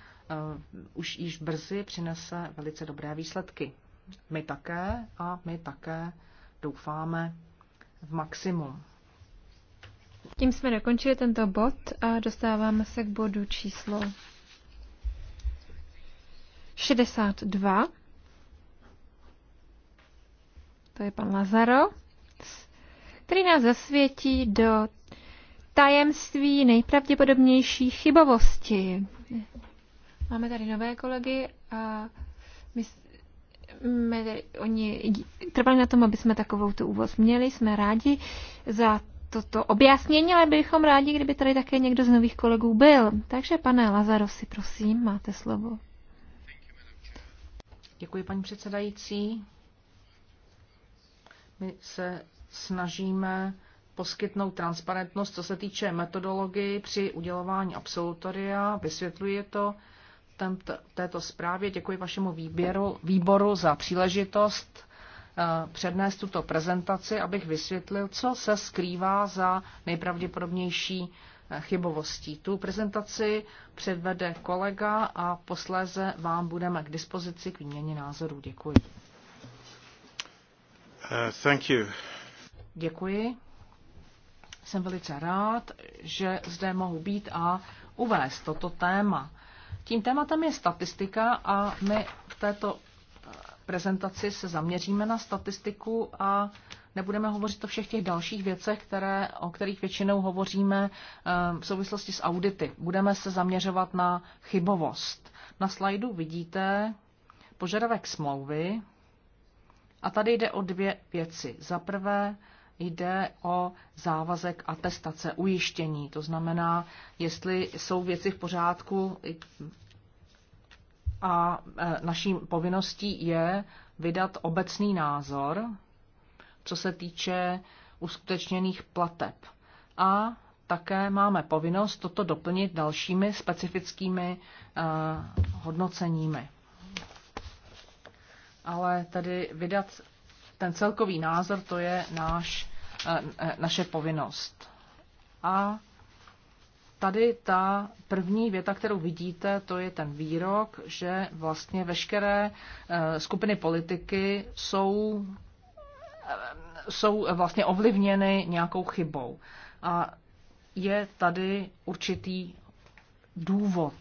už již brzy přinese velice dobré výsledky. My také a my také doufáme v maximum.
Tím jsme dokončili tento bod a dostáváme se k bodu číslo 62. To je pan Lazaro, který nás zasvětí do tajemství nejpravděpodobnější chybovosti. Máme tady nové kolegy a my my, oni trvali na tom, aby jsme takovou tu úvoz měli. Jsme rádi za toto objasnění, ale bychom rádi, kdyby tady také někdo z nových kolegů byl. Takže pane Lazarosi, prosím, máte slovo.
Děkuji, paní předsedající. My se snažíme poskytnout transparentnost, co se týče metodologii při udělování absolutoria. Vysvětluje to této zprávě. Děkuji vašemu výběru, výboru za příležitost eh, přednést tuto prezentaci, abych vysvětlil, co se skrývá za nejpravděpodobnější eh, chybovostí. Tu prezentaci předvede kolega a posléze vám budeme k dispozici k výměně názorů. Děkuji.
Uh, thank you.
Děkuji. Jsem velice rád, že zde mohu být a uvést toto téma. Tím tématem je statistika a my v této eh, prezentaci se zaměříme na statistiku a nebudeme hovořit o všech těch dalších věcech, které, o kterých většinou hovoříme eh, v souvislosti s audity. Budeme se zaměřovat na chybovost. Na slajdu vidíte požadavek smlouvy a tady jde o dvě věci. Za prvé jde o závazek atestace, ujištění. To znamená, jestli jsou věci v pořádku a e, naším povinností je vydat obecný názor, co se týče uskutečněných plateb. A také máme povinnost toto doplnit dalšími specifickými e, hodnoceními. Ale tedy vydat ten celkový názor, to je náš, eh, eh, naše povinnost. A tady ta první věta, kterou vidíte, to je ten výrok, že vlastně veškeré eh, skupiny politiky jsou, jsou vlastně ovlivněny nějakou chybou. A je tady určitý důvod,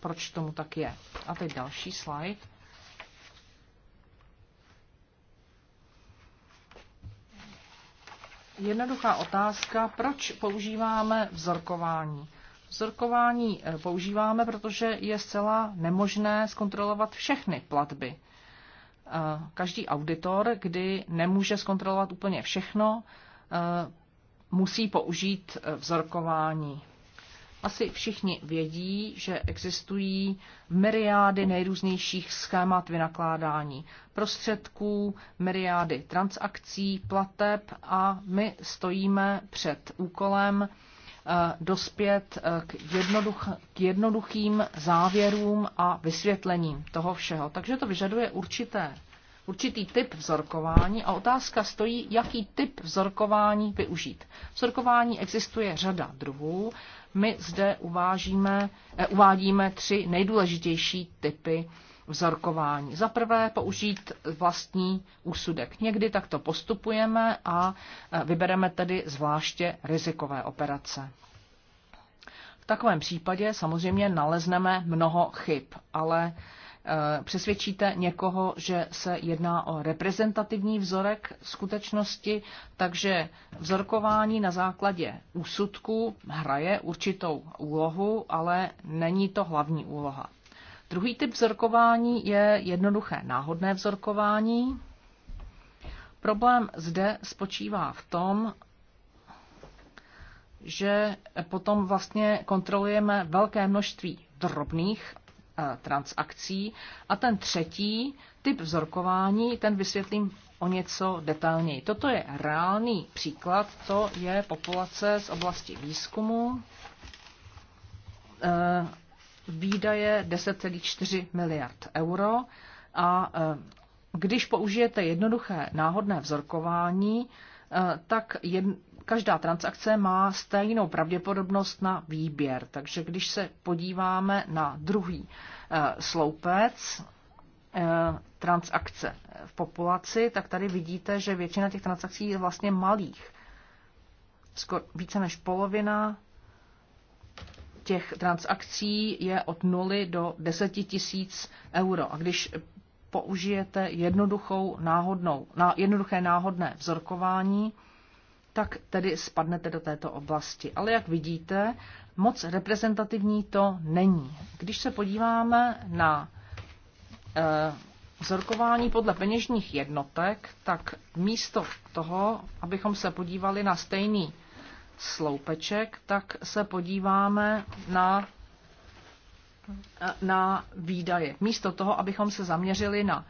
proč tomu tak je. A teď další slide. jednoduchá otázka, proč používáme vzorkování. Vzorkování eh, používáme, protože je zcela nemožné zkontrolovat všechny platby. Eh, každý auditor, kdy nemůže zkontrolovat úplně všechno, eh, musí použít vzorkování asi všichni vědí, že existují myriády nejrůznějších schémat vynakládání prostředků, myriády transakcí, plateb a my stojíme před úkolem eh, dospět eh, k, jednoduch, k jednoduchým závěrům a vysvětlením toho všeho. Takže to vyžaduje určité, určitý typ vzorkování a otázka stojí, jaký typ vzorkování využít. Vzorkování existuje řada druhů my zde uvážíme, eh, uvádíme tři nejdůležitější typy vzorkování. Za prvé použít vlastní úsudek. Někdy takto postupujeme a eh, vybereme tedy zvláště rizikové operace. V takovém případě samozřejmě nalezneme mnoho chyb, ale Eh, přesvědčíte někoho, že se jedná o reprezentativní vzorek skutečnosti, takže vzorkování na základě úsudku hraje určitou úlohu, ale není to hlavní úloha. Druhý typ vzorkování je jednoduché náhodné vzorkování. Problém zde spočívá v tom, že potom vlastně kontrolujeme velké množství drobných Eh, transakcí. A ten třetí typ vzorkování, ten vysvětlím o něco detailněji. Toto je reálný příklad, to je populace z oblasti výzkumu, eh, výdaje 10,4 miliard euro a eh, když použijete jednoduché náhodné vzorkování, tak každá transakce má stejnou pravděpodobnost na výběr. Takže když se podíváme na druhý eh, sloupec, eh, transakce v populaci, tak tady vidíte, že většina těch transakcí je vlastně malých. Skoro více než polovina těch transakcí je od 0 do 10 tisíc euro. A když použijete jednoduchou náhodnou, na jednoduché náhodné vzorkování, tak tedy spadnete do této oblasti. Ale jak vidíte, moc reprezentativní to není. Když se podíváme na eh, vzorkování podle peněžních jednotek, tak místo toho, abychom se podívali na stejný sloupeček, tak se podíváme na, na výdaje. Místo toho, abychom se zaměřili na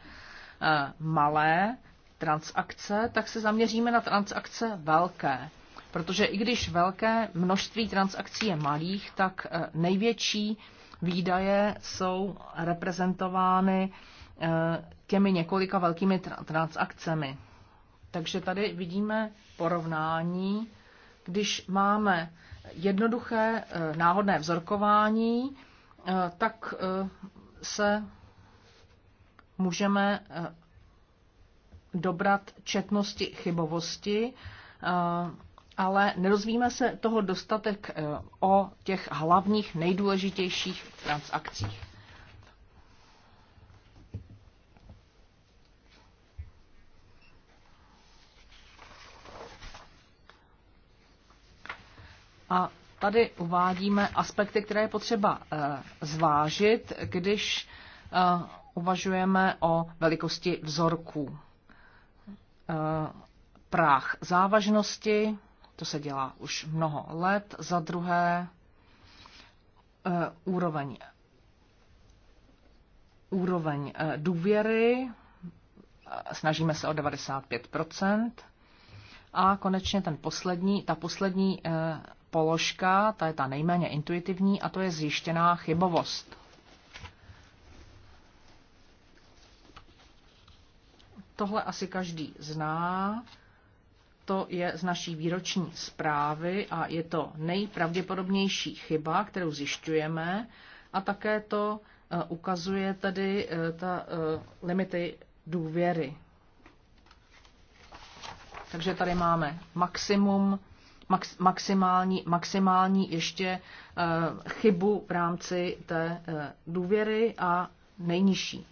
eh, malé transakce, tak se zaměříme na transakce velké. Protože i když velké množství transakcí je malých, tak eh, největší výdaje jsou reprezentovány eh, těmi několika velkými transakcemi. Takže tady vidíme porovnání, když máme jednoduché eh, náhodné vzorkování, tak se můžeme dobrat četnosti chybovosti, eh, ale nerozvíme se toho dostatek eh, o těch hlavních nejdůležitějších transakcích. A tady uvádíme aspekty, které je potřeba eh, zvážit, když uvažujeme o velikosti vzorků. Eh, práh závažnosti, to se dělá už mnoho let, za druhé eh, úroveň, úroveň eh, důvěry, snažíme se o 95 a konečně ten poslední, ta poslední položka, ta je ta nejméně intuitivní, a to je zjištěná chybovost. Tohle asi každý zná. To je z naší výroční zprávy a je to nejpravděpodobnější chyba, kterou zjišťujeme. A také to eh, ukazuje tedy eh, ta eh, limity důvěry. Takže tady máme maximum, max, maximální, maximální ještě chybu v rámci té důvěry a nejnižší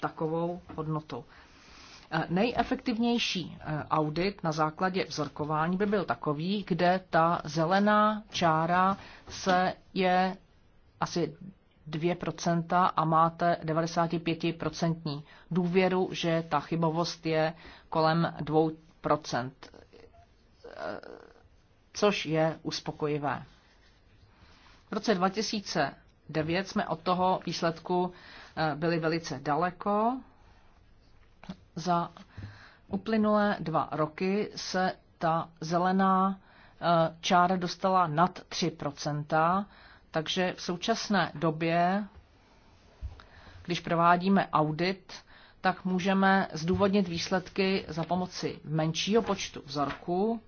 takovou hodnotu. Nejefektivnější eh, audit na základě vzorkování by byl takový, kde ta zelená čára se je asi 2% a máte 95% důvěru, že ta chybovost je kolem 2%, eh, což je uspokojivé. V roce 2009 jsme od toho výsledku eh, byli velice daleko. Za uplynulé dva roky se ta zelená eh, čára dostala nad 3 takže v současné době, když provádíme audit, tak můžeme zdůvodnit výsledky za pomoci menšího počtu vzorků.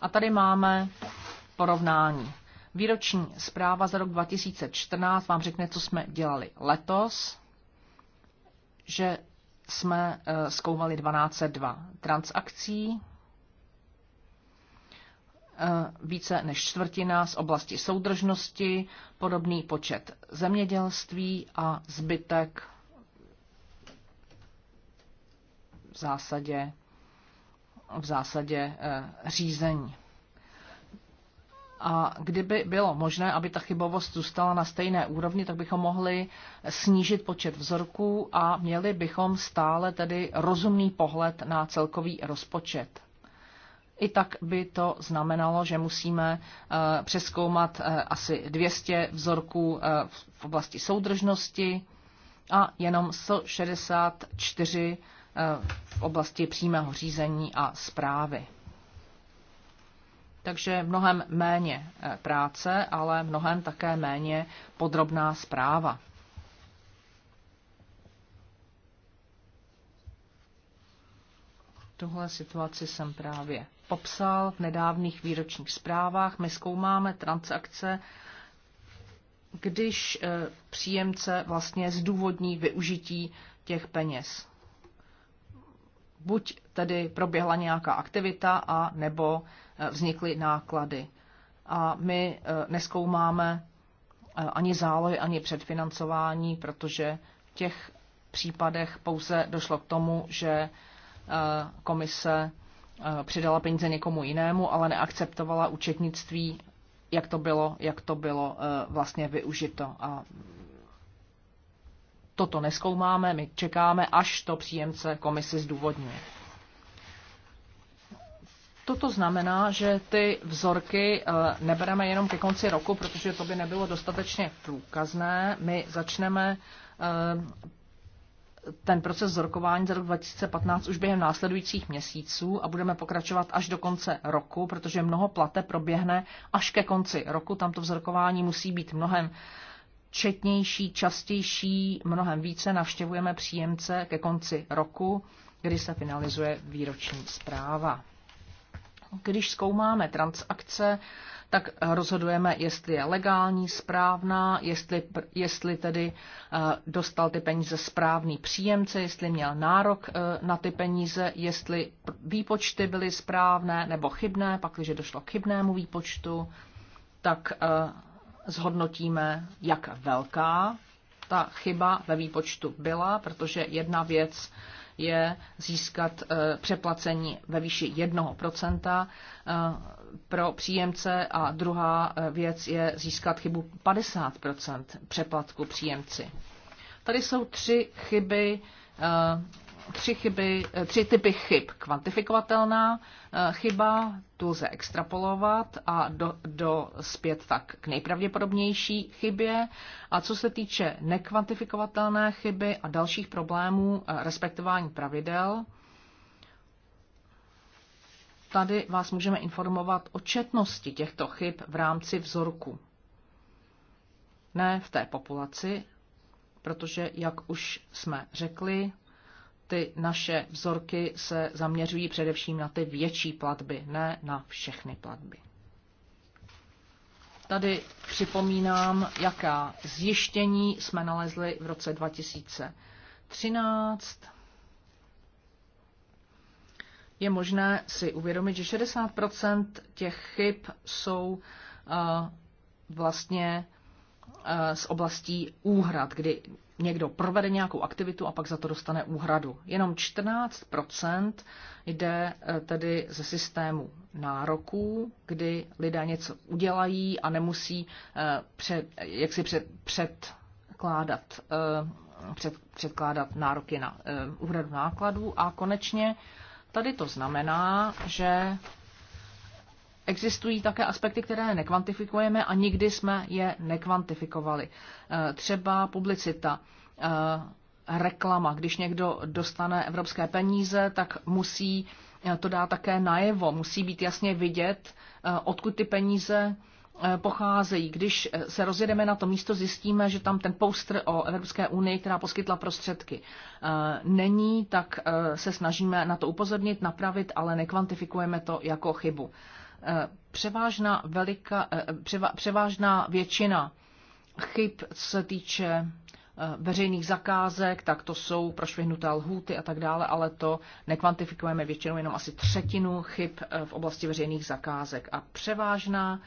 A tady máme porovnání. Výroční zpráva za rok 2014 vám řekne, co jsme dělali letos, že jsme eh, zkoumali 1202 transakcí, eh, více než čtvrtina z oblasti soudržnosti, podobný počet zemědělství a zbytek v zásadě, v zásadě eh, řízení. A kdyby bylo možné, aby ta chybovost zůstala na stejné úrovni, tak bychom mohli snížit počet vzorků a měli bychom stále tedy rozumný pohled na celkový rozpočet. I tak by to znamenalo, že musíme eh, přeskoumat eh, asi 200 vzorků eh, v oblasti soudržnosti a jenom 164 v oblasti přímého řízení a zprávy. Takže mnohem méně eh, práce, ale mnohem také méně podrobná zpráva. Tuhle situaci jsem právě popsal v nedávných výročních zprávách. My zkoumáme transakce, když eh, příjemce vlastně zdůvodní využití těch peněz. Buď tedy proběhla nějaká aktivita a nebo vznikly náklady. A my eh, neskoumáme eh, ani zálohy, ani předfinancování, protože v těch případech pouze došlo k tomu, že eh, komise přidala peníze někomu jinému, ale neakceptovala účetnictví, jak to bylo, jak to bylo vlastně využito. A toto neskoumáme, my čekáme, až to příjemce Komise zdůvodňuje. Toto znamená, že ty vzorky eh, nebereme jenom ke konci roku, protože to by nebylo dostatečně průkazné. My začneme eh, ten proces vzorkování za rok 2015 už během následujících měsíců a budeme pokračovat až do konce roku, protože mnoho plate proběhne až ke konci roku. Tamto vzorkování musí být mnohem četnější, častější, mnohem více navštěvujeme příjemce ke konci roku, kdy se finalizuje výroční zpráva. Když zkoumáme transakce, tak rozhodujeme, jestli je legální, správná, jestli, jestli tedy eh, dostal ty peníze správný příjemce, jestli měl nárok eh, na ty peníze, jestli výpočty byly správné nebo chybné, pak když došlo k chybnému výpočtu, tak eh, zhodnotíme, jak velká ta chyba ve výpočtu byla, protože jedna věc je získat eh, přeplacení ve výši 1% eh, pro příjemce a druhá eh, věc je získat chybu 50% přeplatku příjemci. Tady jsou tři chyby tři, chyby, eh, tři typy chyb. Kvantifikovatelná eh, chyba, tu lze extrapolovat a do, do zpět tak k nejpravděpodobnější chybě. A co se týče nekvantifikovatelné chyby a dalších problémů eh, respektování pravidel, tady vás můžeme informovat o četnosti těchto chyb v rámci vzorku. Ne v té populaci, protože, jak už jsme řekli, ty naše vzorky se zaměřují především na ty větší platby, ne na všechny platby. Tady připomínám, jaká zjištění jsme nalezli v roce 2013. Je možné si uvědomit, že 60 těch chyb jsou uh, vlastně uh, z oblastí úhrad, kdy někdo provede nějakou aktivitu a pak za to dostane úhradu. Jenom 14 jde eh, tedy ze systému nároků, kdy lidé něco udělají a nemusí eh, před, jak si před, předkládat, eh, před, předkládat nároky na úhradu nákladů. A konečně tady to znamená, že Existují také aspekty, které nekvantifikujeme a nikdy jsme je nekvantifikovali. Eh, třeba publicita, eh, reklama. Když někdo dostane evropské peníze, tak musí eh, to dá také najevo. Musí být jasně vidět, odkud ty peníze pocházejí. Když se rozjedeme na to místo, zjistíme, že tam ten poster o Evropské unii, která poskytla prostředky, není, tak se snažíme na to upozornit, napravit, ale nekvantifikujeme to jako chybu. Eh, převážná, velika, eh, převa, převážná většina chyb, co se týče eh, veřejných zakázek, tak to jsou prošvihnuté lhůty a tak dále, ale to nekvantifikujeme většinou jenom asi třetinu chyb v oblasti veřejných zakázek. A převážná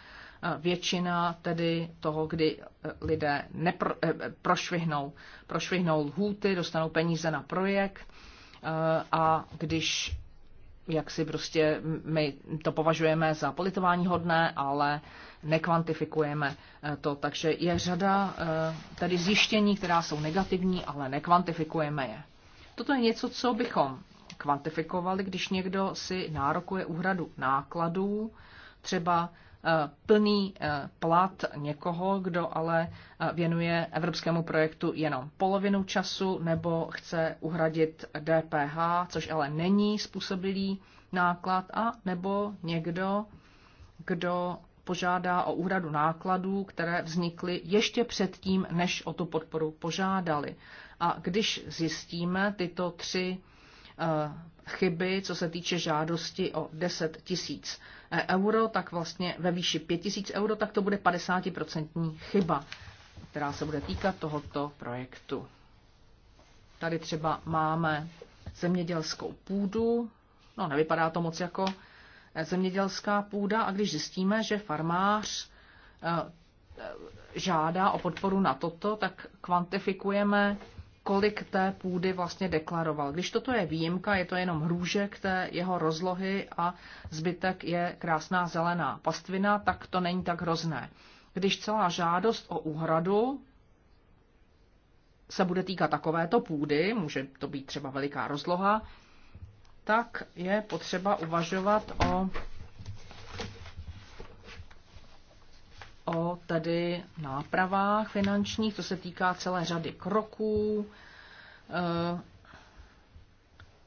většina tedy toho, kdy lidé nepro, prošvihnou, prošvihnou lhůty, dostanou peníze na projekt a když jak si prostě my to považujeme za politování hodné, ale nekvantifikujeme eh, to. Takže je řada eh, tady zjištění, která jsou negativní, ale nekvantifikujeme je. Toto je něco, co bychom kvantifikovali, když někdo si nárokuje úhradu nákladů, třeba Eh, plný eh, plat někoho, kdo ale eh, věnuje evropskému projektu jenom polovinu času nebo chce uhradit DPH, což ale není způsobilý náklad, a nebo někdo, kdo požádá o úhradu nákladů, které vznikly ještě předtím, než o tu podporu požádali. A když zjistíme tyto tři chyby, co se týče žádosti o 10 tisíc euro, tak vlastně ve výši 5 tisíc euro, tak to bude 50% chyba, která se bude týkat tohoto projektu. Tady třeba máme zemědělskou půdu, no nevypadá to moc jako zemědělská půda a když zjistíme, že farmář eh, eh, žádá o podporu na toto, tak kvantifikujeme kolik té půdy vlastně deklaroval. Když toto je výjimka, je to jenom hrůžek té jeho rozlohy a zbytek je krásná zelená pastvina, tak to není tak hrozné. Když celá žádost o úhradu se bude týkat takovéto půdy, může to být třeba veliká rozloha, tak je potřeba uvažovat o o tedy nápravách finančních, to se týká celé řady kroků, eh,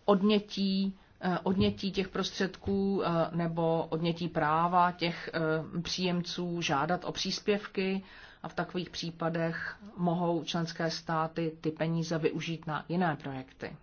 odnětí, eh, odnětí těch prostředků eh, nebo odnětí práva těch příjemců žádat o příspěvky a v takových případech mohou členské státy ty peníze využít na jiné projekty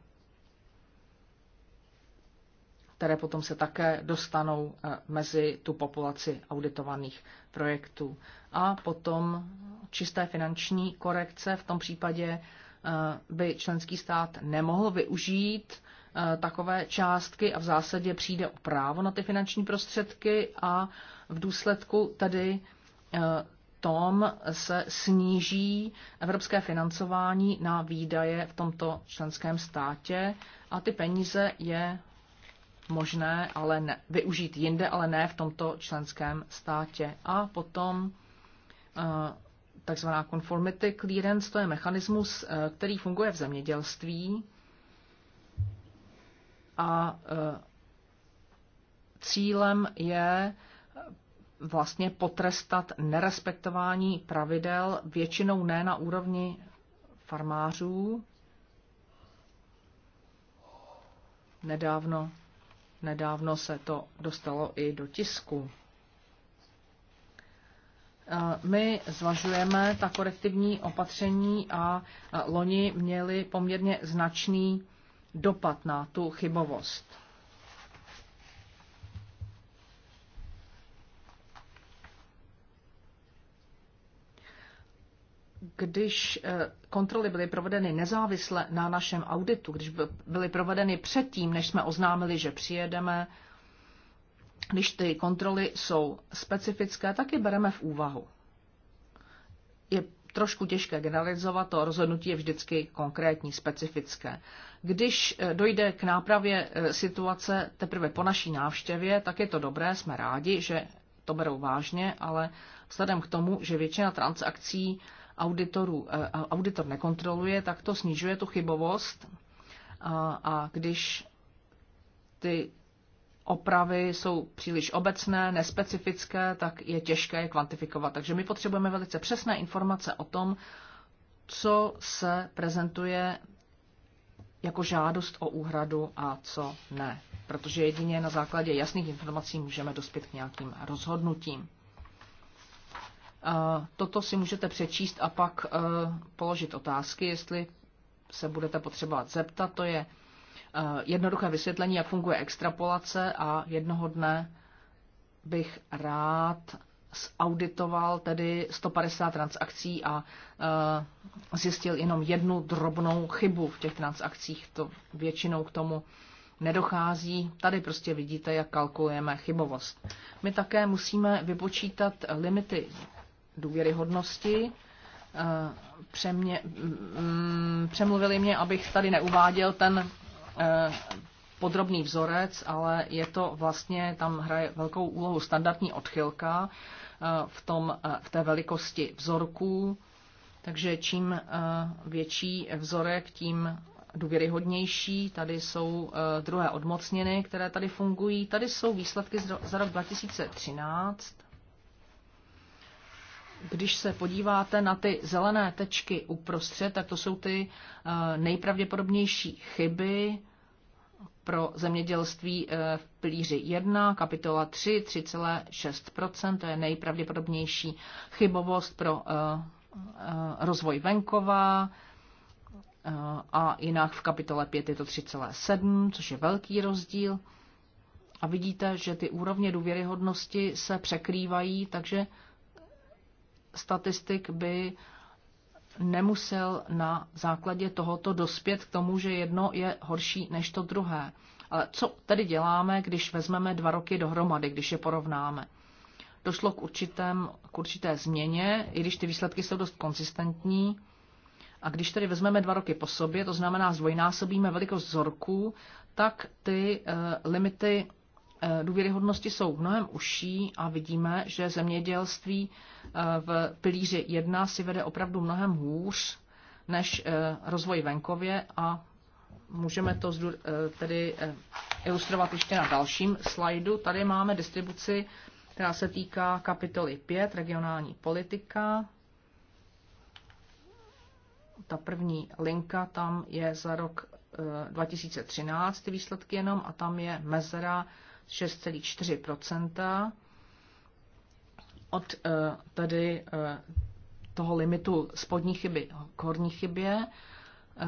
které potom se také dostanou eh, mezi tu populaci auditovaných projektů. A potom čisté finanční korekce v tom případě eh, by členský stát nemohl využít eh, takové částky a v zásadě přijde o právo na ty finanční prostředky a v důsledku tedy tom se sníží evropské financování na výdaje v tomto členském státě a ty peníze je možné ale ne, využít jinde, ale ne v tomto členském státě. A potom eh, takzvaná conformity clearance, to je mechanismus, eh, který funguje v zemědělství a eh, cílem je vlastně potrestat nerespektování pravidel, většinou ne na úrovni farmářů. Nedávno Nedávno se to dostalo i do tisku. E, my zvažujeme ta korektivní opatření a e, loni měli poměrně značný dopad na tu chybovost. když eh, kontroly byly provedeny nezávisle na našem auditu, když byly provedeny předtím, než jsme oznámili, že přijedeme, když ty kontroly jsou specifické, tak je bereme v úvahu. Je trošku těžké generalizovat, to rozhodnutí je vždycky konkrétní, specifické. Když eh, dojde k nápravě eh, situace teprve po naší návštěvě, tak je to dobré, jsme rádi, že to berou vážně, ale vzhledem k tomu, že většina transakcí auditorů, eh, auditor nekontroluje, tak to snižuje tu chybovost. A, eh, a když ty opravy jsou příliš obecné, nespecifické, tak je těžké je kvantifikovat. Takže my potřebujeme velice přesné informace o tom, co se prezentuje jako žádost o úhradu a co ne. Protože jedině na základě jasných informací můžeme dospět k nějakým rozhodnutím. Eh, toto si můžete přečíst a pak eh, položit otázky, jestli se budete potřebovat zeptat. To je eh, jednoduché vysvětlení, jak funguje extrapolace a jednoho dne bych rád zauditoval tedy 150 transakcí a e, zjistil jenom jednu drobnou chybu v těch transakcích. To většinou k tomu nedochází. Tady prostě vidíte, jak kalkulujeme chybovost. My také musíme vypočítat limity důvěryhodnosti. Eh, přemě, mm, přemluvili mě, abych tady neuváděl ten eh, podrobný vzorec, ale je to vlastně, tam hraje velkou úlohu standardní odchylka eh, v, tom, v té velikosti vzorků, takže čím větší vzorek, tím důvěryhodnější. Tady jsou druhé odmocněny, které tady fungují. Tady jsou výsledky za rok 2013 když se podíváte na ty zelené tečky uprostřed, tak to jsou ty eh, nejpravděpodobnější chyby pro zemědělství eh, v pilíři 1, kapitola 3, 3,6 to je nejpravděpodobnější chybovost pro eh, rozvoj venkova a jinak v kapitole 5 je to 3,7, což je velký rozdíl. A vidíte, že ty úrovně důvěryhodnosti se překrývají, takže statistik by nemusel na základě tohoto dospět k tomu, že jedno je horší než to druhé. Ale co tedy děláme, když vezmeme dva roky dohromady, když je porovnáme? Došlo k, určitém, k určité změně, i když ty výsledky jsou dost konzistentní. A když tedy vezmeme dva roky po sobě, to znamená zdvojnásobíme velikost vzorků, tak ty e, limity Eh, důvěryhodnosti jsou mnohem užší a vidíme, že zemědělství eh, v pilíři 1 si vede opravdu mnohem hůř než eh, rozvoj venkově a můžeme to tedy ilustrovat ještě na dalším slajdu. Tady máme distribuci, která se týká kapitoly 5, regionální politika. Ta první linka tam je za rok 2013 ty výsledky jenom a tam je mezera 6,4 Od eh, tady eh, toho limitu spodní chyby k horní chybě,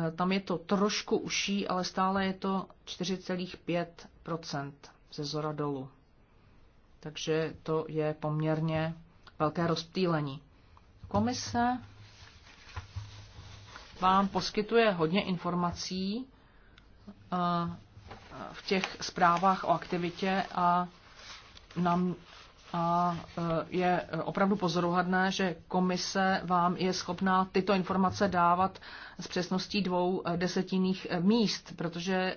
eh, tam je to trošku uší, ale stále je to 4,5 ze zora dolů. Takže to je poměrně velké rozptýlení. Komise vám poskytuje hodně informací v těch zprávách o aktivitě a nám a e, je opravdu pozoruhodné, že komise vám je schopná tyto informace dávat s přesností dvou e, desetinných e, míst, protože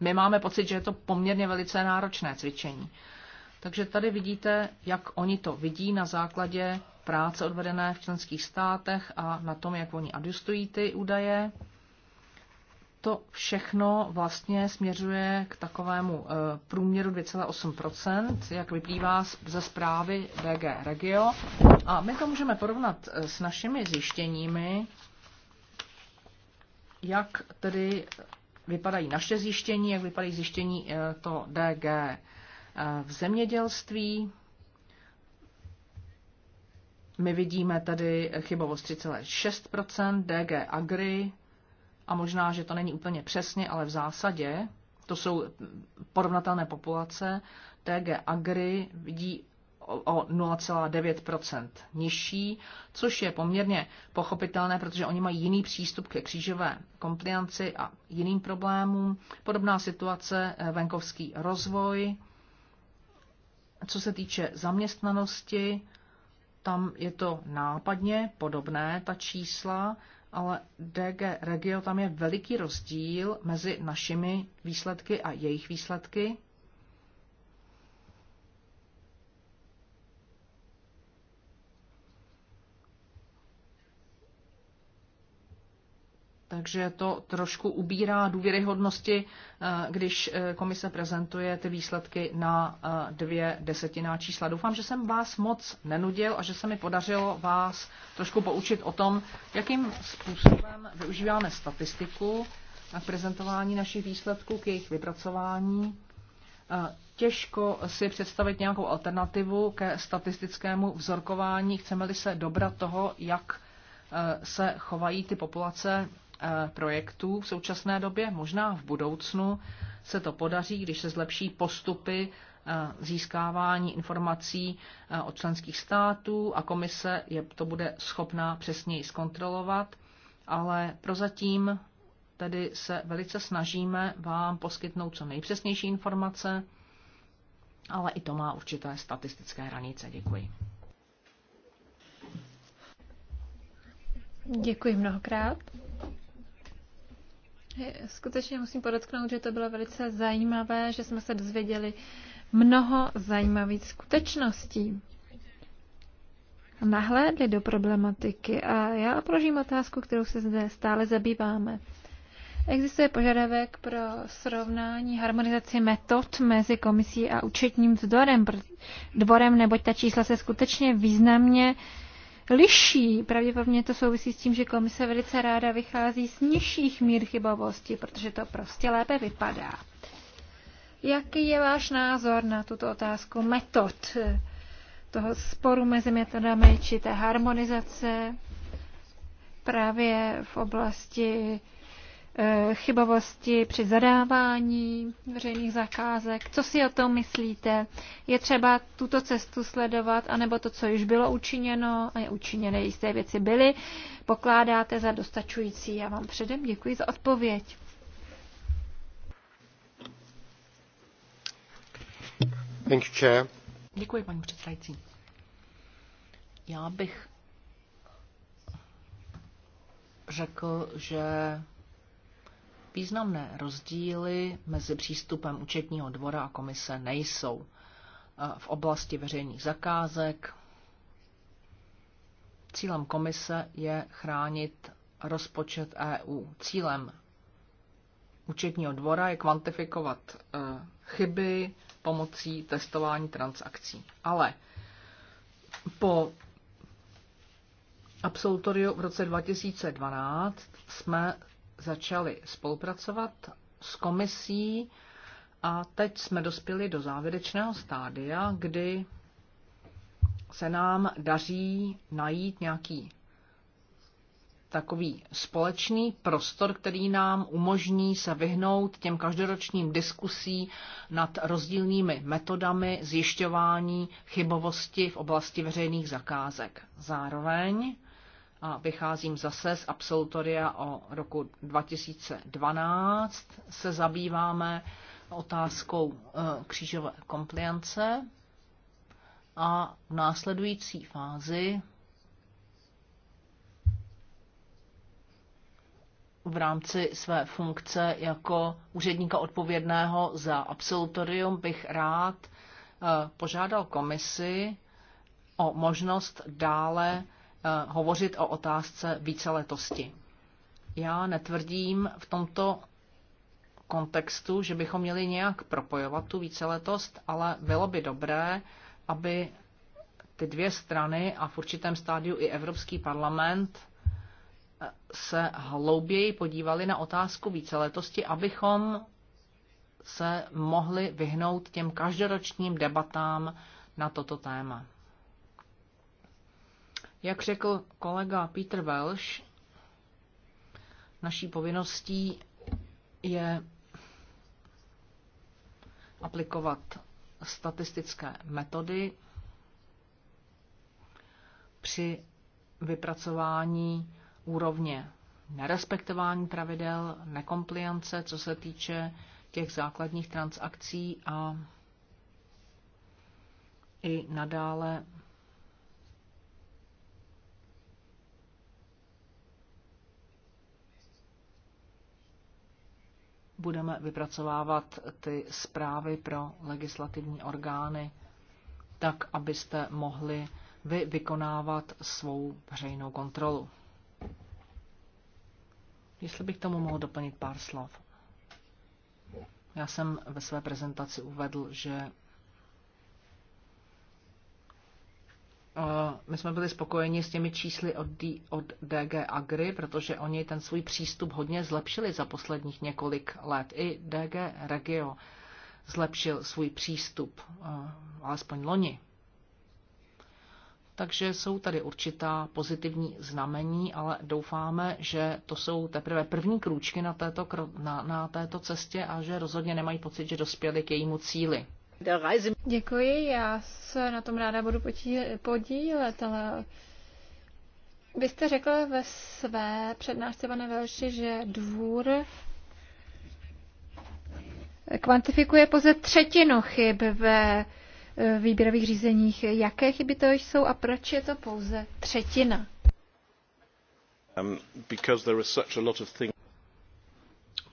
my máme pocit, že je to poměrně velice náročné cvičení. Takže tady vidíte, jak oni to vidí na základě práce odvedené v členských státech a na tom, jak oni adjustují ty údaje to všechno vlastně směřuje k takovému eh, průměru 2,8%, jak vyplývá ze zprávy DG Regio. A my to můžeme porovnat eh, s našimi zjištěními, jak tedy vypadají naše zjištění, jak vypadají zjištění eh, to DG v zemědělství. My vidíme tady chybovost 3,6%, DG Agri a možná, že to není úplně přesně, ale v zásadě, to jsou porovnatelné populace, TG Agri vidí o 0,9 nižší, což je poměrně pochopitelné, protože oni mají jiný přístup ke křížové komplianci a jiným problémům. Podobná situace eh, venkovský rozvoj. Co se týče zaměstnanosti, tam je to nápadně podobné, ta čísla ale DG Regio tam je veliký rozdíl mezi našimi výsledky a jejich výsledky. Takže to trošku ubírá důvěryhodnosti, eh, když eh, komise prezentuje ty výsledky na eh, dvě desetiná čísla. Doufám, že jsem vás moc nenudil a že se mi podařilo vás trošku poučit o tom, jakým způsobem využíváme statistiku k prezentování našich výsledků, k jejich vypracování. Těžko si představit nějakou alternativu ke statistickému vzorkování. Chceme-li se dobrat toho, jak se chovají ty populace Eh, projektů v současné době, možná v budoucnu se to podaří, když se zlepší postupy eh, získávání informací eh, od členských států a komise je, to bude schopná přesněji zkontrolovat, ale prozatím tedy se velice snažíme vám poskytnout co nejpřesnější informace, ale i to má určité statistické hranice. Děkuji.
Děkuji mnohokrát skutečně musím podotknout, že to bylo velice zajímavé, že jsme se dozvěděli mnoho zajímavých skutečností. Nahlédli do problematiky a já prožím otázku, kterou se zde stále zabýváme. Existuje požadavek pro srovnání harmonizaci metod mezi komisí a účetním vzdorem, dvorem, neboť ta čísla se skutečně významně uh, liší. Pravděpodobně to souvisí s tím, že komise velice ráda vychází z nižších mír chybovosti, protože to prostě lépe vypadá. Jaký je váš názor na tuto otázku metod toho sporu mezi metodami či té harmonizace právě v oblasti Eh, chybovosti při zadávání veřejných zakázek. Co si o tom myslíte? Je třeba tuto cestu sledovat, anebo to, co již bylo učiněno, a je učiněné jisté věci byly, pokládáte za dostačující? Já vám předem děkuji za odpověď.
Děkuji, paní předsedající. Já bych řekl, že Významné rozdíly mezi přístupem účetního dvora a komise nejsou. E, v oblasti veřejných zakázek cílem komise je chránit rozpočet EU. Cílem účetního dvora je kvantifikovat e, chyby pomocí testování transakcí. Ale po absolutoriu v roce 2012 jsme začali spolupracovat s komisí a teď jsme dospěli do závěrečného stádia, kdy se nám daří najít nějaký takový společný prostor, který nám umožní se vyhnout těm každoročním diskusí nad rozdílnými metodami zjišťování chybovosti v oblasti veřejných zakázek. Zároveň a vycházím zase z absolutoria o roku 2012, se zabýváme otázkou e, křížové kompliance a v následující fázi v rámci své funkce jako úředníka odpovědného za absolutorium bych rád e, požádal komisi o možnost dále Eh, hovořit o otázce víceletosti. Já netvrdím v tomto kontextu, že bychom měli nějak propojovat tu víceletost, ale bylo by dobré, aby ty dvě strany a v určitém stádiu i Evropský parlament eh, se hlouběji podívali na otázku víceletosti, abychom se mohli vyhnout těm každoročním debatám na toto téma. Jak řekl kolega Peter Welsh, naší povinností je aplikovat statistické metody při vypracování úrovně nerespektování pravidel, nekompliance, co se týče těch základních transakcí a i nadále budeme vypracovávat ty zprávy pro legislativní orgány, tak abyste mohli vy vykonávat svou veřejnou kontrolu. Jestli bych tomu mohl doplnit pár slov. Já jsem ve své prezentaci uvedl, že my jsme byli spokojeni s těmi čísly od, D, od DG Agri, protože oni ten svůj přístup hodně zlepšili za posledních několik let. I DG Regio zlepšil svůj přístup, eh, alespoň loni. Takže jsou tady určitá pozitivní znamení, ale doufáme, že to jsou teprve první krůčky na této, na, na této cestě a že rozhodně nemají pocit, že dospěli k jejímu cíli.
Děkuji, já se na tom ráda budu podílet, ale vy jste řekl ve své přednášce, pane Velši, že dvůr kvantifikuje pouze třetinu chyb ve e, výběrových řízeních. Jaké chyby to jsou a proč je
to pouze třetina? Um,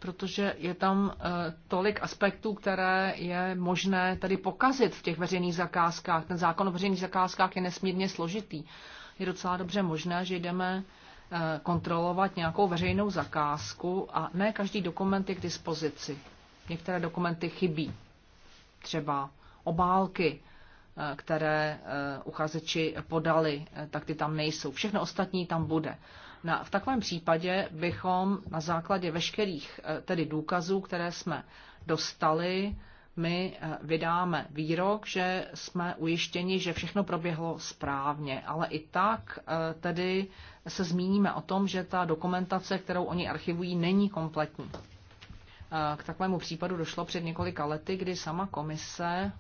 protože je tam eh, tolik aspektů, které je možné tady pokazit v těch veřejných zakázkách. Ten zákon o veřejných zakázkách je nesmírně složitý. Je docela dobře možné, že jdeme eh, kontrolovat nějakou veřejnou zakázku a ne každý dokument je k dispozici. Některé dokumenty chybí. Třeba obálky, eh, které uchazeči podali, tak ty tam nejsou. Všechno ostatní tam bude. Na, v takovém případě bychom na základě veškerých eh, tedy důkazů, které jsme dostali, my eh, vydáme výrok, že jsme ujištěni, že všechno proběhlo správně, ale i tak eh, tedy se zmíníme o tom, že ta dokumentace, kterou oni archivují, není kompletní. K takovému případu došlo před několika lety, kdy sama komise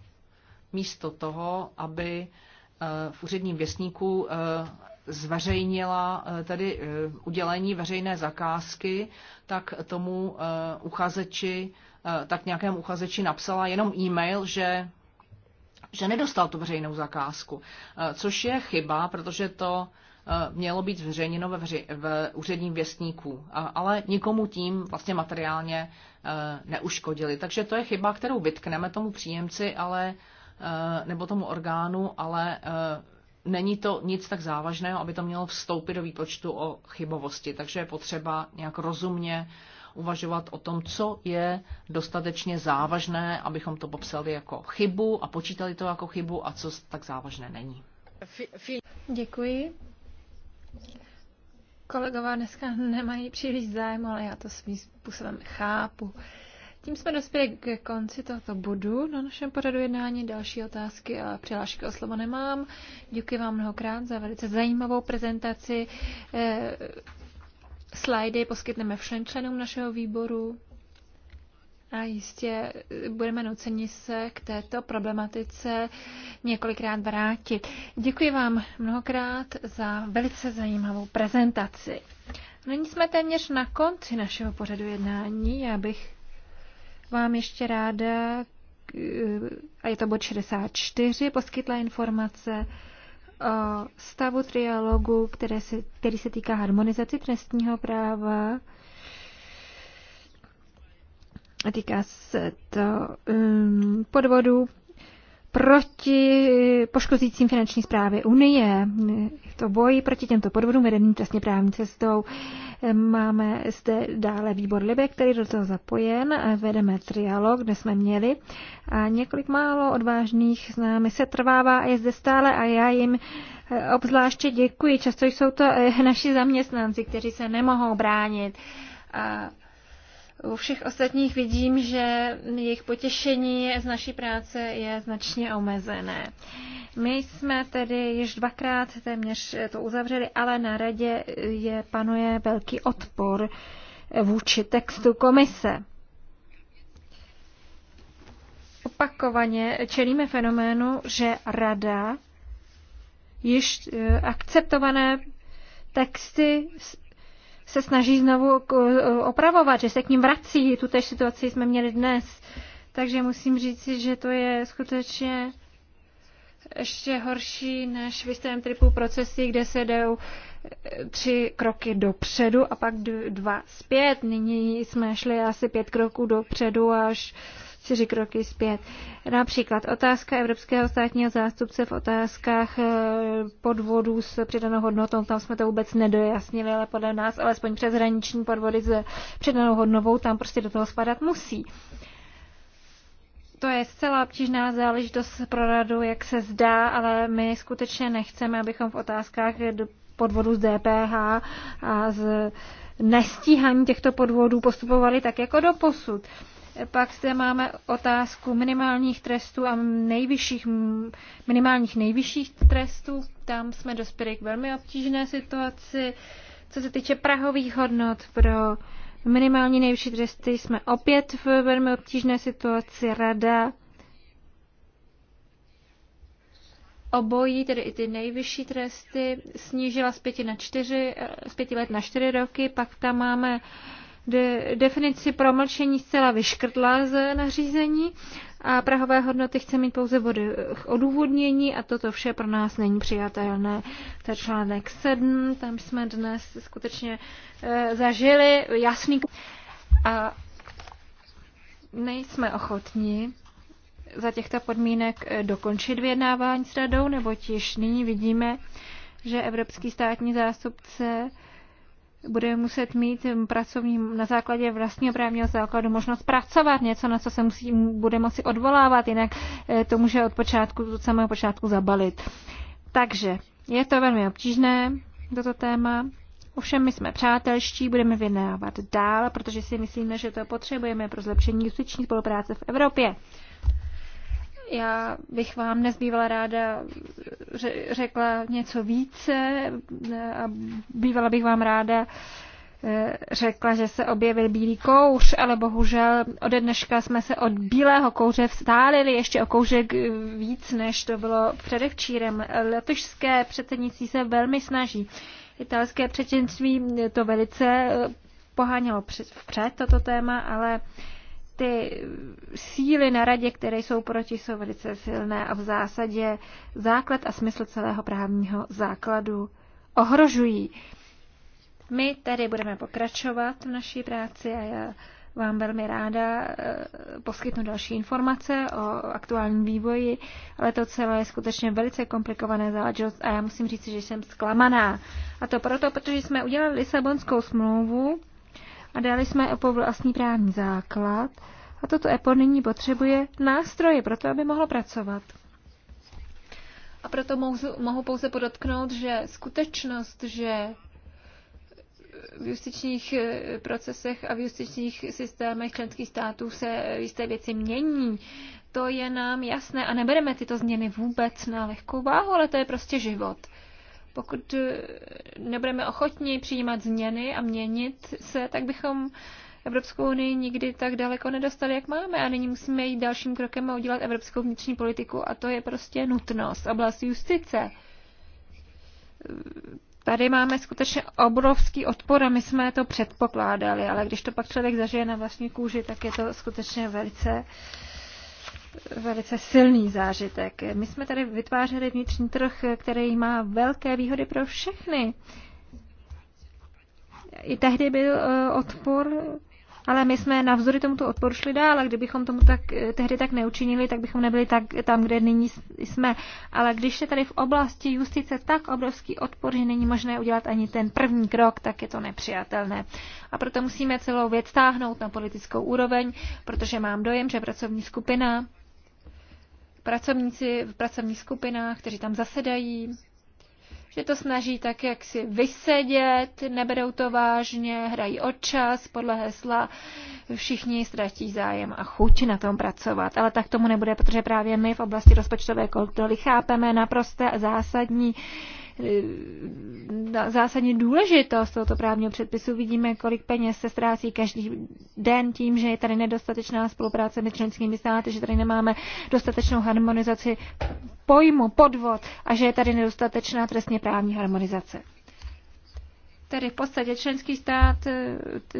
místo toho, aby v úředním věstníku zveřejnila eh, tedy eh, udělení veřejné zakázky, tak tomu eh, uchazeči, tak nějakému uchazeči napsala jenom e-mail, že že nedostal tu veřejnou zakázku, což je chyba, protože to mělo být zveřejněno ve, vři, ve úředním věstníku, ale nikomu tím vlastně materiálně neuškodili. Takže to je chyba, kterou vytkneme tomu příjemci, ale nebo tomu orgánu, ale není to nic tak závažného, aby to mělo vstoupit do výpočtu o chybovosti. Takže je potřeba nějak rozumně uvažovat o tom, co je dostatečně závažné, abychom to popsali jako chybu a počítali to jako chybu a co tak závažné není.
Děkuji. Kolegové dneska nemají příliš zájem, ale já to svým způsobem chápu. Tím jsme dospěli ke konci tohoto bodu na našem pořadu jednání. Další otázky a přihlášky o slovo nemám. Děkuji vám mnohokrát za velice zajímavou prezentaci. Eh, Slidy poskytneme všem členům našeho výboru a jistě budeme nuceni se k této problematice několikrát vrátit. Děkuji vám mnohokrát za velice zajímavou prezentaci. Nyní jsme téměř na konci našeho pořadu jednání. Já bych vám ještě ráda, a je to bod 64, poskytla informace o stavu trialogu, které se, který se týká harmonizace trestního práva. A týká se to um, podvodu proti poškozícím finanční zprávy Unie. To boji proti těmto podvodům vedeným trestně právní cestou. Máme zde dále výbor Libe, který do toho zapojen. Vedeme trialog, kde jsme měli. A několik málo odvážných s námi se trvává a je zde stále a já jim eh, obzvláště děkuji. Často jsou to eh, naši zaměstnanci, kteří se nemohou bránit. A u všech ostatních vidím, že jejich potěšení z naší práce je značně omezené. My jsme tedy již dvakrát téměř to uzavřeli, ale na radě je, panuje velký odpor vůči textu komise. Opakovaně čelíme fenoménu, že rada již eh, akceptované texty se snaží znovu opravovat, že se k ním vrací. tež situaci jsme měli dnes. Takže musím říci, že to je skutečně ještě horší než v jistém tripu procesy, kde se jdou e, tři kroky dopředu a pak dva zpět. Nyní jsme šli asi pět kroků dopředu až čtyři kroky zpět. Například otázka Evropského státního zástupce v otázkách eh, podvodů s přidanou hodnotou, tam jsme to vůbec nedojasnili, ale podle nás alespoň přeshraniční podvody s přidanou hodnotou tam prostě do toho spadat musí. To je zcela obtížná záležitost pro radu, jak se zdá, ale my skutečně nechceme, abychom v otázkách podvodu z DPH a z nestíhání těchto podvodů postupovali tak jako do posud. Pak zde máme otázku minimálních trestů a nejvyšších, minimálních nejvyšších trestů. Tam jsme dospěli k velmi obtížné situaci. Co se týče prahových hodnot pro minimální nejvyšší tresty, jsme opět v velmi obtížné situaci. Rada obojí, tedy i ty nejvyšší tresty, snížila z pěti, na čtyři, z pěti let na čtyři roky. Pak tam máme uh, de, definici promlčení zcela vyškrtla z nařízení a prahové hodnoty chce mít pouze vody eh, odůvodnění a toto vše pro nás není přijatelné. To je článek 7, tam jsme dnes skutečně e, zažili jasný a nejsme ochotní za těchto podmínek eh, dokončit vyjednávání s radou, neboť již nyní vidíme, že evropský státní zástupce bude muset mít pracovní na základě vlastního právního základu možnost pracovat, něco, na co se musí, bude moci odvolávat, jinak eh, to může od počátku, od samého počátku zabalit. Takže je to velmi obtížné, toto téma. Ovšem my jsme přátelští, budeme vyjednávat dál, protože si myslíme, že to potřebujeme pro zlepšení justiční spolupráce v Evropě. Já bych vám nezbývala ráda, ráda řekla něco více a bývala bych vám ráda eh, řekla, že se objevil bílý kouř, ale bohužel ode dneška jsme se od bílého kouře vstálili ještě o kouřek víc, než to bylo předevčírem. Letošské předsednictví se velmi snaží. Italské předsednictví to velice eh, pohánělo vpřed toto téma, ale ty síly na radě, které jsou proti, jsou velice silné a v zásadě základ a smysl celého právního základu ohrožují. My tedy budeme pokračovat v naší práci a já vám velmi ráda eh, poskytnu další informace o aktuálním vývoji, ale to celé je skutečně velice komplikované záležitost a já musím říct, že jsem zklamaná. A to proto, protože jsme udělali Lisabonskou smlouvu, a dali jsme EPO vlastní právní základ a toto EPO nyní potřebuje nástroje pro to, aby mohlo pracovat. A proto mohu pouze podotknout, že skutečnost, že v justičních eh, procesech a v justičních systémech členských států se jisté věci mění. To je nám jasné a nebereme tyto změny vůbec na lehkou váhu, ale to je prostě život. Pokud eh, nebudeme ochotni přijímat změny a měnit se, tak bychom Evropskou unii nikdy tak daleko nedostali, jak máme. A nyní musíme jít dalším krokem a udělat evropskou vnitřní politiku. A to je prostě nutnost. Oblast justice. Tady máme skutečně obrovský odpor a my jsme to předpokládali, ale když to pak člověk zažije na vlastní kůži, tak je to skutečně velice velice silný zážitek. My jsme tady vytvářeli vnitřní trh, který má velké výhody pro všechny. I tehdy byl e, odpor, ale my jsme navzory tomuto odporu šli dál a kdybychom tomu tak, e, tehdy tak neučinili, tak bychom nebyli tak, tam, kde nyní jsme. Ale když je tady v oblasti justice tak obrovský odpor, že není možné udělat ani ten první krok, tak je to nepřijatelné. A proto musíme celou věc stáhnout na politickou úroveň, protože mám dojem, že pracovní skupina pracovníci v pracovních skupinách, kteří tam zasedají, že to snaží tak, jak si vysedět, neberou to vážně, hrají o čas, podle hesla všichni ztratí zájem a chuť na tom pracovat. Ale tak tomu nebude, protože právě my v oblasti rozpočtové kontroly chápeme naprosté zásadní uh, zásadní důležitost tohoto právního předpisu. Vidíme, kolik peněz se ztrácí každý den tím, že je tady nedostatečná spolupráce mezi členskými státy, že tady nemáme dostatečnou harmonizaci pojmu podvod a že je tady nedostatečná trestně právní harmonizace tedy v podstatě členský stát,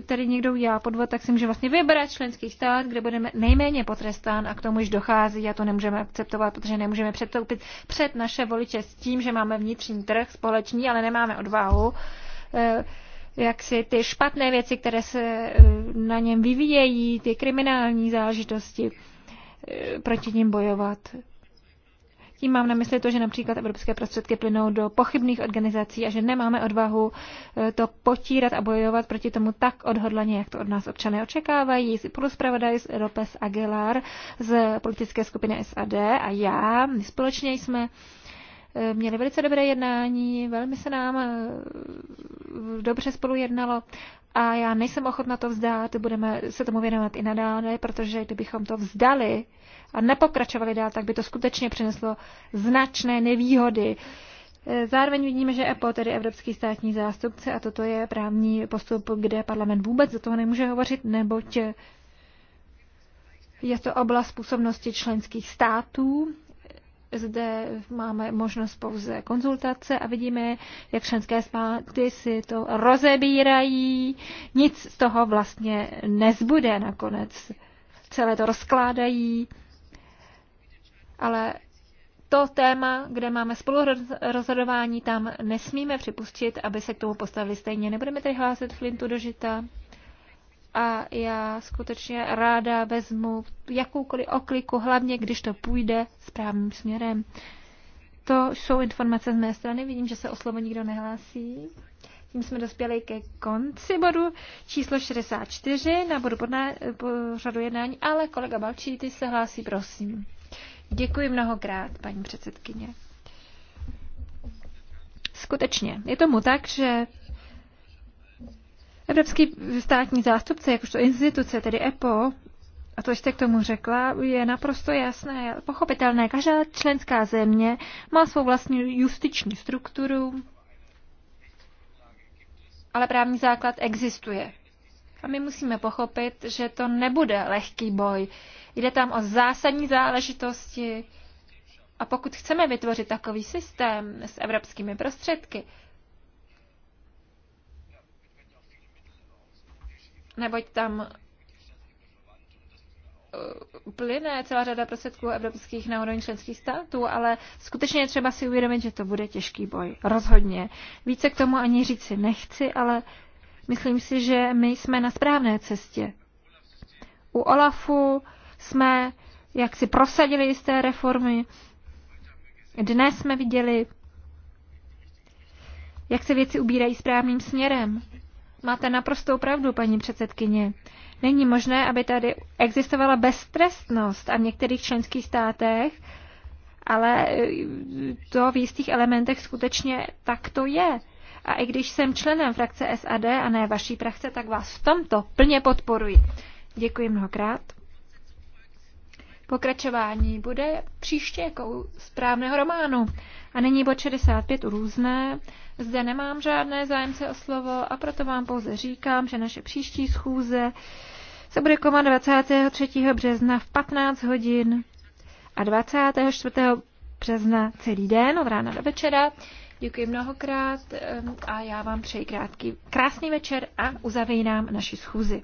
který e, někdo udělá podvod, tak si může vlastně vybrat členský stát, kde budeme nejméně potrestán a k tomu již dochází a to nemůžeme akceptovat, protože nemůžeme přetoupit před naše voliče s tím, že máme vnitřní trh společný, ale nemáme odvahu e, jak si ty špatné věci, které se e, na něm vyvíjejí, ty kriminální záležitosti, proti ním bojovat. Tím mám na mysli to, že například evropské prostředky plynou do pochybných organizací a že nemáme odvahu eh, to potírat a bojovat proti tomu tak odhodlaně, jak to od nás občané očekávají. Poluspravodaj z Ropes Aguilar z politické skupiny SAD a já, my společně jsme eh, měli velice dobré jednání, velmi se nám eh, dobře spolu jednalo a já nejsem ochotna to vzdát, budeme se tomu věnovat i nadále, protože kdybychom to vzdali, a nepokračovali dál, tak by to skutečně přineslo značné nevýhody. Zároveň vidíme, že EPO, tedy Evropský státní zástupce, a toto je právní postup, kde parlament vůbec do toho nemůže hovořit, neboť je to oblast působnosti členských států. Zde máme možnost pouze konzultace a vidíme, jak členské státy si to rozebírají. Nic z toho vlastně nezbude nakonec. Celé to rozkládají ale to téma, kde máme spolurozhodování, tam nesmíme připustit, aby se k tomu postavili stejně. Nebudeme tedy hlásit Flintu do žita. A já skutečně ráda vezmu jakoukoliv okliku, hlavně když to půjde správným směrem. To jsou informace z mé strany. Vidím, že se o slovo nikdo nehlásí. Tím jsme dospěli ke konci bodu číslo 64 na bodu pořadu jednání, ale kolega ty se hlásí, prosím. Děkuji mnohokrát, paní předsedkyně. Skutečně, je tomu tak, že Evropský státní zástupce, jakožto instituce, tedy EPO, a to jste k tomu řekla, je naprosto jasné, pochopitelné. Každá členská země má svou vlastní justiční strukturu, ale právní základ existuje. A my musíme pochopit, že to nebude lehký boj. Jde tam o zásadní záležitosti. A pokud chceme vytvořit takový systém s evropskými prostředky, neboť tam uh, plyne celá řada prostředků evropských na úrovni členských států, ale skutečně je třeba si uvědomit, že to bude těžký boj. Rozhodně. Více k tomu ani říci nechci, ale Myslím si, že my jsme na správné cestě. U Olafu jsme jak si prosadili jisté reformy. Dnes jsme viděli, jak se věci ubírají správným směrem. Máte naprostou pravdu, paní předsedkyně. Není možné, aby tady existovala beztrestnost a v některých členských státech, ale to v jistých elementech skutečně tak to je. A i když jsem členem frakce SAD a ne vaší frakce, tak vás v tomto plně podporuji. Děkuji mnohokrát. Pokračování bude příště jako u správného románu. A nyní bod 65 různé. Zde nemám žádné zájemce o slovo a proto vám pouze říkám, že naše příští schůze se bude konat 23. března v 15 hodin a 24. března celý den od rána do večera. Děkuji mnohokrát ehm, a já vám přeji krátký, krásný večer a uzavírám naši schůzi.